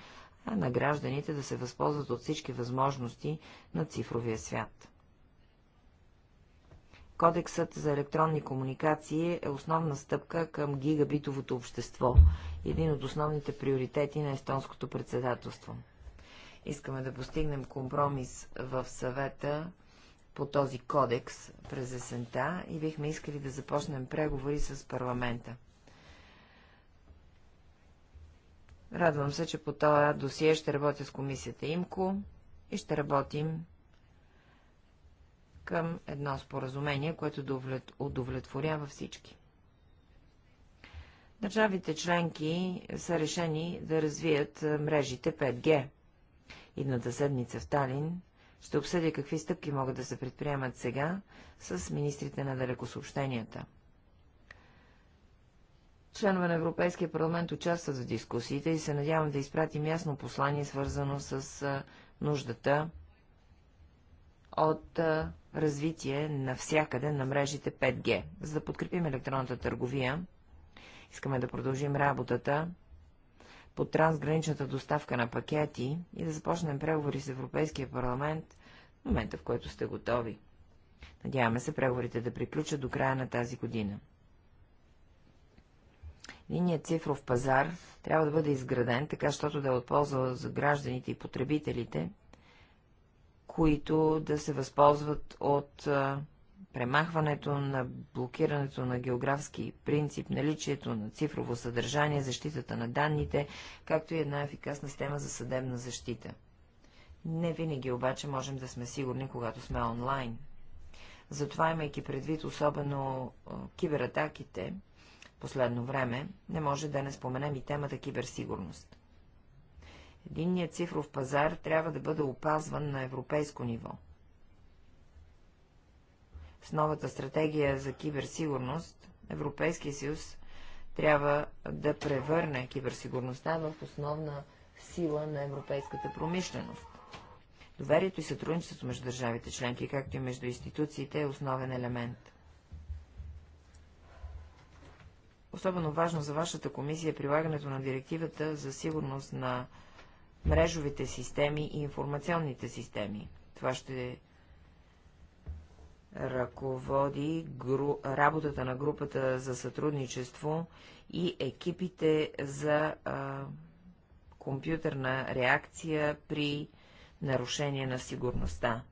а на гражданите да се възползват от всички възможности на цифровия свят. Кодексът за електронни комуникации е основна стъпка към гигабитовото общество, един от основните приоритети на естонското председателство. Искаме да постигнем компромис в съвета по този кодекс през есента и бихме искали да започнем преговори с парламента. Радвам се, че по това досие ще работя с комисията ИМКО и ще работим към едно споразумение, което да удовлетворява всички. Държавите членки са решени да развият мрежите 5G. Идната седмица в Талин ще обсъди какви стъпки могат да се предприемат сега с министрите на далекосъобщенията. Членове на Европейския парламент участват в дискусиите и се надявам да изпратим ясно послание, свързано с нуждата от развитие навсякъде на мрежите 5G. За да подкрепим електронната търговия, искаме да продължим работата по трансграничната доставка на пакети и да започнем преговори с Европейския парламент в момента, в който сте готови. Надяваме се преговорите да приключат до края на тази година. Единият цифров пазар трябва да бъде изграден, така, щото да е от полза за гражданите и потребителите – които да се възползват от премахването на блокирането на географски принцип, наличието на цифрово съдържание, защитата на данните, както и една ефикасна система за съдебна защита. Не винаги обаче можем да сме сигурни, когато сме онлайн. Затова, имайки предвид особено кибератаките, последно време, не може да не споменем и темата киберсигурност. Единният цифров пазар трябва да бъде опазван на европейско ниво. С новата стратегия за киберсигурност Европейския съюз трябва да превърне киберсигурността в основна сила на европейската промишленост. Доверието и сътрудничеството между държавите членки, както и между институциите, е основен елемент. Особено важно за вашата комисия е прилагането на директивата за сигурност на мрежовите системи и информационните системи. Това ще ръководи гру... работата на групата за сътрудничество и екипите за а, компютърна реакция при нарушение на сигурността.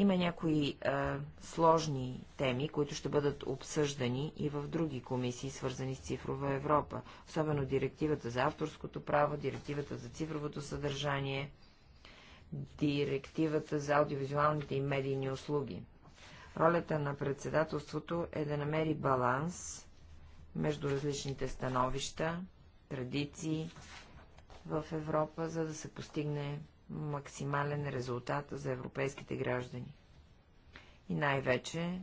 Има някои а, е, сложни теми, които ще бъдат обсъждани и в други комисии, свързани с цифрова Европа, особено директивата за авторското право, директивата за цифровото съдържание, директивата за аудиовизуалните и медийни услуги. Ролята на председателството е да намери баланс между различните становища, традиции в Европа, за да се постигне максимален резултат за европейските граждани. И най-вече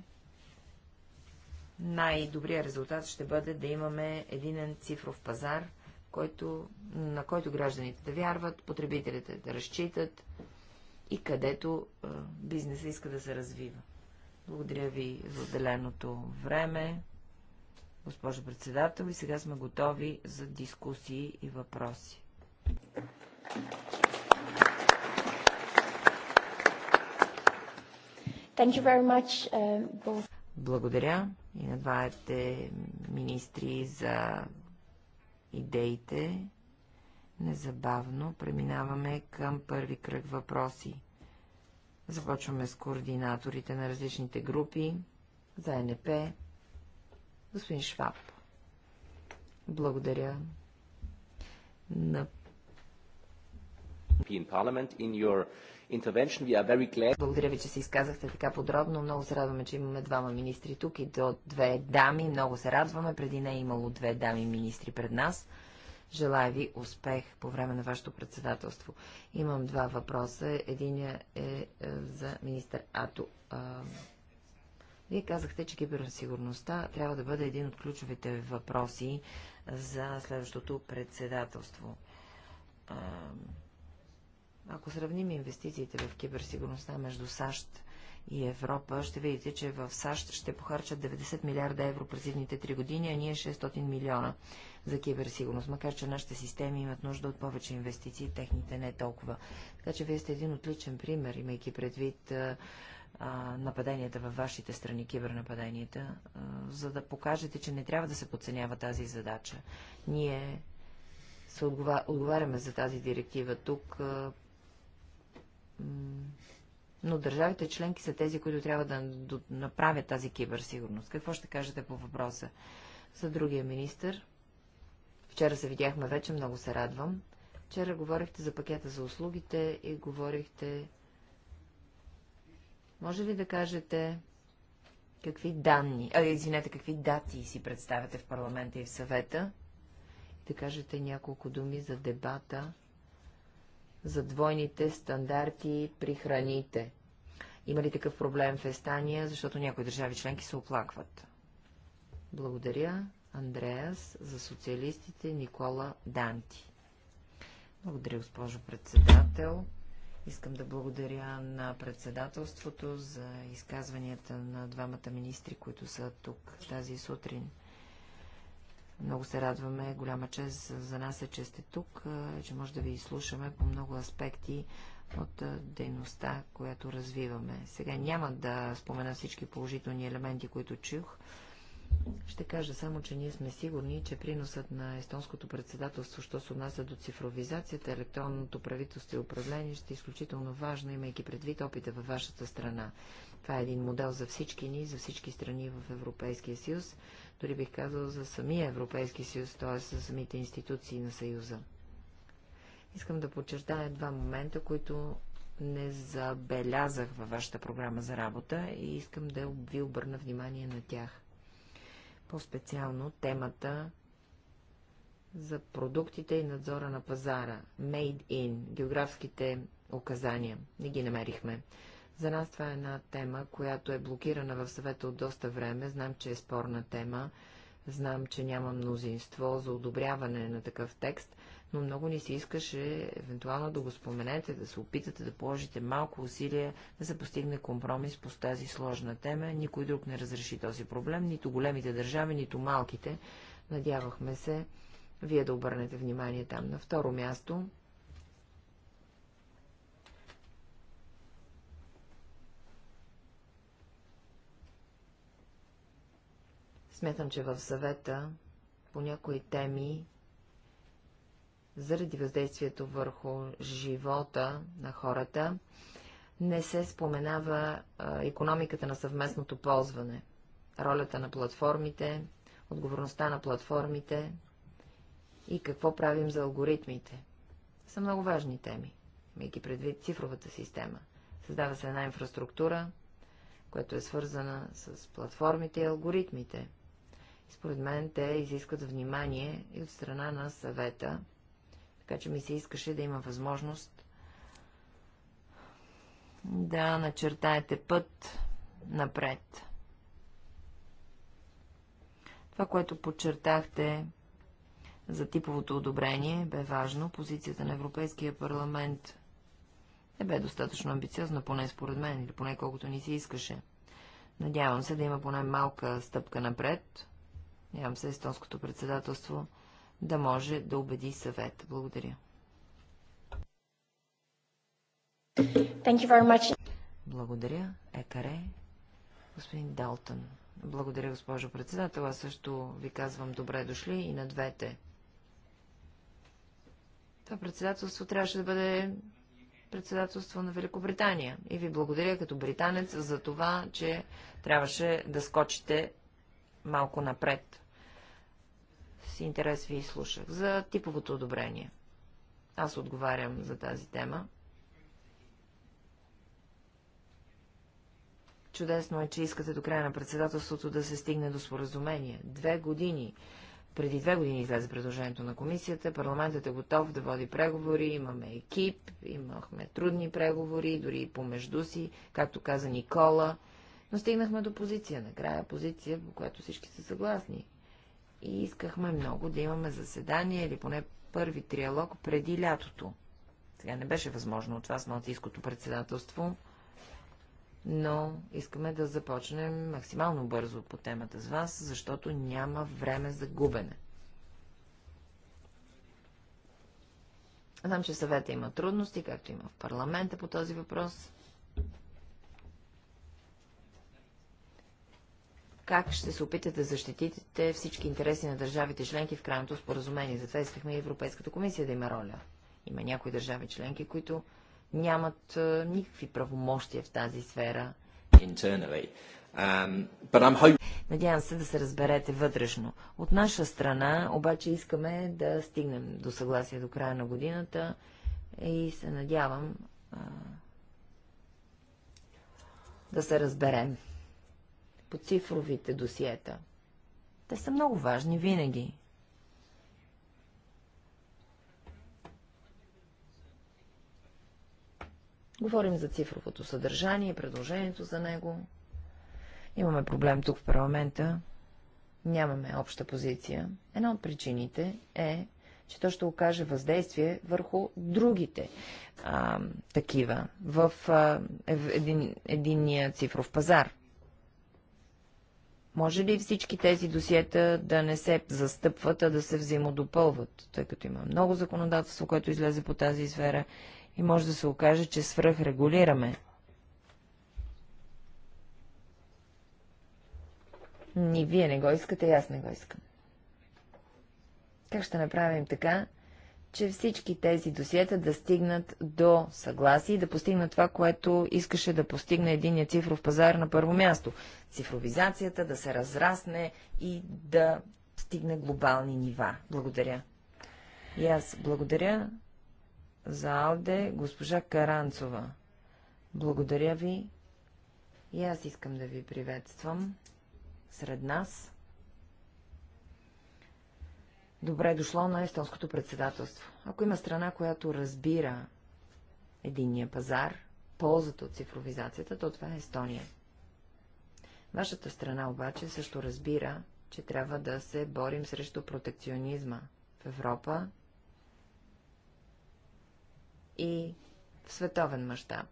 най-добрият резултат ще бъде да имаме един цифров пазар, който, на който гражданите да вярват, потребителите да разчитат и където бизнеса иска да се развива. Благодаря ви за отделеното време, госпожо председател, и сега сме готови за дискусии и въпроси. Thank you very much, uh, both. Благодаря и на двете министри за идеите. Незабавно преминаваме към първи кръг въпроси. Започваме с координаторите на различните групи за НП. Господин Шваб. Благодаря. На... Your... Благодаря ви, че се изказахте така подробно. Много се радваме, че имаме двама министри тук и до две дами. Много се радваме. Преди не е имало две дами министри пред нас. Желая ви успех по време на вашето председателство. Имам два въпроса. Единия е, е за министър Ато. Вие казахте, че киберсигурността трябва да бъде един от ключовите въпроси за следващото председателство. Ако сравним инвестициите в киберсигурността между САЩ и Европа, ще видите, че в САЩ ще похарчат 90 милиарда евро през едните 3 години, а ние 600 милиона за киберсигурност, макар че нашите системи имат нужда от повече инвестиции, техните не толкова. Така че вие сте един отличен пример, имайки предвид нападенията във вашите страни, кибернападенията, за да покажете, че не трябва да се подценява тази задача. Ние се отговаряме за тази директива тук но държавите членки са тези, които трябва да направят тази киберсигурност. Какво ще кажете по въпроса? За другия министр. Вчера се видяхме вече, много се радвам. Вчера говорихте за пакета за услугите и говорихте... Може ли да кажете какви данни, а, извинете, какви дати си представяте в парламента и в съвета? Да кажете няколко думи за дебата за двойните стандарти при храните. Има ли такъв проблем в Естания, защото някои държави членки се оплакват? Благодаря, Андреас, за социалистите Никола Данти. Благодаря, госпожо председател. Искам да благодаря на председателството за изказванията на двамата министри, които са тук тази сутрин. Много се радваме. Голяма чест за нас е, че сте тук, че може да ви изслушаме по много аспекти от дейността, която развиваме. Сега няма да спомена всички положителни елементи, които чух. Ще кажа само, че ние сме сигурни, че приносът на естонското председателство, що се отнася до цифровизацията, електронното правителство и управление, ще е изключително важно, имайки предвид опита във вашата страна. Това е един модел за всички ни, за всички страни в Европейския съюз дори бих казал за самия Европейски съюз, т.е. за самите институции на съюза. Искам да подчертая два момента, които не забелязах във вашата програма за работа и искам да ви обърна внимание на тях. По-специално темата за продуктите и надзора на пазара, made in, географските указания. Не ги намерихме. За нас това е една тема, която е блокирана в съвета от доста време. Знам, че е спорна тема. Знам, че няма мнозинство за одобряване на такъв текст, но много ни се искаше евентуално да го споменете, да се опитате да положите малко усилия да се постигне компромис по тази сложна тема. Никой друг не разреши този проблем, нито големите държави, нито малките. Надявахме се вие да обърнете внимание там. На второ място Смятам, че в съвета по някои теми, заради въздействието върху живота на хората, не се споменава а, економиката на съвместното ползване, ролята на платформите, отговорността на платформите и какво правим за алгоритмите. Са много важни теми, имайки предвид цифровата система. Създава се една инфраструктура, която е свързана с платформите и алгоритмите. Според мен те изискват внимание и от страна на съвета, така че ми се искаше да има възможност да начертаете път напред. Това, което подчертахте за типовото одобрение, бе важно. Позицията на Европейския парламент не бе достатъчно амбициозна, поне според мен, или поне колкото ни се искаше. Надявам се да има поне малка стъпка напред. Надявам се естонското председателство да може да убеди съвет. Благодаря. Thank you very much. Благодаря. Екаре. Господин Далтън. Благодаря, госпожо председател. Аз също ви казвам добре дошли и на двете. Това председателство трябваше да бъде председателство на Великобритания. И ви благодаря като британец за това, че трябваше да скочите малко напред с интерес ви слушах. За типовото одобрение. Аз отговарям за тази тема. Чудесно е, че искате до края на председателството да се стигне до споразумение. Две години. Преди две години излезе предложението на комисията, парламентът е готов да води преговори, имаме екип, имахме трудни преговори, дори и помежду си, както каза Никола, но стигнахме до позиция. Накрая позиция, по която всички са съгласни. И искахме много да имаме заседание или поне първи триалог преди лятото. Сега не беше възможно от вас Малтийското председателство, но искаме да започнем максимално бързо по темата с вас, защото няма време за губене. Знам, че съвета има трудности, както има в парламента по този въпрос. как ще се опитате да защитите всички интереси на държавите членки в крайното споразумение. Затова искахме и Европейската комисия да има роля. Има някои държави членки, които нямат никакви правомощия в тази сфера. Um, but I'm hope... Надявам се да се разберете вътрешно. От наша страна обаче искаме да стигнем до съгласие до края на годината и се надявам uh, да се разберем по цифровите досиета. Те са много важни винаги. Говорим за цифровото съдържание, предложението за него. Имаме проблем тук в парламента. Нямаме обща позиция. Една от причините е, че то ще окаже въздействие върху другите а, такива в а, един, единния цифров пазар. Може ли всички тези досиета да не се застъпват, а да се взаимодопълват, тъй като има много законодателство, което излезе по тази сфера и може да се окаже, че свръхрегулираме. Ни вие не го искате, и аз не го искам. Как ще направим така, че всички тези досиета да стигнат до съгласие и да постигнат това, което искаше да постигне единия цифров пазар на първо място. Цифровизацията да се разрасне и да стигне глобални нива. Благодаря. И аз благодаря за Алде, госпожа Каранцова. Благодаря ви. И аз искам да ви приветствам сред нас добре дошло на естонското председателство. Ако има страна, която разбира единния пазар, ползата от цифровизацията, то това е Естония. Вашата страна обаче също разбира, че трябва да се борим срещу протекционизма в Европа и в световен мащаб.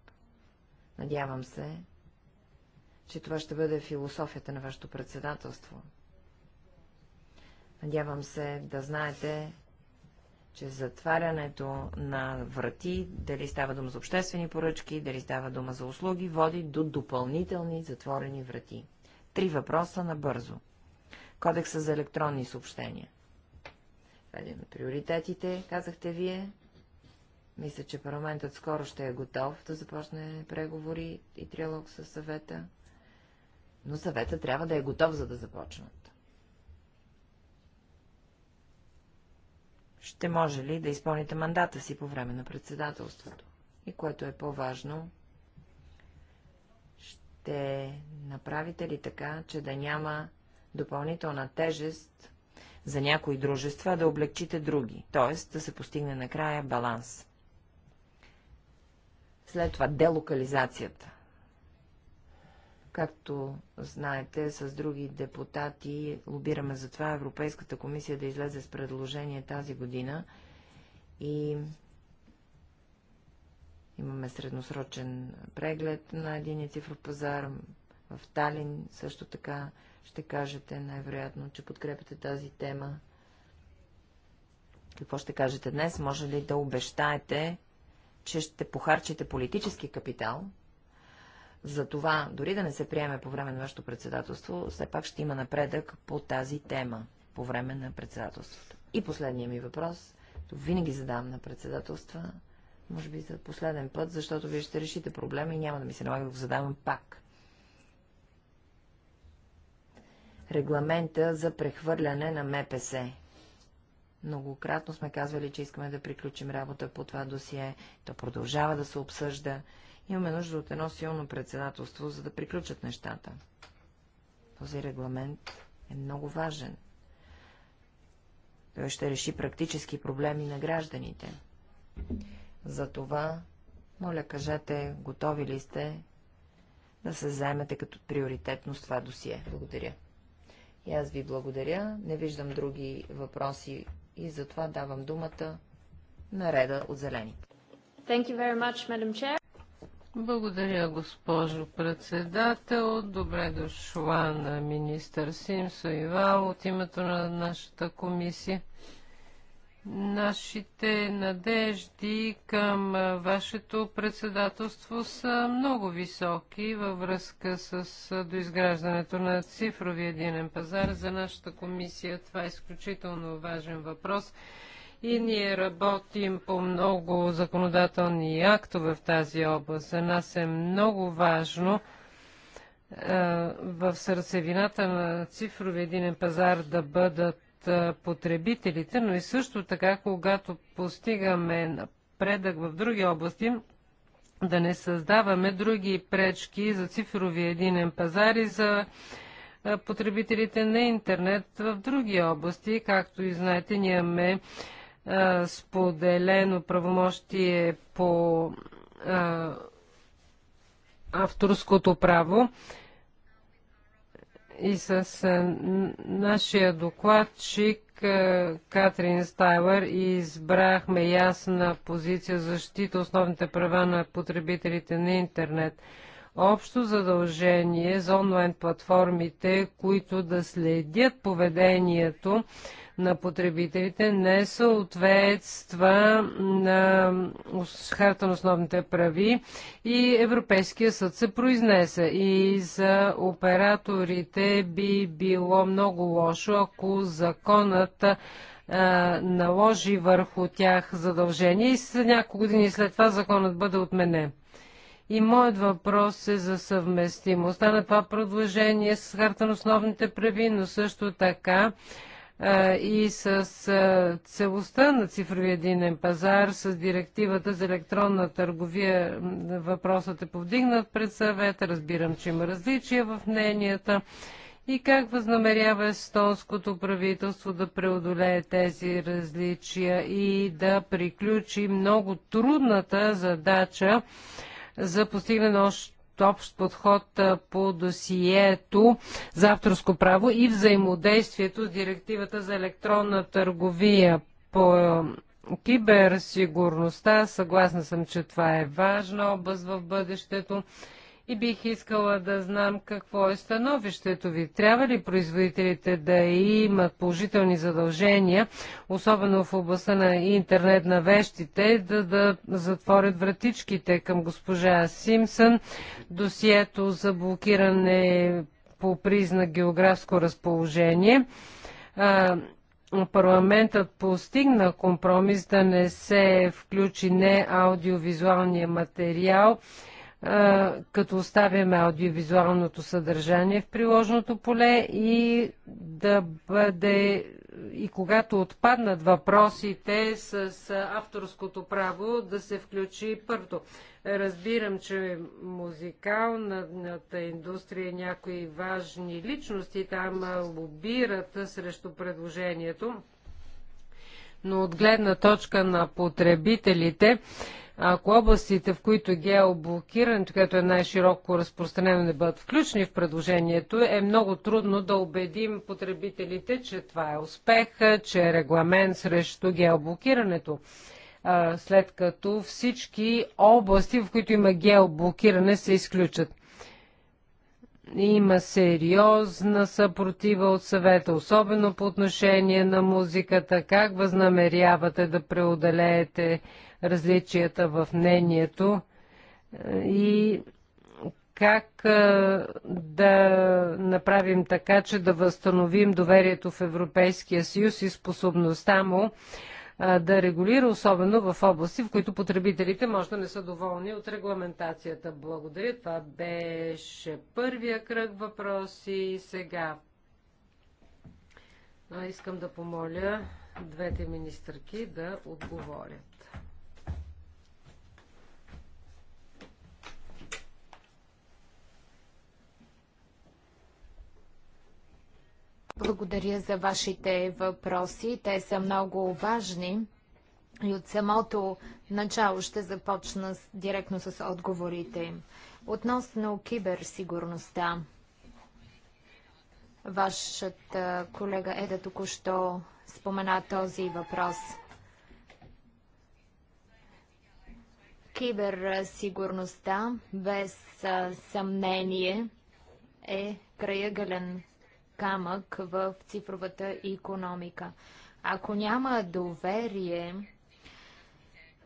Надявам се, че това ще бъде философията на вашето председателство, Надявам се да знаете, че затварянето на врати, дали става дума за обществени поръчки, дали става дума за услуги, води до допълнителни затворени врати. Три въпроса набързо. Кодекса за електронни съобщения. Това е един от приоритетите, казахте вие. Мисля, че парламентът скоро ще е готов да започне преговори и триалог със съвета. Но съвета трябва да е готов, за да започнат. ще може ли да изпълните мандата си по време на председателството? И което е по-важно, ще направите ли така, че да няма допълнителна тежест за някои дружества, да облегчите други, т.е. да се постигне накрая баланс? След това делокализацията. Както знаете, с други депутати лобираме за това Европейската комисия да излезе с предложение тази година и имаме средносрочен преглед на единия цифров пазар в Талин. Също така ще кажете най-вероятно, че подкрепите тази тема. Какво ще кажете днес? Може ли да обещаете, че ще похарчите политически капитал, за това, дори да не се приеме по време на вашето председателство, все пак ще има напредък по тази тема по време на председателството. И последния ми въпрос, то винаги задавам на председателства, може би за последен път, защото вие ще решите проблема и няма да ми се налага да го задавам пак. Регламента за прехвърляне на МПС. Многократно сме казвали, че искаме да приключим работа по това досие. То продължава да се обсъжда Имаме нужда от едно силно председателство, за да приключат нещата. Този регламент е много важен. Той ще реши практически проблеми на гражданите. Затова, моля, кажете, готови ли сте да се заемете като приоритетно с това досие. Благодаря. И аз ви благодаря. Не виждам други въпроси и затова давам думата на реда от зелените. Thank you very much, Madam Chair. Благодаря, госпожо председател. Добре дошла на министър Симсо Ивал от името на нашата комисия. Нашите надежди към вашето председателство са много високи във връзка с доизграждането на цифрови единен пазар. За нашата комисия това е изключително важен въпрос и ние работим по много законодателни актове в тази област. За нас е много важно е, в сърцевината на цифрови единен пазар да бъдат е, потребителите, но и също така, когато постигаме напредък в други области, да не създаваме други пречки за цифрови единен пазар и за е, потребителите на интернет в други области. Както и знаете, ние имаме споделено правомощие по авторското право и с нашия докладчик Катрин Стайлер избрахме ясна позиция защита основните права на потребителите на интернет. Общо задължение за онлайн платформите, които да следят поведението на потребителите не съответства на Харта на основните прави и Европейския съд се произнесе. И за операторите би било много лошо, ако законът наложи върху тях задължение и след няколко години след това законът бъде отменен. И моят въпрос е за съвместимостта на това предложение с харта на основните прави, но също така и с целостта на цифровия единен пазар, с директивата за електронна търговия. Въпросът е повдигнат пред съвета. Разбирам, че има различия в мненията. И как възнамерява естонското правителство да преодолее тези различия и да приключи много трудната задача за постигане още общ подход по досието за авторско право и взаимодействието с директивата за електронна търговия по киберсигурността. Съгласна съм, че това е важна област в бъдещето и бих искала да знам какво е становището ви. Трябва ли производителите да имат положителни задължения, особено в областта на интернет на вещите, да, да затворят вратичките към госпожа Симсън, досието за блокиране по признак географско разположение? А, парламентът постигна компромис да не се включи не аудиовизуалния материал, като оставяме аудиовизуалното съдържание в приложното поле и да бъде и когато отпаднат въпросите с, авторското право да се включи първото. Разбирам, че музикалната индустрия някои важни личности там лобират срещу предложението, но от гледна точка на потребителите ако областите, в които геоблокирането, е което е най-широко разпространено, не бъдат включени в предложението, е много трудно да убедим потребителите, че това е успех, че е регламент срещу геоблокирането е след като всички области, в които има геоблокиране, е се изключат. Има сериозна съпротива от съвета, особено по отношение на музиката. Как възнамерявате да преодолеете различията в мнението и как да направим така, че да възстановим доверието в Европейския съюз и способността му да регулира, особено в области, в които потребителите може да не са доволни от регламентацията. Благодаря. Това беше първия кръг въпроси. Сега искам да помоля двете министърки да отговорят. Благодаря за вашите въпроси. Те са много важни. И от самото начало ще започна с, директно с отговорите им. Относно киберсигурността, вашата колега Еда току-що спомена този въпрос. Киберсигурността без съмнение е краягален камък в цифровата економика. Ако няма доверие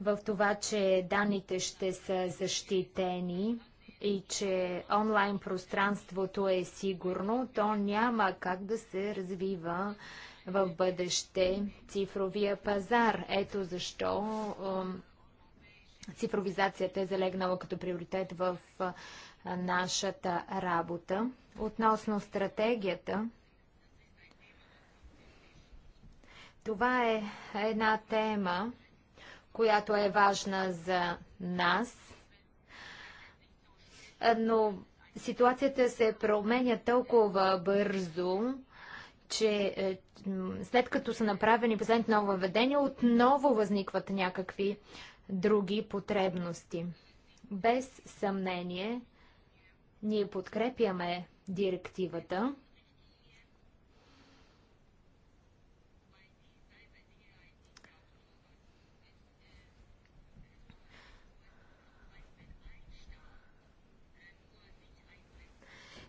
в това, че данните ще са защитени и че онлайн пространството е сигурно, то няма как да се развива в бъдеще цифровия пазар. Ето защо цифровизацията е залегнала като приоритет в нашата работа относно стратегията. Това е една тема, която е важна за нас, но ситуацията се променя толкова бързо, че е, след като са направени последните ново въведение, отново възникват някакви други потребности. Без съмнение, ние подкрепяме директивата.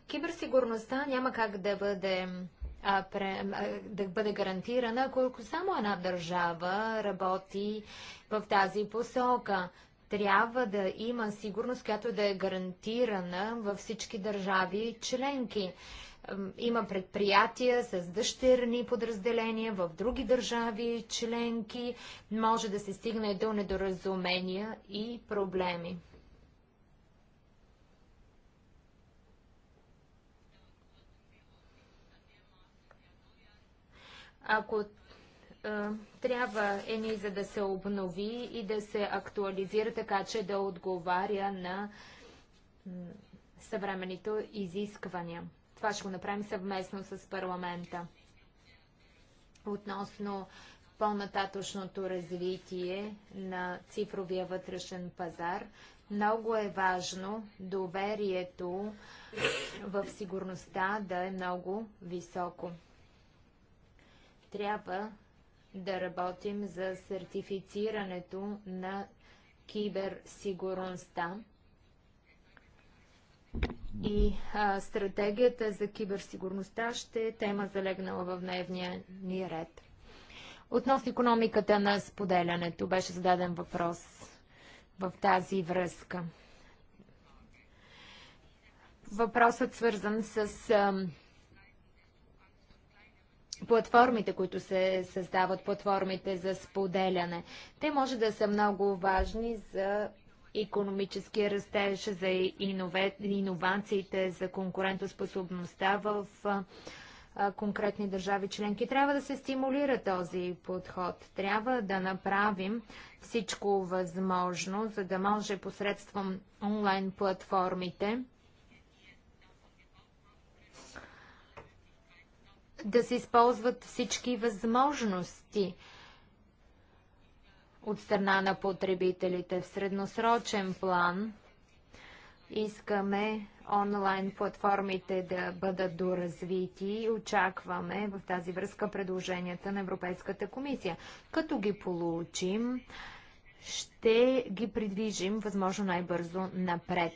Киберсигурността няма как да бъде, а, пре, а, да бъде гарантирана, ако само една държава работи в тази посока трябва да има сигурност, която да е гарантирана във всички държави членки. Има предприятия с дъщерни подразделения в други държави членки. Може да се стигне до недоразумения и проблеми. Ако трябва за да се обнови и да се актуализира така, че да отговаря на съвременните изисквания. Това ще го направим съвместно с парламента. Относно по-нататъчното развитие на цифровия вътрешен пазар, много е важно доверието в сигурността да е много високо. Трябва да работим за сертифицирането на киберсигурността. И а, стратегията за киберсигурността ще е тема залегнала в дневния ни ред. Относно економиката на споделянето беше зададен въпрос в тази връзка. Въпросът свързан с а, платформите, които се създават, платформите за споделяне. Те може да са много важни за економическия растеж, за иновациите, за конкурентоспособността в конкретни държави членки. Трябва да се стимулира този подход. Трябва да направим всичко възможно, за да може посредством онлайн платформите да се използват всички възможности от страна на потребителите. В средносрочен план искаме онлайн платформите да бъдат доразвити и очакваме в тази връзка предложенията на Европейската комисия. Като ги получим, ще ги придвижим възможно най-бързо напред.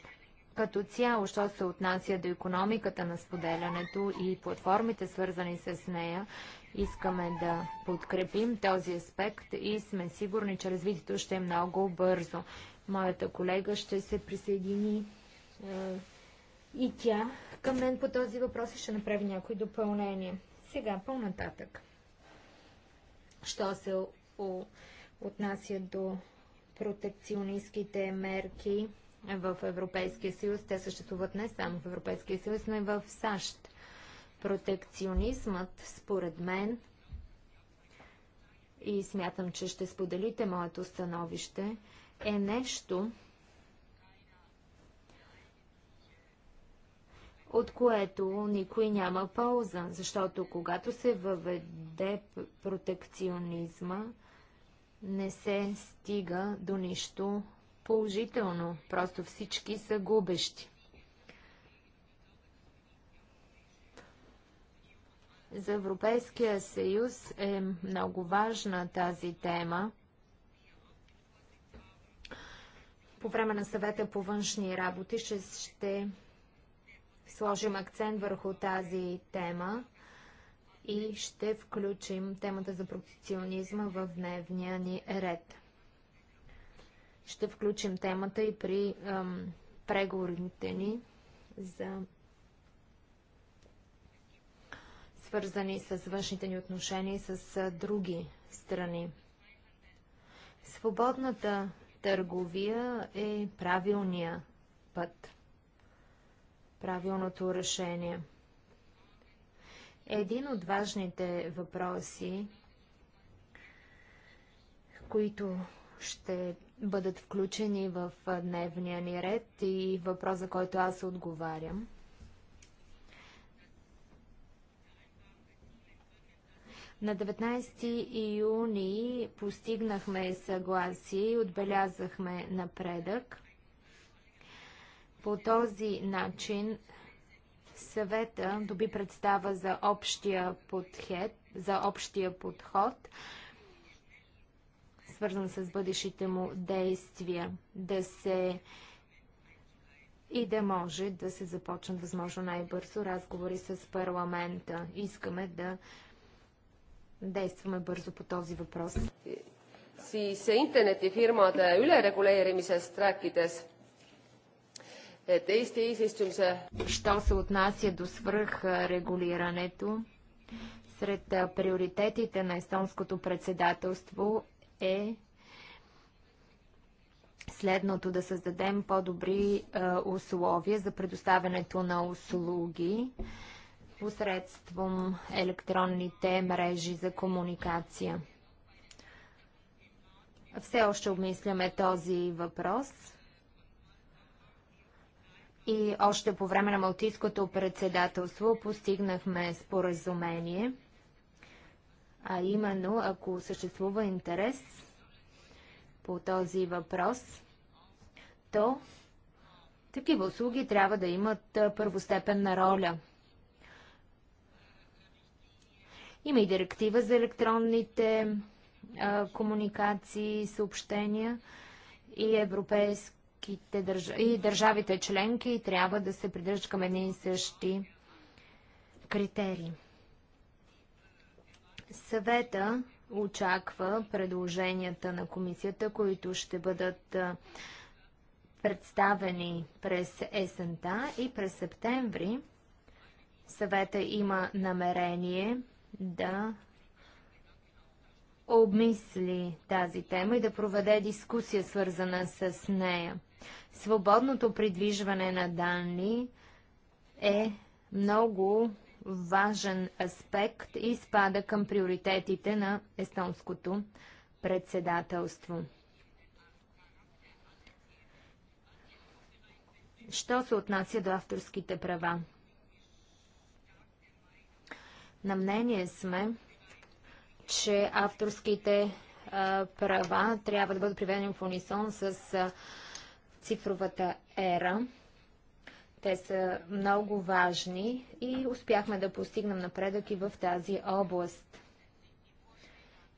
Като цяло, що се отнася до економиката на споделянето и платформите свързани с нея, искаме да подкрепим този аспект и сме сигурни, че развитието ще е много бързо. Моята колега ще се присъедини е, и тя към мен по този въпрос и ще направи някои допълнения. Сега, по-нататък. Що се отнася до протекционистските мерки, в Европейския съюз. Те съществуват не само в Европейския съюз, но и в САЩ. Протекционизмът, според мен, и смятам, че ще споделите моето становище, е нещо, от което никой няма полза, защото когато се въведе протекционизма, не се стига до нищо положително. Просто всички са губещи. За Европейския съюз е много важна тази тема. По време на съвета по външни работи ще, ще сложим акцент върху тази тема и ще включим темата за протекционизма в дневния ни ред ще включим темата и при ам, преговорите ни за свързани с външните ни отношения с други страни. Свободната търговия е правилния път, правилното решение. Един от важните въпроси, които ще бъдат включени в дневния ни ред и въпрос, за който аз отговарям. На 19 юни постигнахме съгласие и отбелязахме напредък. По този начин съвета доби представа за общия подход, за общия подход – свързан с бъдещите му действия, да се и да може да се започнат възможно най-бързо разговори с парламента. Искаме да действаме бързо по този въпрос. siis internetifirmade ülereguleerimisest rääkides et Eesti eesistumise Що се отнася до свръхрегулирането, сред приоритетите на естонското председателство е следното да създадем по-добри е, условия за предоставянето на услуги посредством електронните мрежи за комуникация. Все още обмисляме този въпрос. И още по време на Малтийското председателство постигнахме споразумение – а именно, ако съществува интерес по този въпрос, то такива услуги трябва да имат първостепенна роля. Има и директива за електронните а, комуникации, съобщения и европейските държа... и държавите членки трябва да се придържат към едни и същи критерии. Съвета очаква предложенията на комисията, които ще бъдат представени през есента и през септември. Съвета има намерение да обмисли тази тема и да проведе дискусия, свързана с нея. Свободното придвижване на данни е много важен аспект и спада към приоритетите на естонското председателство. Що се отнася до авторските права? На мнение сме, че авторските а, права трябва да бъдат приведени в унисон с а, цифровата ера. Те са много важни и успяхме да постигнем напредък и в тази област.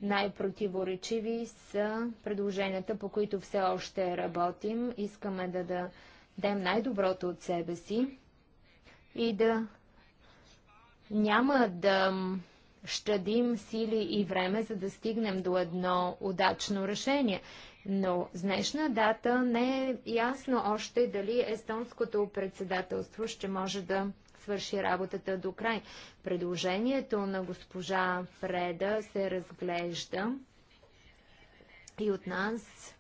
Най-противоречиви са предложенията, по които все още работим. Искаме да дадем най-доброто от себе си и да няма да щадим сили и време, за да стигнем до едно удачно решение. Но с днешна дата не е ясно още дали естонското председателство ще може да свърши работата до край. Предложението на госпожа Преда се разглежда и от нас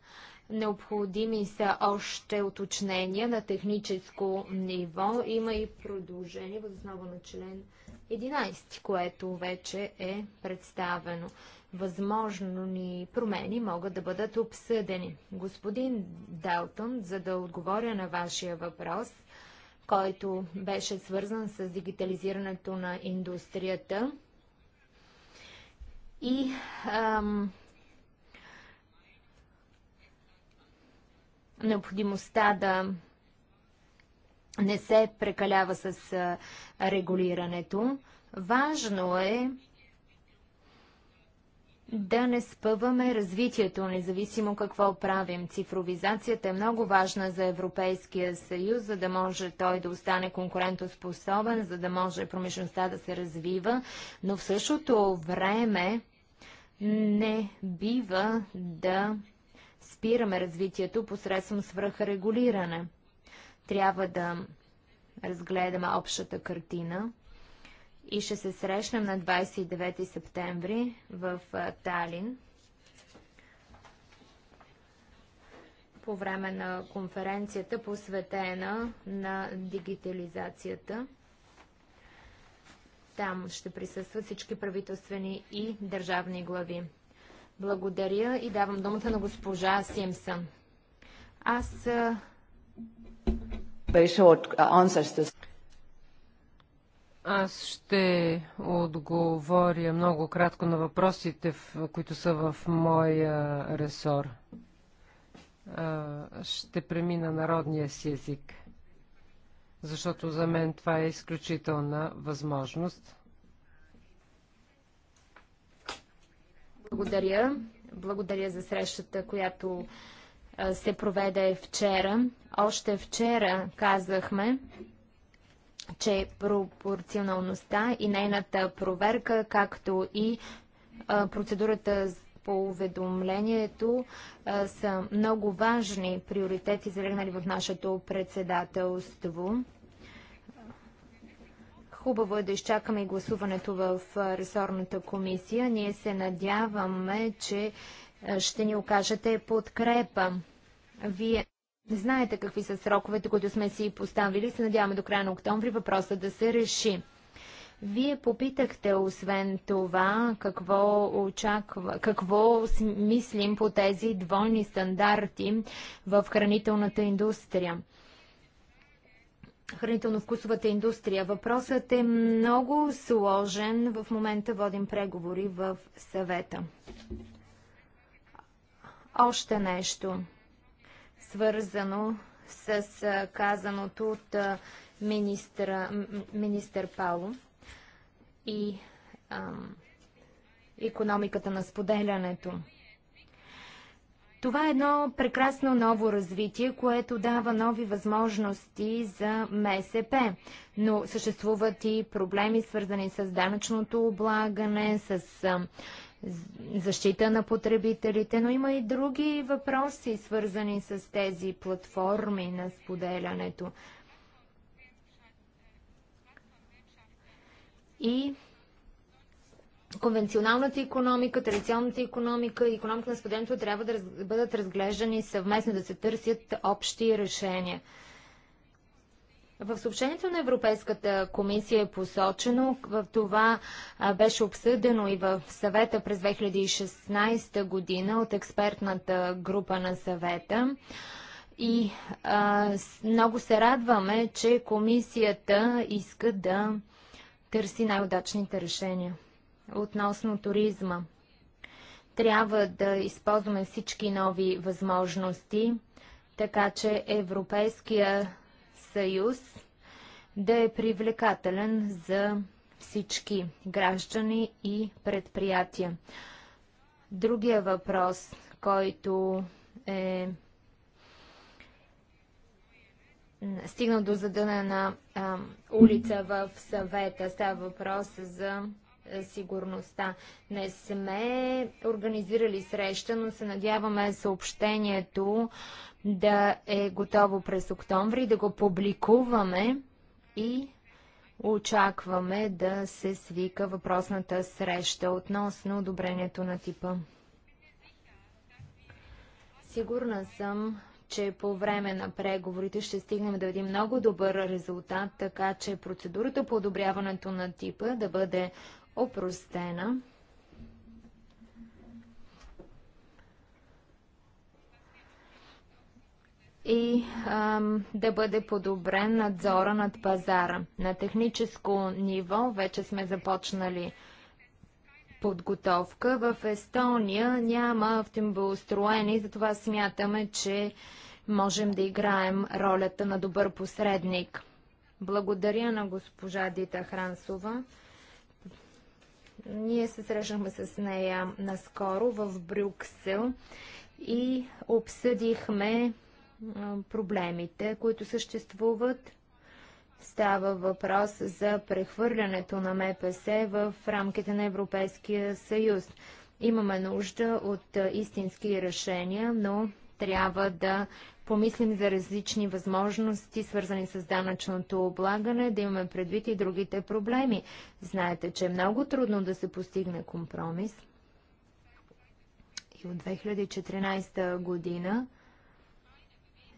необходими са още уточнения на техническо ниво. Има и продължение в основа на член 11, което вече е представено възможни промени могат да бъдат обсъдени. Господин Далтон, за да отговоря на вашия въпрос, който беше свързан с дигитализирането на индустрията и ам, необходимостта да не се прекалява с регулирането. Важно е да не спъваме развитието, независимо какво правим. Цифровизацията е много важна за Европейския съюз, за да може той да остане конкурентоспособен, за да може промишлеността да се развива, но в същото време не бива да спираме развитието посредством свръхрегулиране. Трябва да разгледаме общата картина и ще се срещнем на 29 септември в Талин по време на конференцията, посветена на дигитализацията. Там ще присъстват всички правителствени и държавни глави. Благодаря и давам думата на госпожа Симсън. Аз... Very short answers to... Аз ще отговоря много кратко на въпросите, които са в моя ресор. Ще премина народния си език, защото за мен това е изключителна възможност. Благодаря. Благодаря за срещата, която се проведе вчера. Още вчера казахме, че пропорционалността и нейната проверка, както и процедурата по уведомлението са много важни приоритети, залегнали в нашето председателство. Хубаво е да изчакаме и гласуването в ресорната комисия. Ние се надяваме, че ще ни окажете подкрепа. Вие Знаете какви са сроковете, които сме си поставили. Се надяваме до края на октомври въпроса да се реши. Вие попитахте, освен това, какво, очаква, какво мислим по тези двойни стандарти в хранителната индустрия. Хранително-вкусовата индустрия. Въпросът е много сложен. В момента водим преговори в съвета. Още нещо свързано с казаното от министра, министър Пало и ам, економиката на споделянето. Това е едно прекрасно ново развитие, което дава нови възможности за МСП, но съществуват и проблеми свързани с данъчното облагане, с защита на потребителите, но има и други въпроси, свързани с тези платформи на споделянето. И конвенционалната економика, традиционната економика и економика на споделянето трябва да бъдат разглеждани съвместно, да се търсят общи решения. В съобщението на Европейската комисия е посочено, в това беше обсъдено и в съвета през 2016 година от експертната група на съвета. И а, много се радваме, че комисията иска да търси най-удачните решения относно туризма. Трябва да използваме всички нови възможности, така че Европейския съюз да е привлекателен за всички граждани и предприятия. Другия въпрос, който е стигнал до задъна на а, улица в съвета, става въпрос за е, сигурността. Не сме организирали среща, но се надяваме съобщението да е готово през октомври, да го публикуваме и очакваме да се свика въпросната среща относно одобрението на типа. Сигурна съм, че по време на преговорите ще стигнем да видим много добър резултат, така че процедурата по одобряването на типа да бъде опростена. и ам, да бъде подобрен надзора над пазара. На техническо ниво вече сме започнали подготовка. В Естония няма автомобилостроени, затова смятаме, че можем да играем ролята на добър посредник. Благодаря на госпожа Дита Хрансова. Ние се срещнахме с нея наскоро в Брюксел и обсъдихме проблемите, които съществуват. Става въпрос за прехвърлянето на МПС в рамките на Европейския съюз. Имаме нужда от истински решения, но трябва да помислим за различни възможности, свързани с данъчното облагане, да имаме предвид и другите проблеми. Знаете, че е много трудно да се постигне компромис. И от 2014 година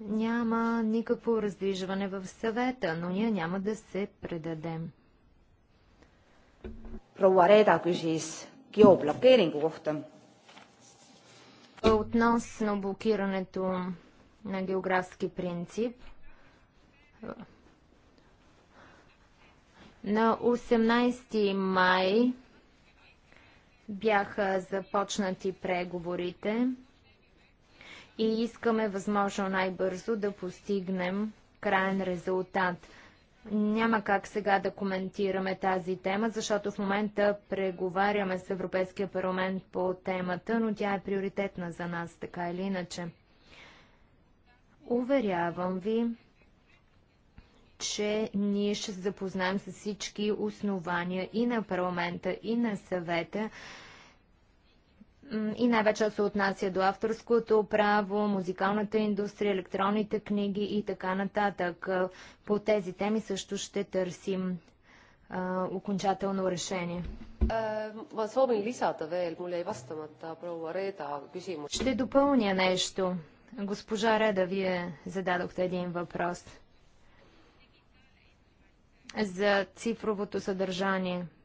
няма никакво раздвижване в съвета, но ние няма да се предадем. Proua Reeda küsis geoblokeeringu Относно блокирането на географски принцип, на 18 май бяха започнати преговорите и искаме възможно най-бързо да постигнем крайен резултат. Няма как сега да коментираме тази тема, защото в момента преговаряме с Европейския парламент по темата, но тя е приоритетна за нас, така или иначе. Уверявам ви, че ние ще се запознаем с всички основания и на парламента, и на съвета, и най-вече се отнася до авторското право, музикалната индустрия, електронните книги и така нататък. По тези теми също ще търсим а, окончателно решение. Э, ще допълня нещо. Госпожа Реда, вие зададохте един въпрос за цифровото съдържание –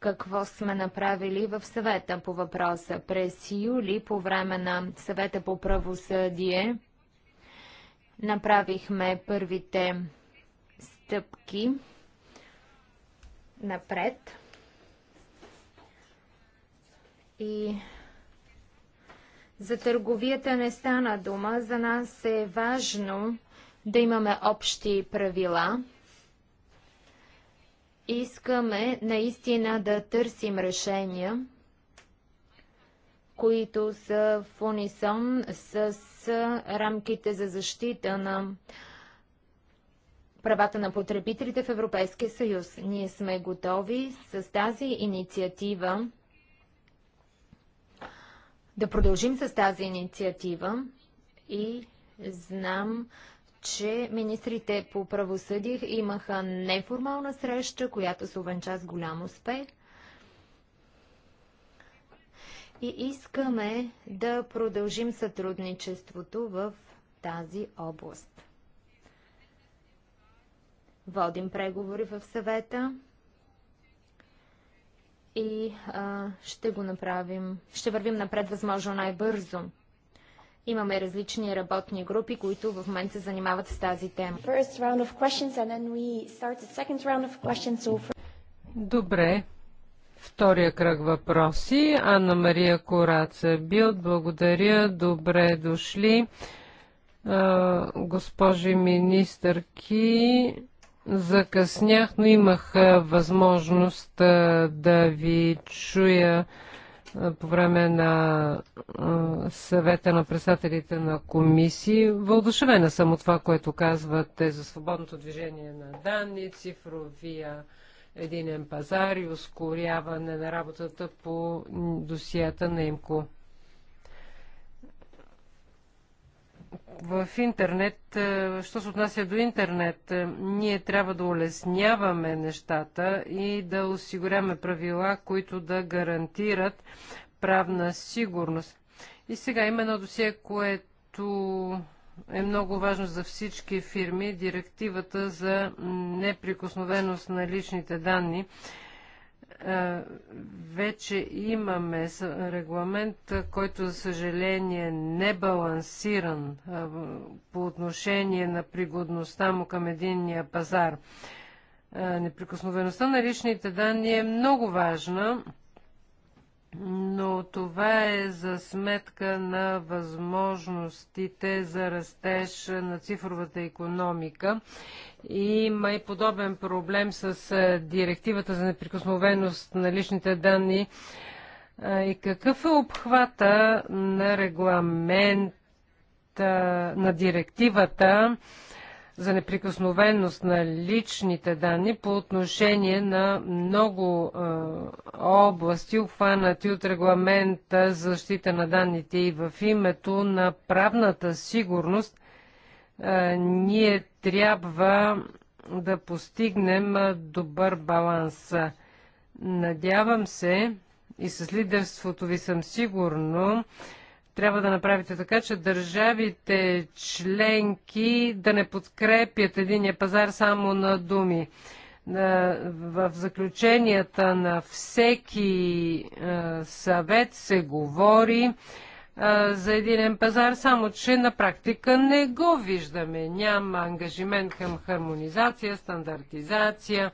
какво сме направили в съвета по въпроса. През юли, по време на съвета по правосъдие, направихме първите стъпки напред. И за търговията не стана дума. За нас е важно да имаме общи правила – искаме наистина да търсим решения, които са в унисон с рамките за защита на правата на потребителите в Европейския съюз. Ние сме готови с тази инициатива да продължим с тази инициатива и знам, че министрите по правосъдие имаха неформална среща, която се увенча с голям успех. И искаме да продължим сътрудничеството в тази област. Водим преговори в съвета и а, ще го направим, ще вървим напред възможно най-бързо. Имаме различни работни групи, които в момента се занимават с тази тема. Добре. Втория кръг въпроси. Анна Мария Кораца Билд, благодаря. Добре дошли. Госпожи министърки, закъснях, но имах възможност да ви чуя по време на съвета на председателите на комисии. Вълдушевена съм от това, което казвате за свободното движение на данни, цифровия единен пазар и ускоряване на работата по досията на ИМКО. в интернет, е, що се отнася до интернет, е, ние трябва да улесняваме нещата и да осигуряваме правила, които да гарантират правна сигурност. И сега има едно досие, което е много важно за всички фирми, директивата за неприкосновеност на личните данни. Е, вече имаме регламент, който за съжаление е не балансиран е, по отношение на пригодността му към единния пазар. Неприкосновеността на личните данни е много важна, но това е за сметка на възможностите за растеж на цифровата економика има и подобен проблем с директивата за неприкосновеност на личните данни. И какъв е обхвата на регламент на директивата за неприкосновеност на личните данни по отношение на много области, обхванати от регламента за защита на данните и в името на правната сигурност е, ние трябва да постигнем добър баланс. Надявам се и с лидерството ви съм сигурно, трябва да направите така, че държавите членки да не подкрепят единия пазар само на думи. Е, в заключенията на всеки е, съвет се говори, за единен пазар, само че на практика не го виждаме. Няма ангажимент към хармонизация, стандартизация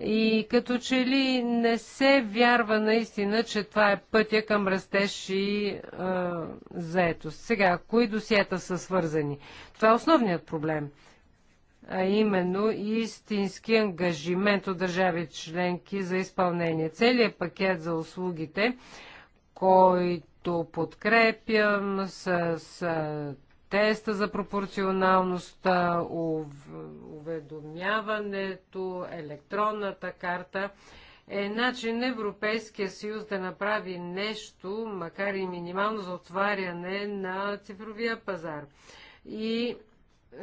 и като че ли не се вярва наистина, че това е пътя към растеж и а, заетост. Сега, кои досиета са свързани? Това е основният проблем. А именно истински ангажимент от държави членки за изпълнение. Целият пакет за услугите, който който подкрепям с, с теста за пропорционалността, уведомяването, електронната карта е начин Европейския съюз да направи нещо, макар и минимално за отваряне на цифровия пазар. И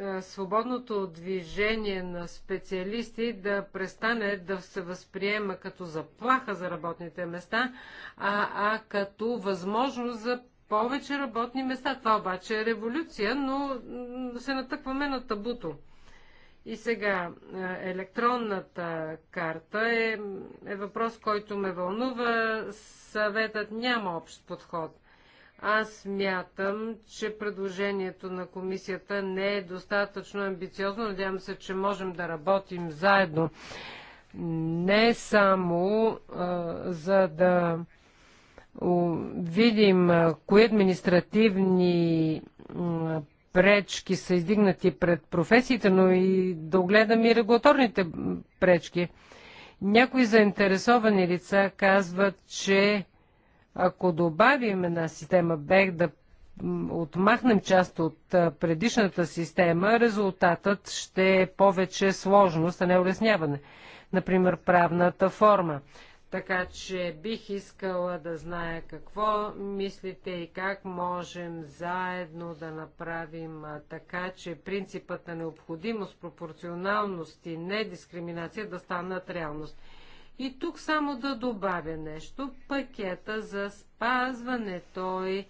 е, свободното движение на специалисти да престане да се възприема като заплаха за работните места, а, а като възможност за повече работни места. Това обаче е революция, но се натъкваме на табуто. И сега, е, електронната карта е, е въпрос, който ме вълнува. Съветът няма общ подход. Аз мятам, че предложението на комисията не е достатъчно амбициозно. Надявам се, че можем да работим заедно. Не само а, за да видим а, кои административни а, пречки са издигнати пред професиите, но и да огледам и регулаторните пречки. Някои заинтересовани лица казват, че ако добавим една система БЕК да отмахнем част от предишната система, резултатът ще е повече сложност, а не улесняване. Например, правната форма. Така че бих искала да зная какво мислите и как можем заедно да направим така, че принципът на необходимост, пропорционалност и недискриминация да станат реалност. И тук само да добавя нещо. Пакета за спазване той е,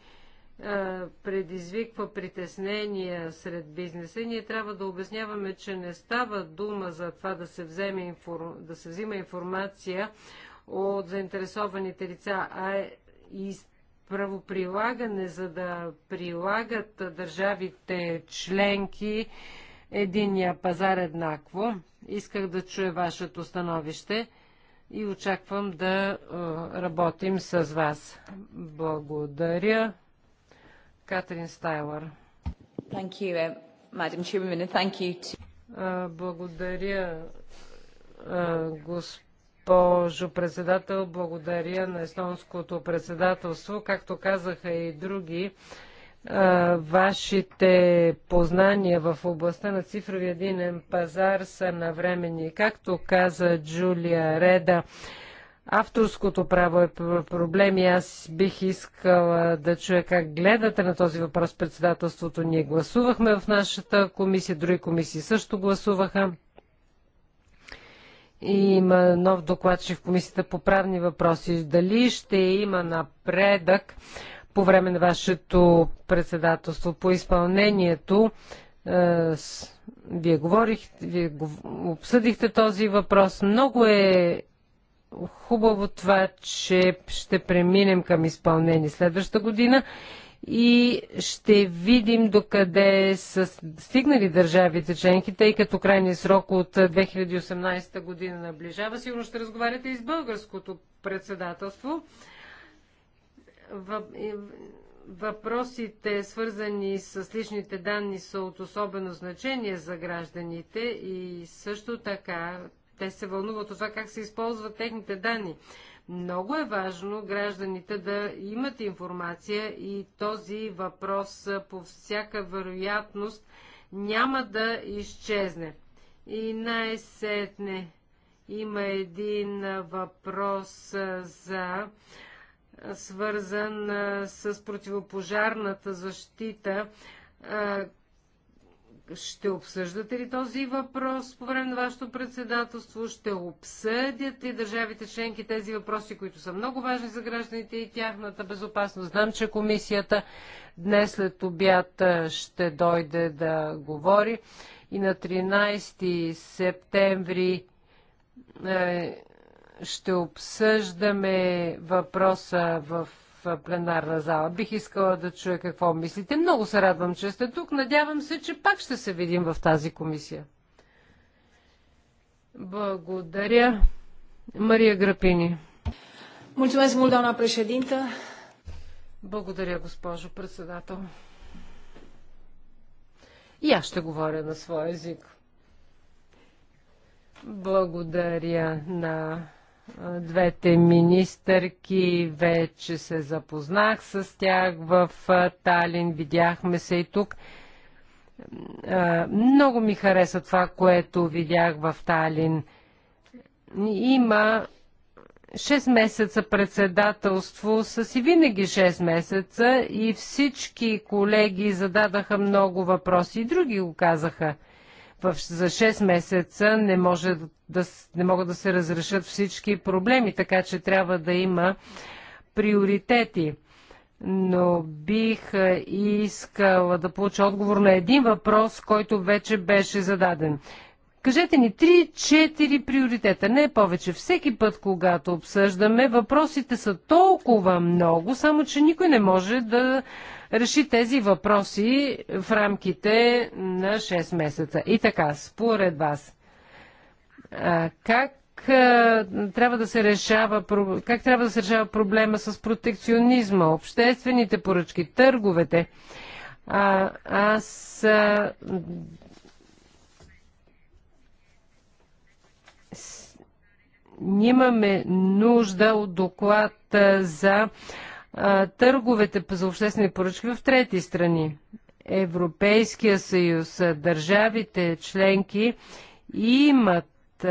предизвиква притеснения сред бизнеса и ние трябва да обясняваме, че не става дума за това да се, вземе информ... да се взима информация от заинтересованите лица, а е и правоприлагане, за да прилагат държавите членки единия пазар еднакво. Исках да чуя вашето становище и очаквам да е, работим с вас. Благодаря. Катрин Стайлър. Благодаря, госпожо председател. Благодаря на естонското председателство. Както казаха и други, вашите познания в областта на цифрови единен пазар са навремени. Както каза Джулия Реда, авторското право е проблем и аз бих искала да чуя как гледате на този въпрос председателството. Ние гласувахме в нашата комисия, други комисии също гласуваха. И има нов докладчик в комисията по правни въпроси. Дали ще има напредък? по време на вашето председателство по изпълнението. Е, вие говорихте, вие обсъдихте този въпрос. Много е хубаво това, че ще преминем към изпълнение следващата година и ще видим докъде са стигнали държавите членки, тъй като крайният срок от 2018 година наближава. Сигурно ще разговаряте и с българското председателство. Въпросите, свързани с личните данни, са от особено значение за гражданите и също така те се вълнуват от това как се използват техните данни. Много е важно гражданите да имат информация и този въпрос по всяка вероятност няма да изчезне. И най-сетне има един въпрос за свързан с противопожарната защита. Ще обсъждате ли този въпрос по време на вашето председателство? Ще обсъдят ли държавите членки тези въпроси, които са много важни за гражданите и тяхната безопасност? Знам, че комисията днес след обяд ще дойде да говори и на 13 септември ще обсъждаме въпроса в пленарна зала. Бих искала да чуя какво мислите. Много се радвам, че сте тук. Надявам се, че пак ще се видим в тази комисия. Благодаря. Мария Грапини. Mulțumesc mult, doamna președintă. Благодаря, госпожо председател. И аз ще говоря на своя език. Благодаря на Двете министърки вече се запознах с тях в Талин, видяхме се и тук. Много ми хареса това, което видях в Талин. Има 6 месеца председателство са си винаги 6 месеца и всички колеги зададаха много въпроси и други го казаха – за 6 месеца не, може да, не могат да се разрешат всички проблеми, така че трябва да има приоритети. Но бих искала да получа отговор на един въпрос, който вече беше зададен. Кажете ни 3-4 приоритета, не повече. Всеки път, когато обсъждаме, въпросите са толкова много, само че никой не може да реши тези въпроси в рамките на 6 месеца. И така, според вас, как трябва да се решава, как трябва да се решава проблема с протекционизма, обществените поръчки, търговете? А, аз имаме нужда от доклад за търговете за обществени поръчки в трети страни. Европейския съюз, държавите членки имат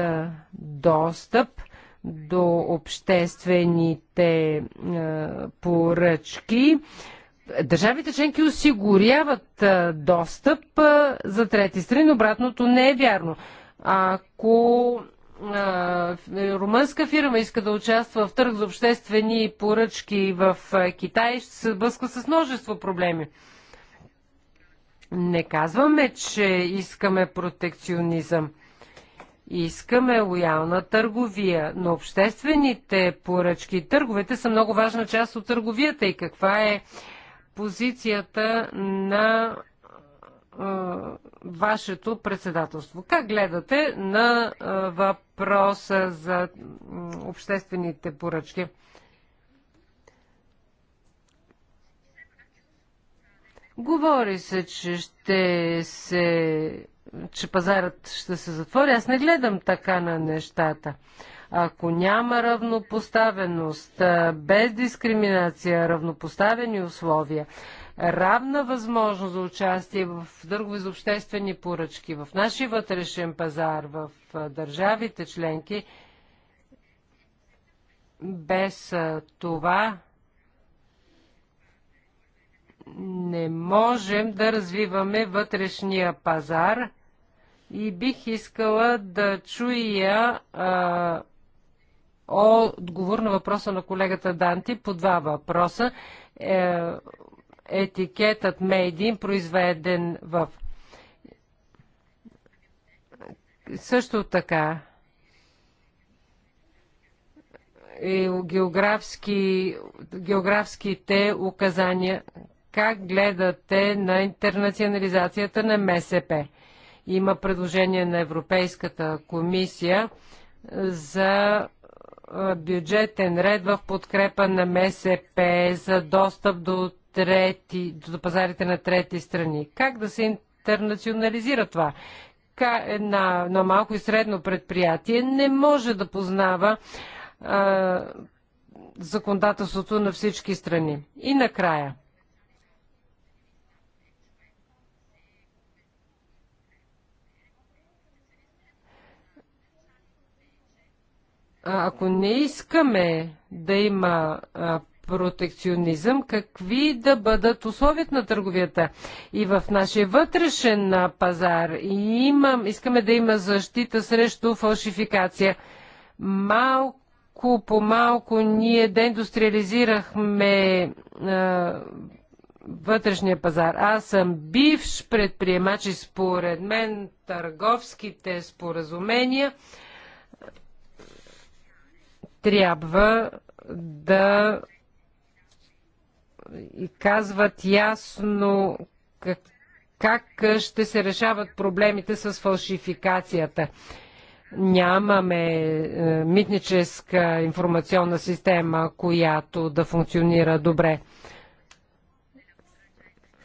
достъп до обществените поръчки. Държавите членки осигуряват достъп за трети страни, обратното не е вярно. Ако румънска фирма иска да участва в търг за обществени поръчки в Китай, ще се сблъска с множество проблеми. Не казваме, че искаме протекционизъм. Искаме лоялна търговия, но обществените поръчки и търговете са много важна част от търговията и каква е позицията на вашето председателство. Как гледате на въпроса за обществените поръчки? Говори се, че ще се че пазарът ще се затвори. Аз не гледам така на нещата. Ако няма равнопоставеност, без дискриминация, равнопоставени условия, равна възможност за участие в дъргове за обществени поръчки, в нашия вътрешен пазар, в държавите членки, без това не можем да развиваме вътрешния пазар и бих искала да чуя отговор на въпроса на колегата Данти по два въпроса. Е, етикетът Made in, произведен в. Също така, географски, географските указания. Как гледате на интернационализацията на МСП? Има предложение на Европейската комисия за бюджетен ред в подкрепа на МСП за достъп до трети, до пазарите на трети страни. Как да се интернационализира това? На на малко и средно предприятие не може да познава а, законодателството на всички страни. И накрая. Ако не искаме да има протекционизъм, какви да бъдат условията на търговията. И в нашия вътрешен пазар и имам, искаме да има защита срещу фалшификация. Малко по малко ние деиндустриализирахме е, вътрешния пазар. Аз съм бивш предприемач и според мен търговските споразумения трябва да и казват ясно как, как ще се решават проблемите с фалшификацията. Нямаме е, митническа информационна система, която да функционира добре.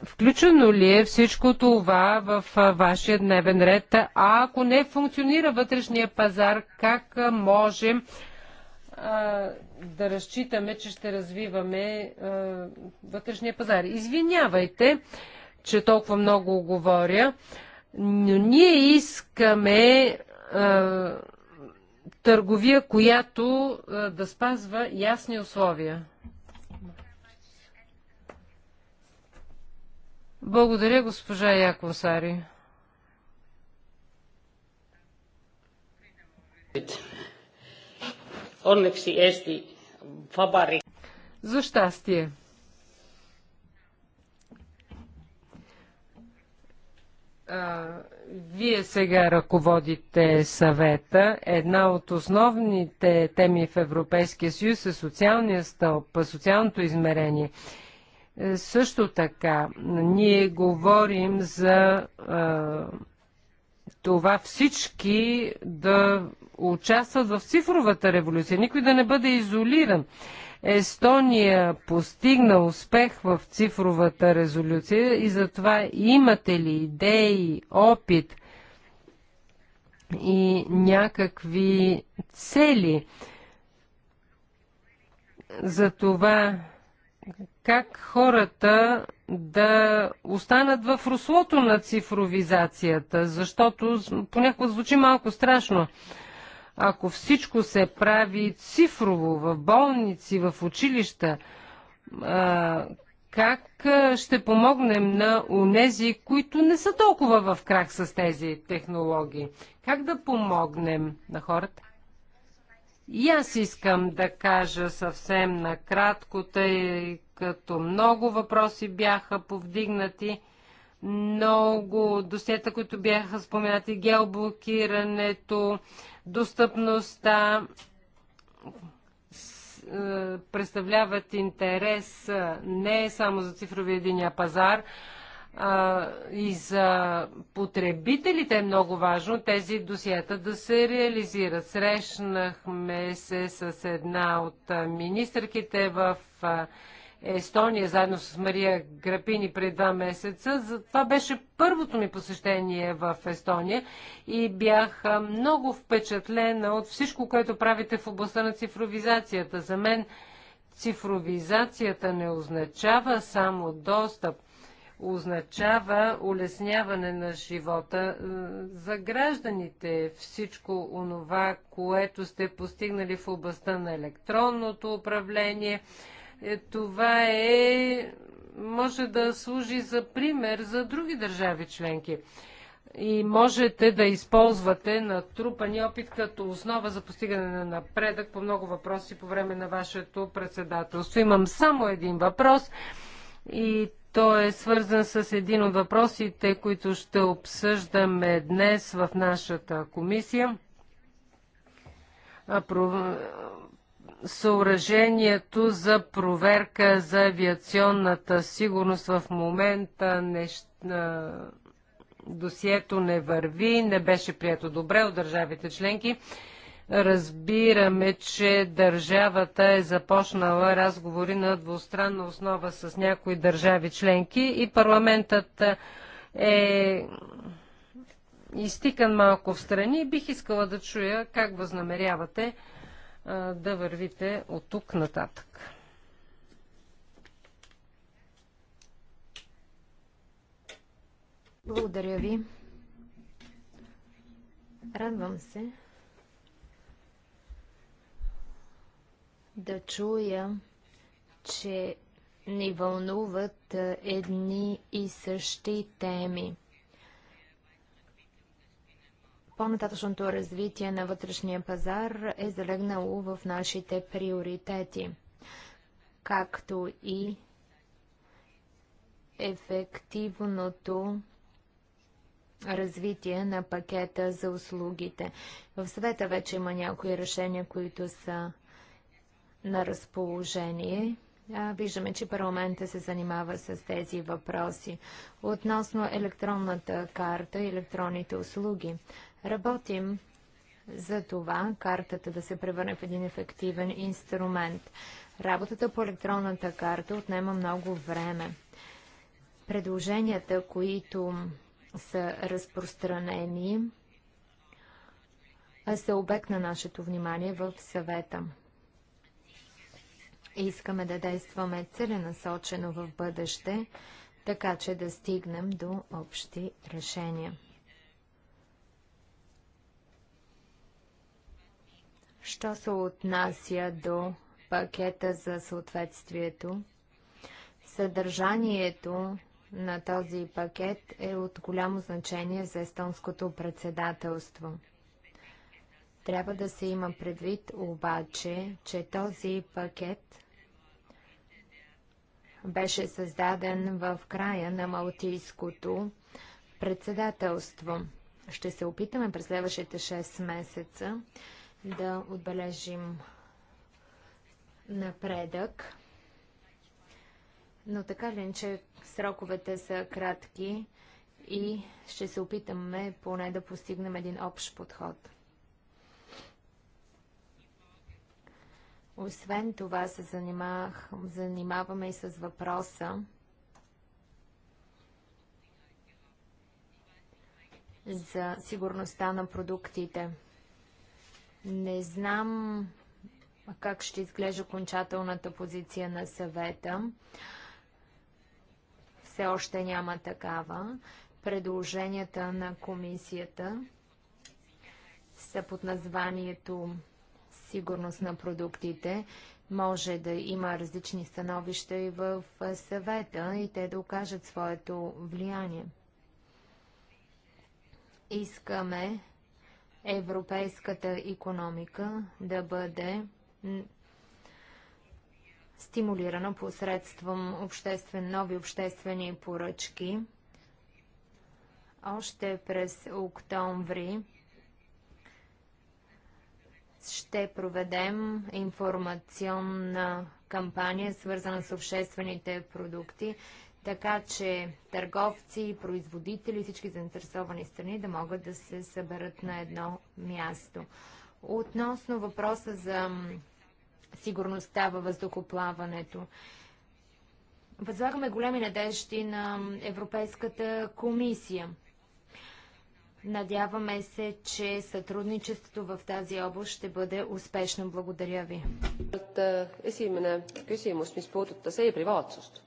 Включено ли е всичко това в е, вашия дневен ред? А ако не функционира вътрешния пазар, как е, можем е, да разчитаме, че ще развиваме а, вътрешния пазар. Извинявайте, че толкова много говоря, но ние искаме а, търговия, която а, да спазва ясни условия. Благодаря, госпожа Якосари. Сари. Onneksi esti Fabari. За щастие. А, вие сега ръководите съвета. Една от основните теми в Европейския съюз е социалния стълб, социалното измерение. Е, също така, ние говорим за а, това всички да участват в цифровата революция, никой да не бъде изолиран. Естония постигна успех в цифровата резолюция и затова имате ли идеи, опит и някакви цели за това как хората да останат в руслото на цифровизацията, защото понякога звучи малко страшно. Ако всичко се прави цифрово в болници, в училища, как ще помогнем на унези, които не са толкова в крак с тези технологии? Как да помогнем на хората? И аз искам да кажа съвсем накратко, тъй като много въпроси бяха повдигнати, много досета, които бяха споменати, геоблокирането, Достъпността е, представляват интерес е, не само за цифровия единия пазар, а, и за потребителите е много важно тези досиета да се реализират. Срещнахме се с една от министърките в Естония заедно с Мария Грапини пред два месеца. За това беше първото ми посещение в Естония и бях много впечатлена от всичко, което правите в областта на цифровизацията. За мен цифровизацията не означава само достъп, означава улесняване на живота за гражданите. Всичко онова, което сте постигнали в областта на електронното управление, е, това е, може да служи за пример за други държави членки. И можете да използвате натрупани опит като основа за постигане на напредък по много въпроси по време на вашето председателство. Имам само един въпрос и той е свързан с един от въпросите, които ще обсъждаме днес в нашата комисия съоръжението за проверка за авиационната сигурност в момента нещ... досието не върви, не беше прието добре от държавите членки. Разбираме, че държавата е започнала разговори на двустранна основа с някои държави членки и парламентът е изтикан малко в страни. Бих искала да чуя как възнамерявате да вървите от тук нататък. Благодаря ви. Радвам се да чуя, че ни вълнуват едни и същи теми. По-нататъчното развитие на вътрешния пазар е залегнало в нашите приоритети, както и ефективното развитие на пакета за услугите. В света вече има някои решения, които са на разположение. Виждаме, че парламента се занимава с тези въпроси. Относно електронната карта и електронните услуги, Работим за това картата да се превърне в един ефективен инструмент. Работата по електронната карта отнема много време. Предложенията, които са разпространени, са обект на нашето внимание в съвета. Искаме да действаме целенасочено в бъдеще, така че да стигнем до общи решения. Що се отнася до пакета за съответствието? Съдържанието на този пакет е от голямо значение за естонското председателство. Трябва да се има предвид обаче, че този пакет беше създаден в края на Малтийското председателство. Ще се опитаме през следващите 6 месеца да отбележим напредък. Но така ли, че сроковете са кратки и ще се опитаме поне да постигнем един общ подход. Освен това се занимах, занимаваме и с въпроса за сигурността на продуктите. Не знам как ще изглежда окончателната позиция на съвета. Все още няма такава. Предложенията на комисията са под названието сигурност на продуктите. Може да има различни становища и в съвета и те да окажат своето влияние. Искаме европейската економика да бъде стимулирана посредством обществен, нови обществени поръчки. Още през октомври ще проведем информационна кампания, свързана с обществените продукти така че търговци, производители, всички заинтересовани страни да могат да се съберат на едно място. Относно въпроса за сигурността във въздухоплаването. Възлагаме големи надежди на Европейската комисия. Надяваме се, че сътрудничеството в тази област ще бъде успешно. Благодаря ви. Esimene küsimus, се puudutas e-privaatsust.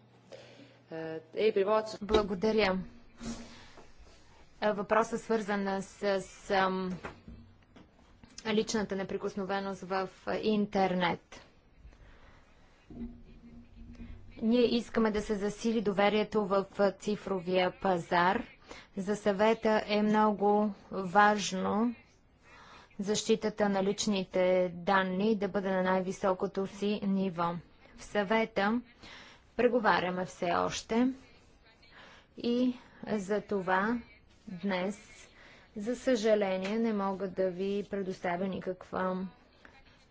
Е, е, Благодаря. Е, въпросът свързан с, с личната неприкосновеност в интернет. Ние искаме да се засили доверието в цифровия пазар. За съвета е много важно защитата на личните данни да бъде на най-високото си ниво. В съвета Преговаряме все още и за това днес, за съжаление, не мога да ви предоставя никаква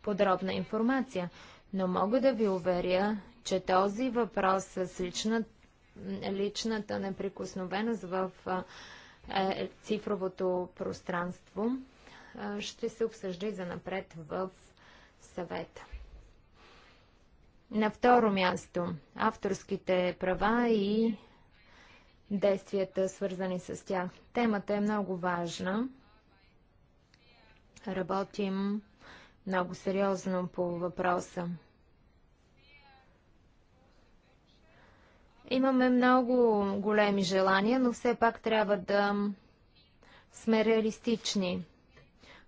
подробна информация, но мога да ви уверя, че този въпрос с лична, личната неприкосновеност в е, цифровото пространство ще се обсъжда и занапред в съвета. На второ място, авторските права и действията, свързани с тях. Темата е много важна. Работим много сериозно по въпроса. Имаме много големи желания, но все пак трябва да сме реалистични.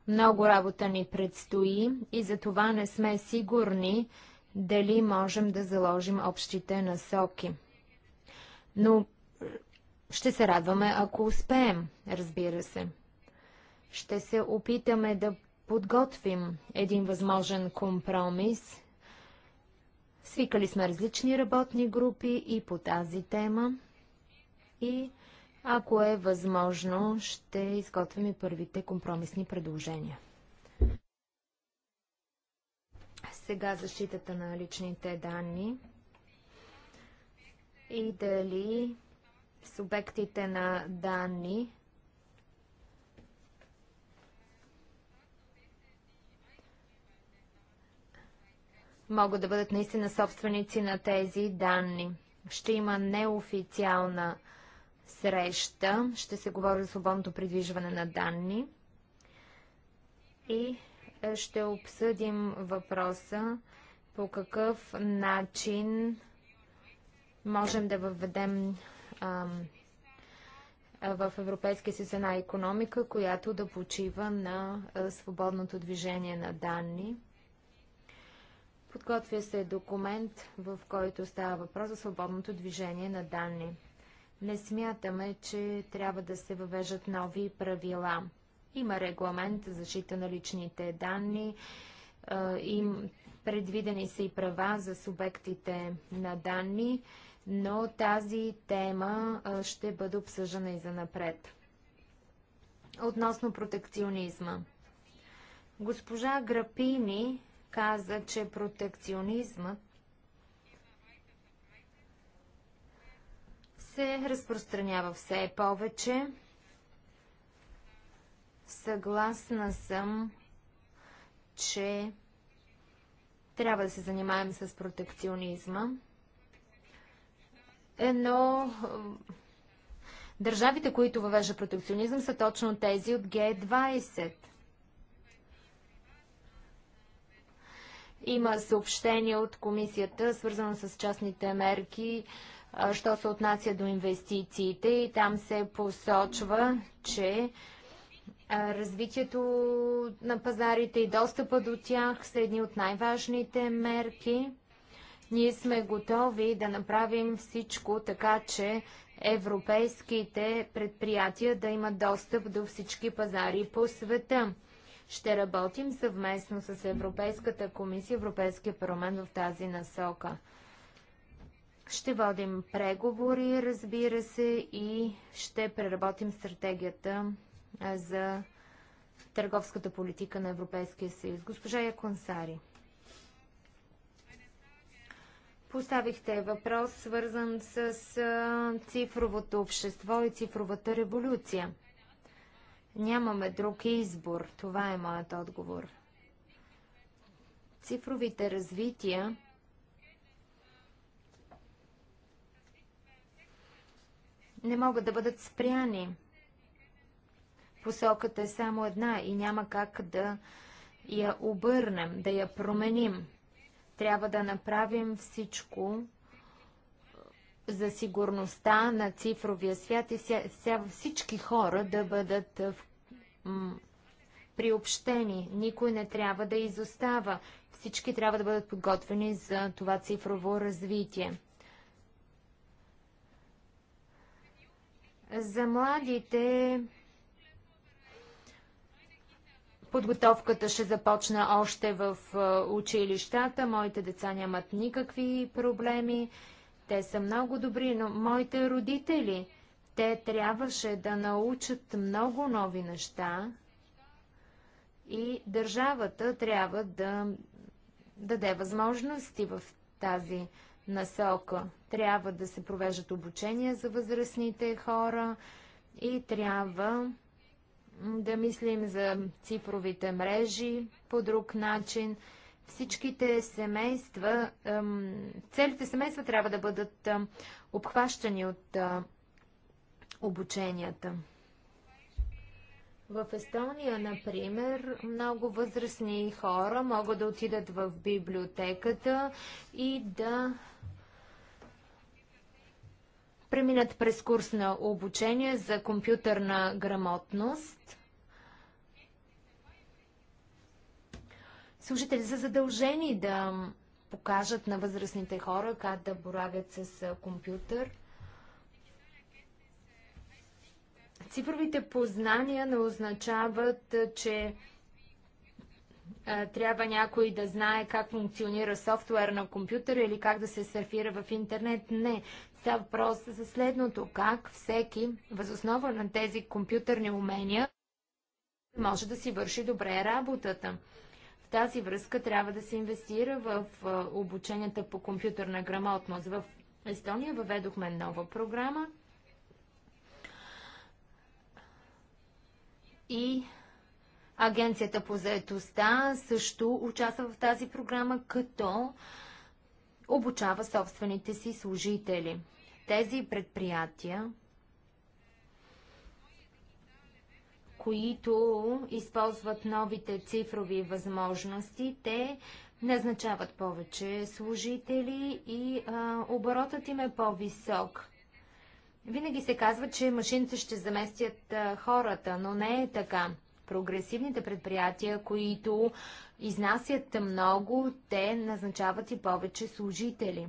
Много работа ни предстои и за това не сме сигурни, дали можем да заложим общите насоки. Но ще се радваме, ако успеем, разбира се. Ще се опитаме да подготвим един възможен компромис. Свикали сме различни работни групи и по тази тема. И ако е възможно, ще изготвим и първите компромисни предложения. сега защитата на личните данни и дали субектите на данни могат да бъдат наистина собственици на тези данни. Ще има неофициална среща, ще се говори за свободното придвижване на данни и ще обсъдим въпроса по какъв начин можем да въведем в Европейския съюз една економика, която да почива на свободното движение на данни. Подготвя се документ, в който става въпрос за свободното движение на данни. Не смятаме, че трябва да се въвеждат нови правила. Има регламент за защита на личните данни. И предвидени са и права за субектите на данни, но тази тема ще бъде обсъждана и за напред. Относно протекционизма. Госпожа Грапини каза, че протекционизмът се разпространява все повече. Съгласна съм, че трябва да се занимаем с протекционизма, но държавите, които въвежда протекционизъм, са точно тези от Г-20. Има съобщение от комисията, свързано с частните мерки, що се отнася до инвестициите и там се посочва, че Развитието на пазарите и достъпа до тях са едни от най-важните мерки. Ние сме готови да направим всичко така, че европейските предприятия да имат достъп до всички пазари по света. Ще работим съвместно с Европейската комисия, Европейския парламент в тази насока. Ще водим преговори, разбира се, и ще преработим стратегията за търговската политика на Европейския съюз. Госпожа Яконсари. Поставихте въпрос, свързан с цифровото общество и цифровата революция. Нямаме друг избор. Това е моят отговор. Цифровите развития не могат да бъдат спряни посоката е само една и няма как да я обърнем, да я променим. Трябва да направим всичко за сигурността на цифровия свят и всички хора да бъдат приобщени. Никой не трябва да изостава. Всички трябва да бъдат подготвени за това цифрово развитие. За младите Подготовката ще започна още в училищата. Моите деца нямат никакви проблеми. Те са много добри, но моите родители, те трябваше да научат много нови неща и държавата трябва да даде възможности в тази насока. Трябва да се провеждат обучения за възрастните хора и трябва да мислим за цифровите мрежи по друг начин. Всичките семейства, целите семейства трябва да бъдат обхващани от обученията. В Естония, например, много възрастни хора могат да отидат в библиотеката и да преминат през курс на обучение за компютърна грамотност. Служители са задължени да покажат на възрастните хора как да боравят с компютър. Цифровите познания не означават, че трябва някой да знае как функционира софтуер на компютър или как да се серфира в интернет. Не. Става въпрос е за следното. Как всеки, възоснова на тези компютърни умения, може да си върши добре работата. В тази връзка трябва да се инвестира в обученията по компютърна грамотност. В Естония въведохме нова програма и Агенцията по заетостта също участва в тази програма, като обучава собствените си служители. Тези предприятия, които използват новите цифрови възможности, те назначават повече служители и а, оборотът им е по-висок. Винаги се казва, че машините ще заместят а, хората, но не е така прогресивните предприятия, които изнасят много, те назначават и повече служители.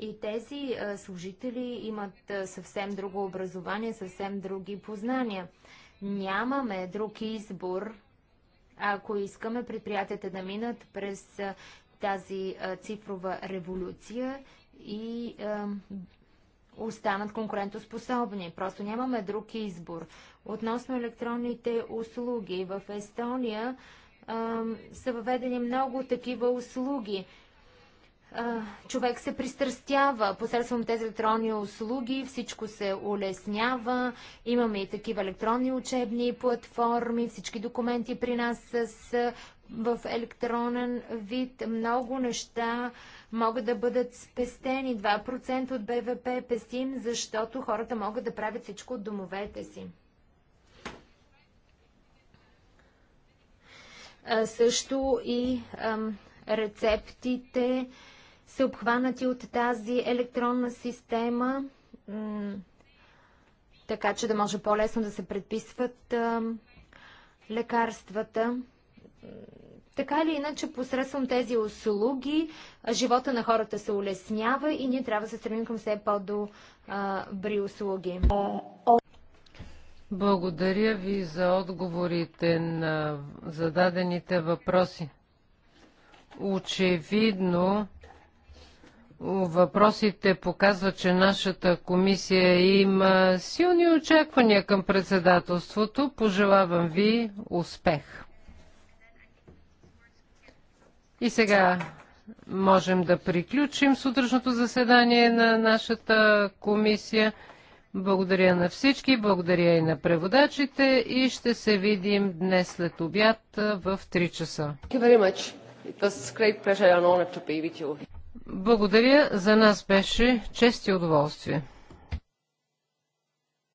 И тези служители имат съвсем друго образование, съвсем други познания. Нямаме друг избор, ако искаме предприятията да минат през тази цифрова революция и останат конкурентоспособни. Просто нямаме друг избор. Относно електронните услуги, в Естония а, са въведени много такива услуги. А, човек се пристрастява посредством тези електронни услуги, всичко се улеснява, имаме и такива електронни учебни платформи, всички документи при нас са в електронен вид, много неща могат да бъдат спестени. 2% от БВП пестим, защото хората могат да правят всичко от домовете си. А, също и рецептите са обхванати от тази електронна система, така че да може по-лесно да се предписват а, лекарствата така или иначе, посредством тези услуги, живота на хората се улеснява и ние трябва да се стремим към все по-добри услуги. Благодаря ви за отговорите на зададените въпроси. Очевидно, въпросите показват, че нашата комисия има силни очаквания към председателството. Пожелавам ви успех! И сега можем да приключим сутрешното заседание на нашата комисия. Благодаря на всички, благодаря и на преводачите и ще се видим днес след обяд в 3 часа. Благодаря, за нас беше чест и удоволствие.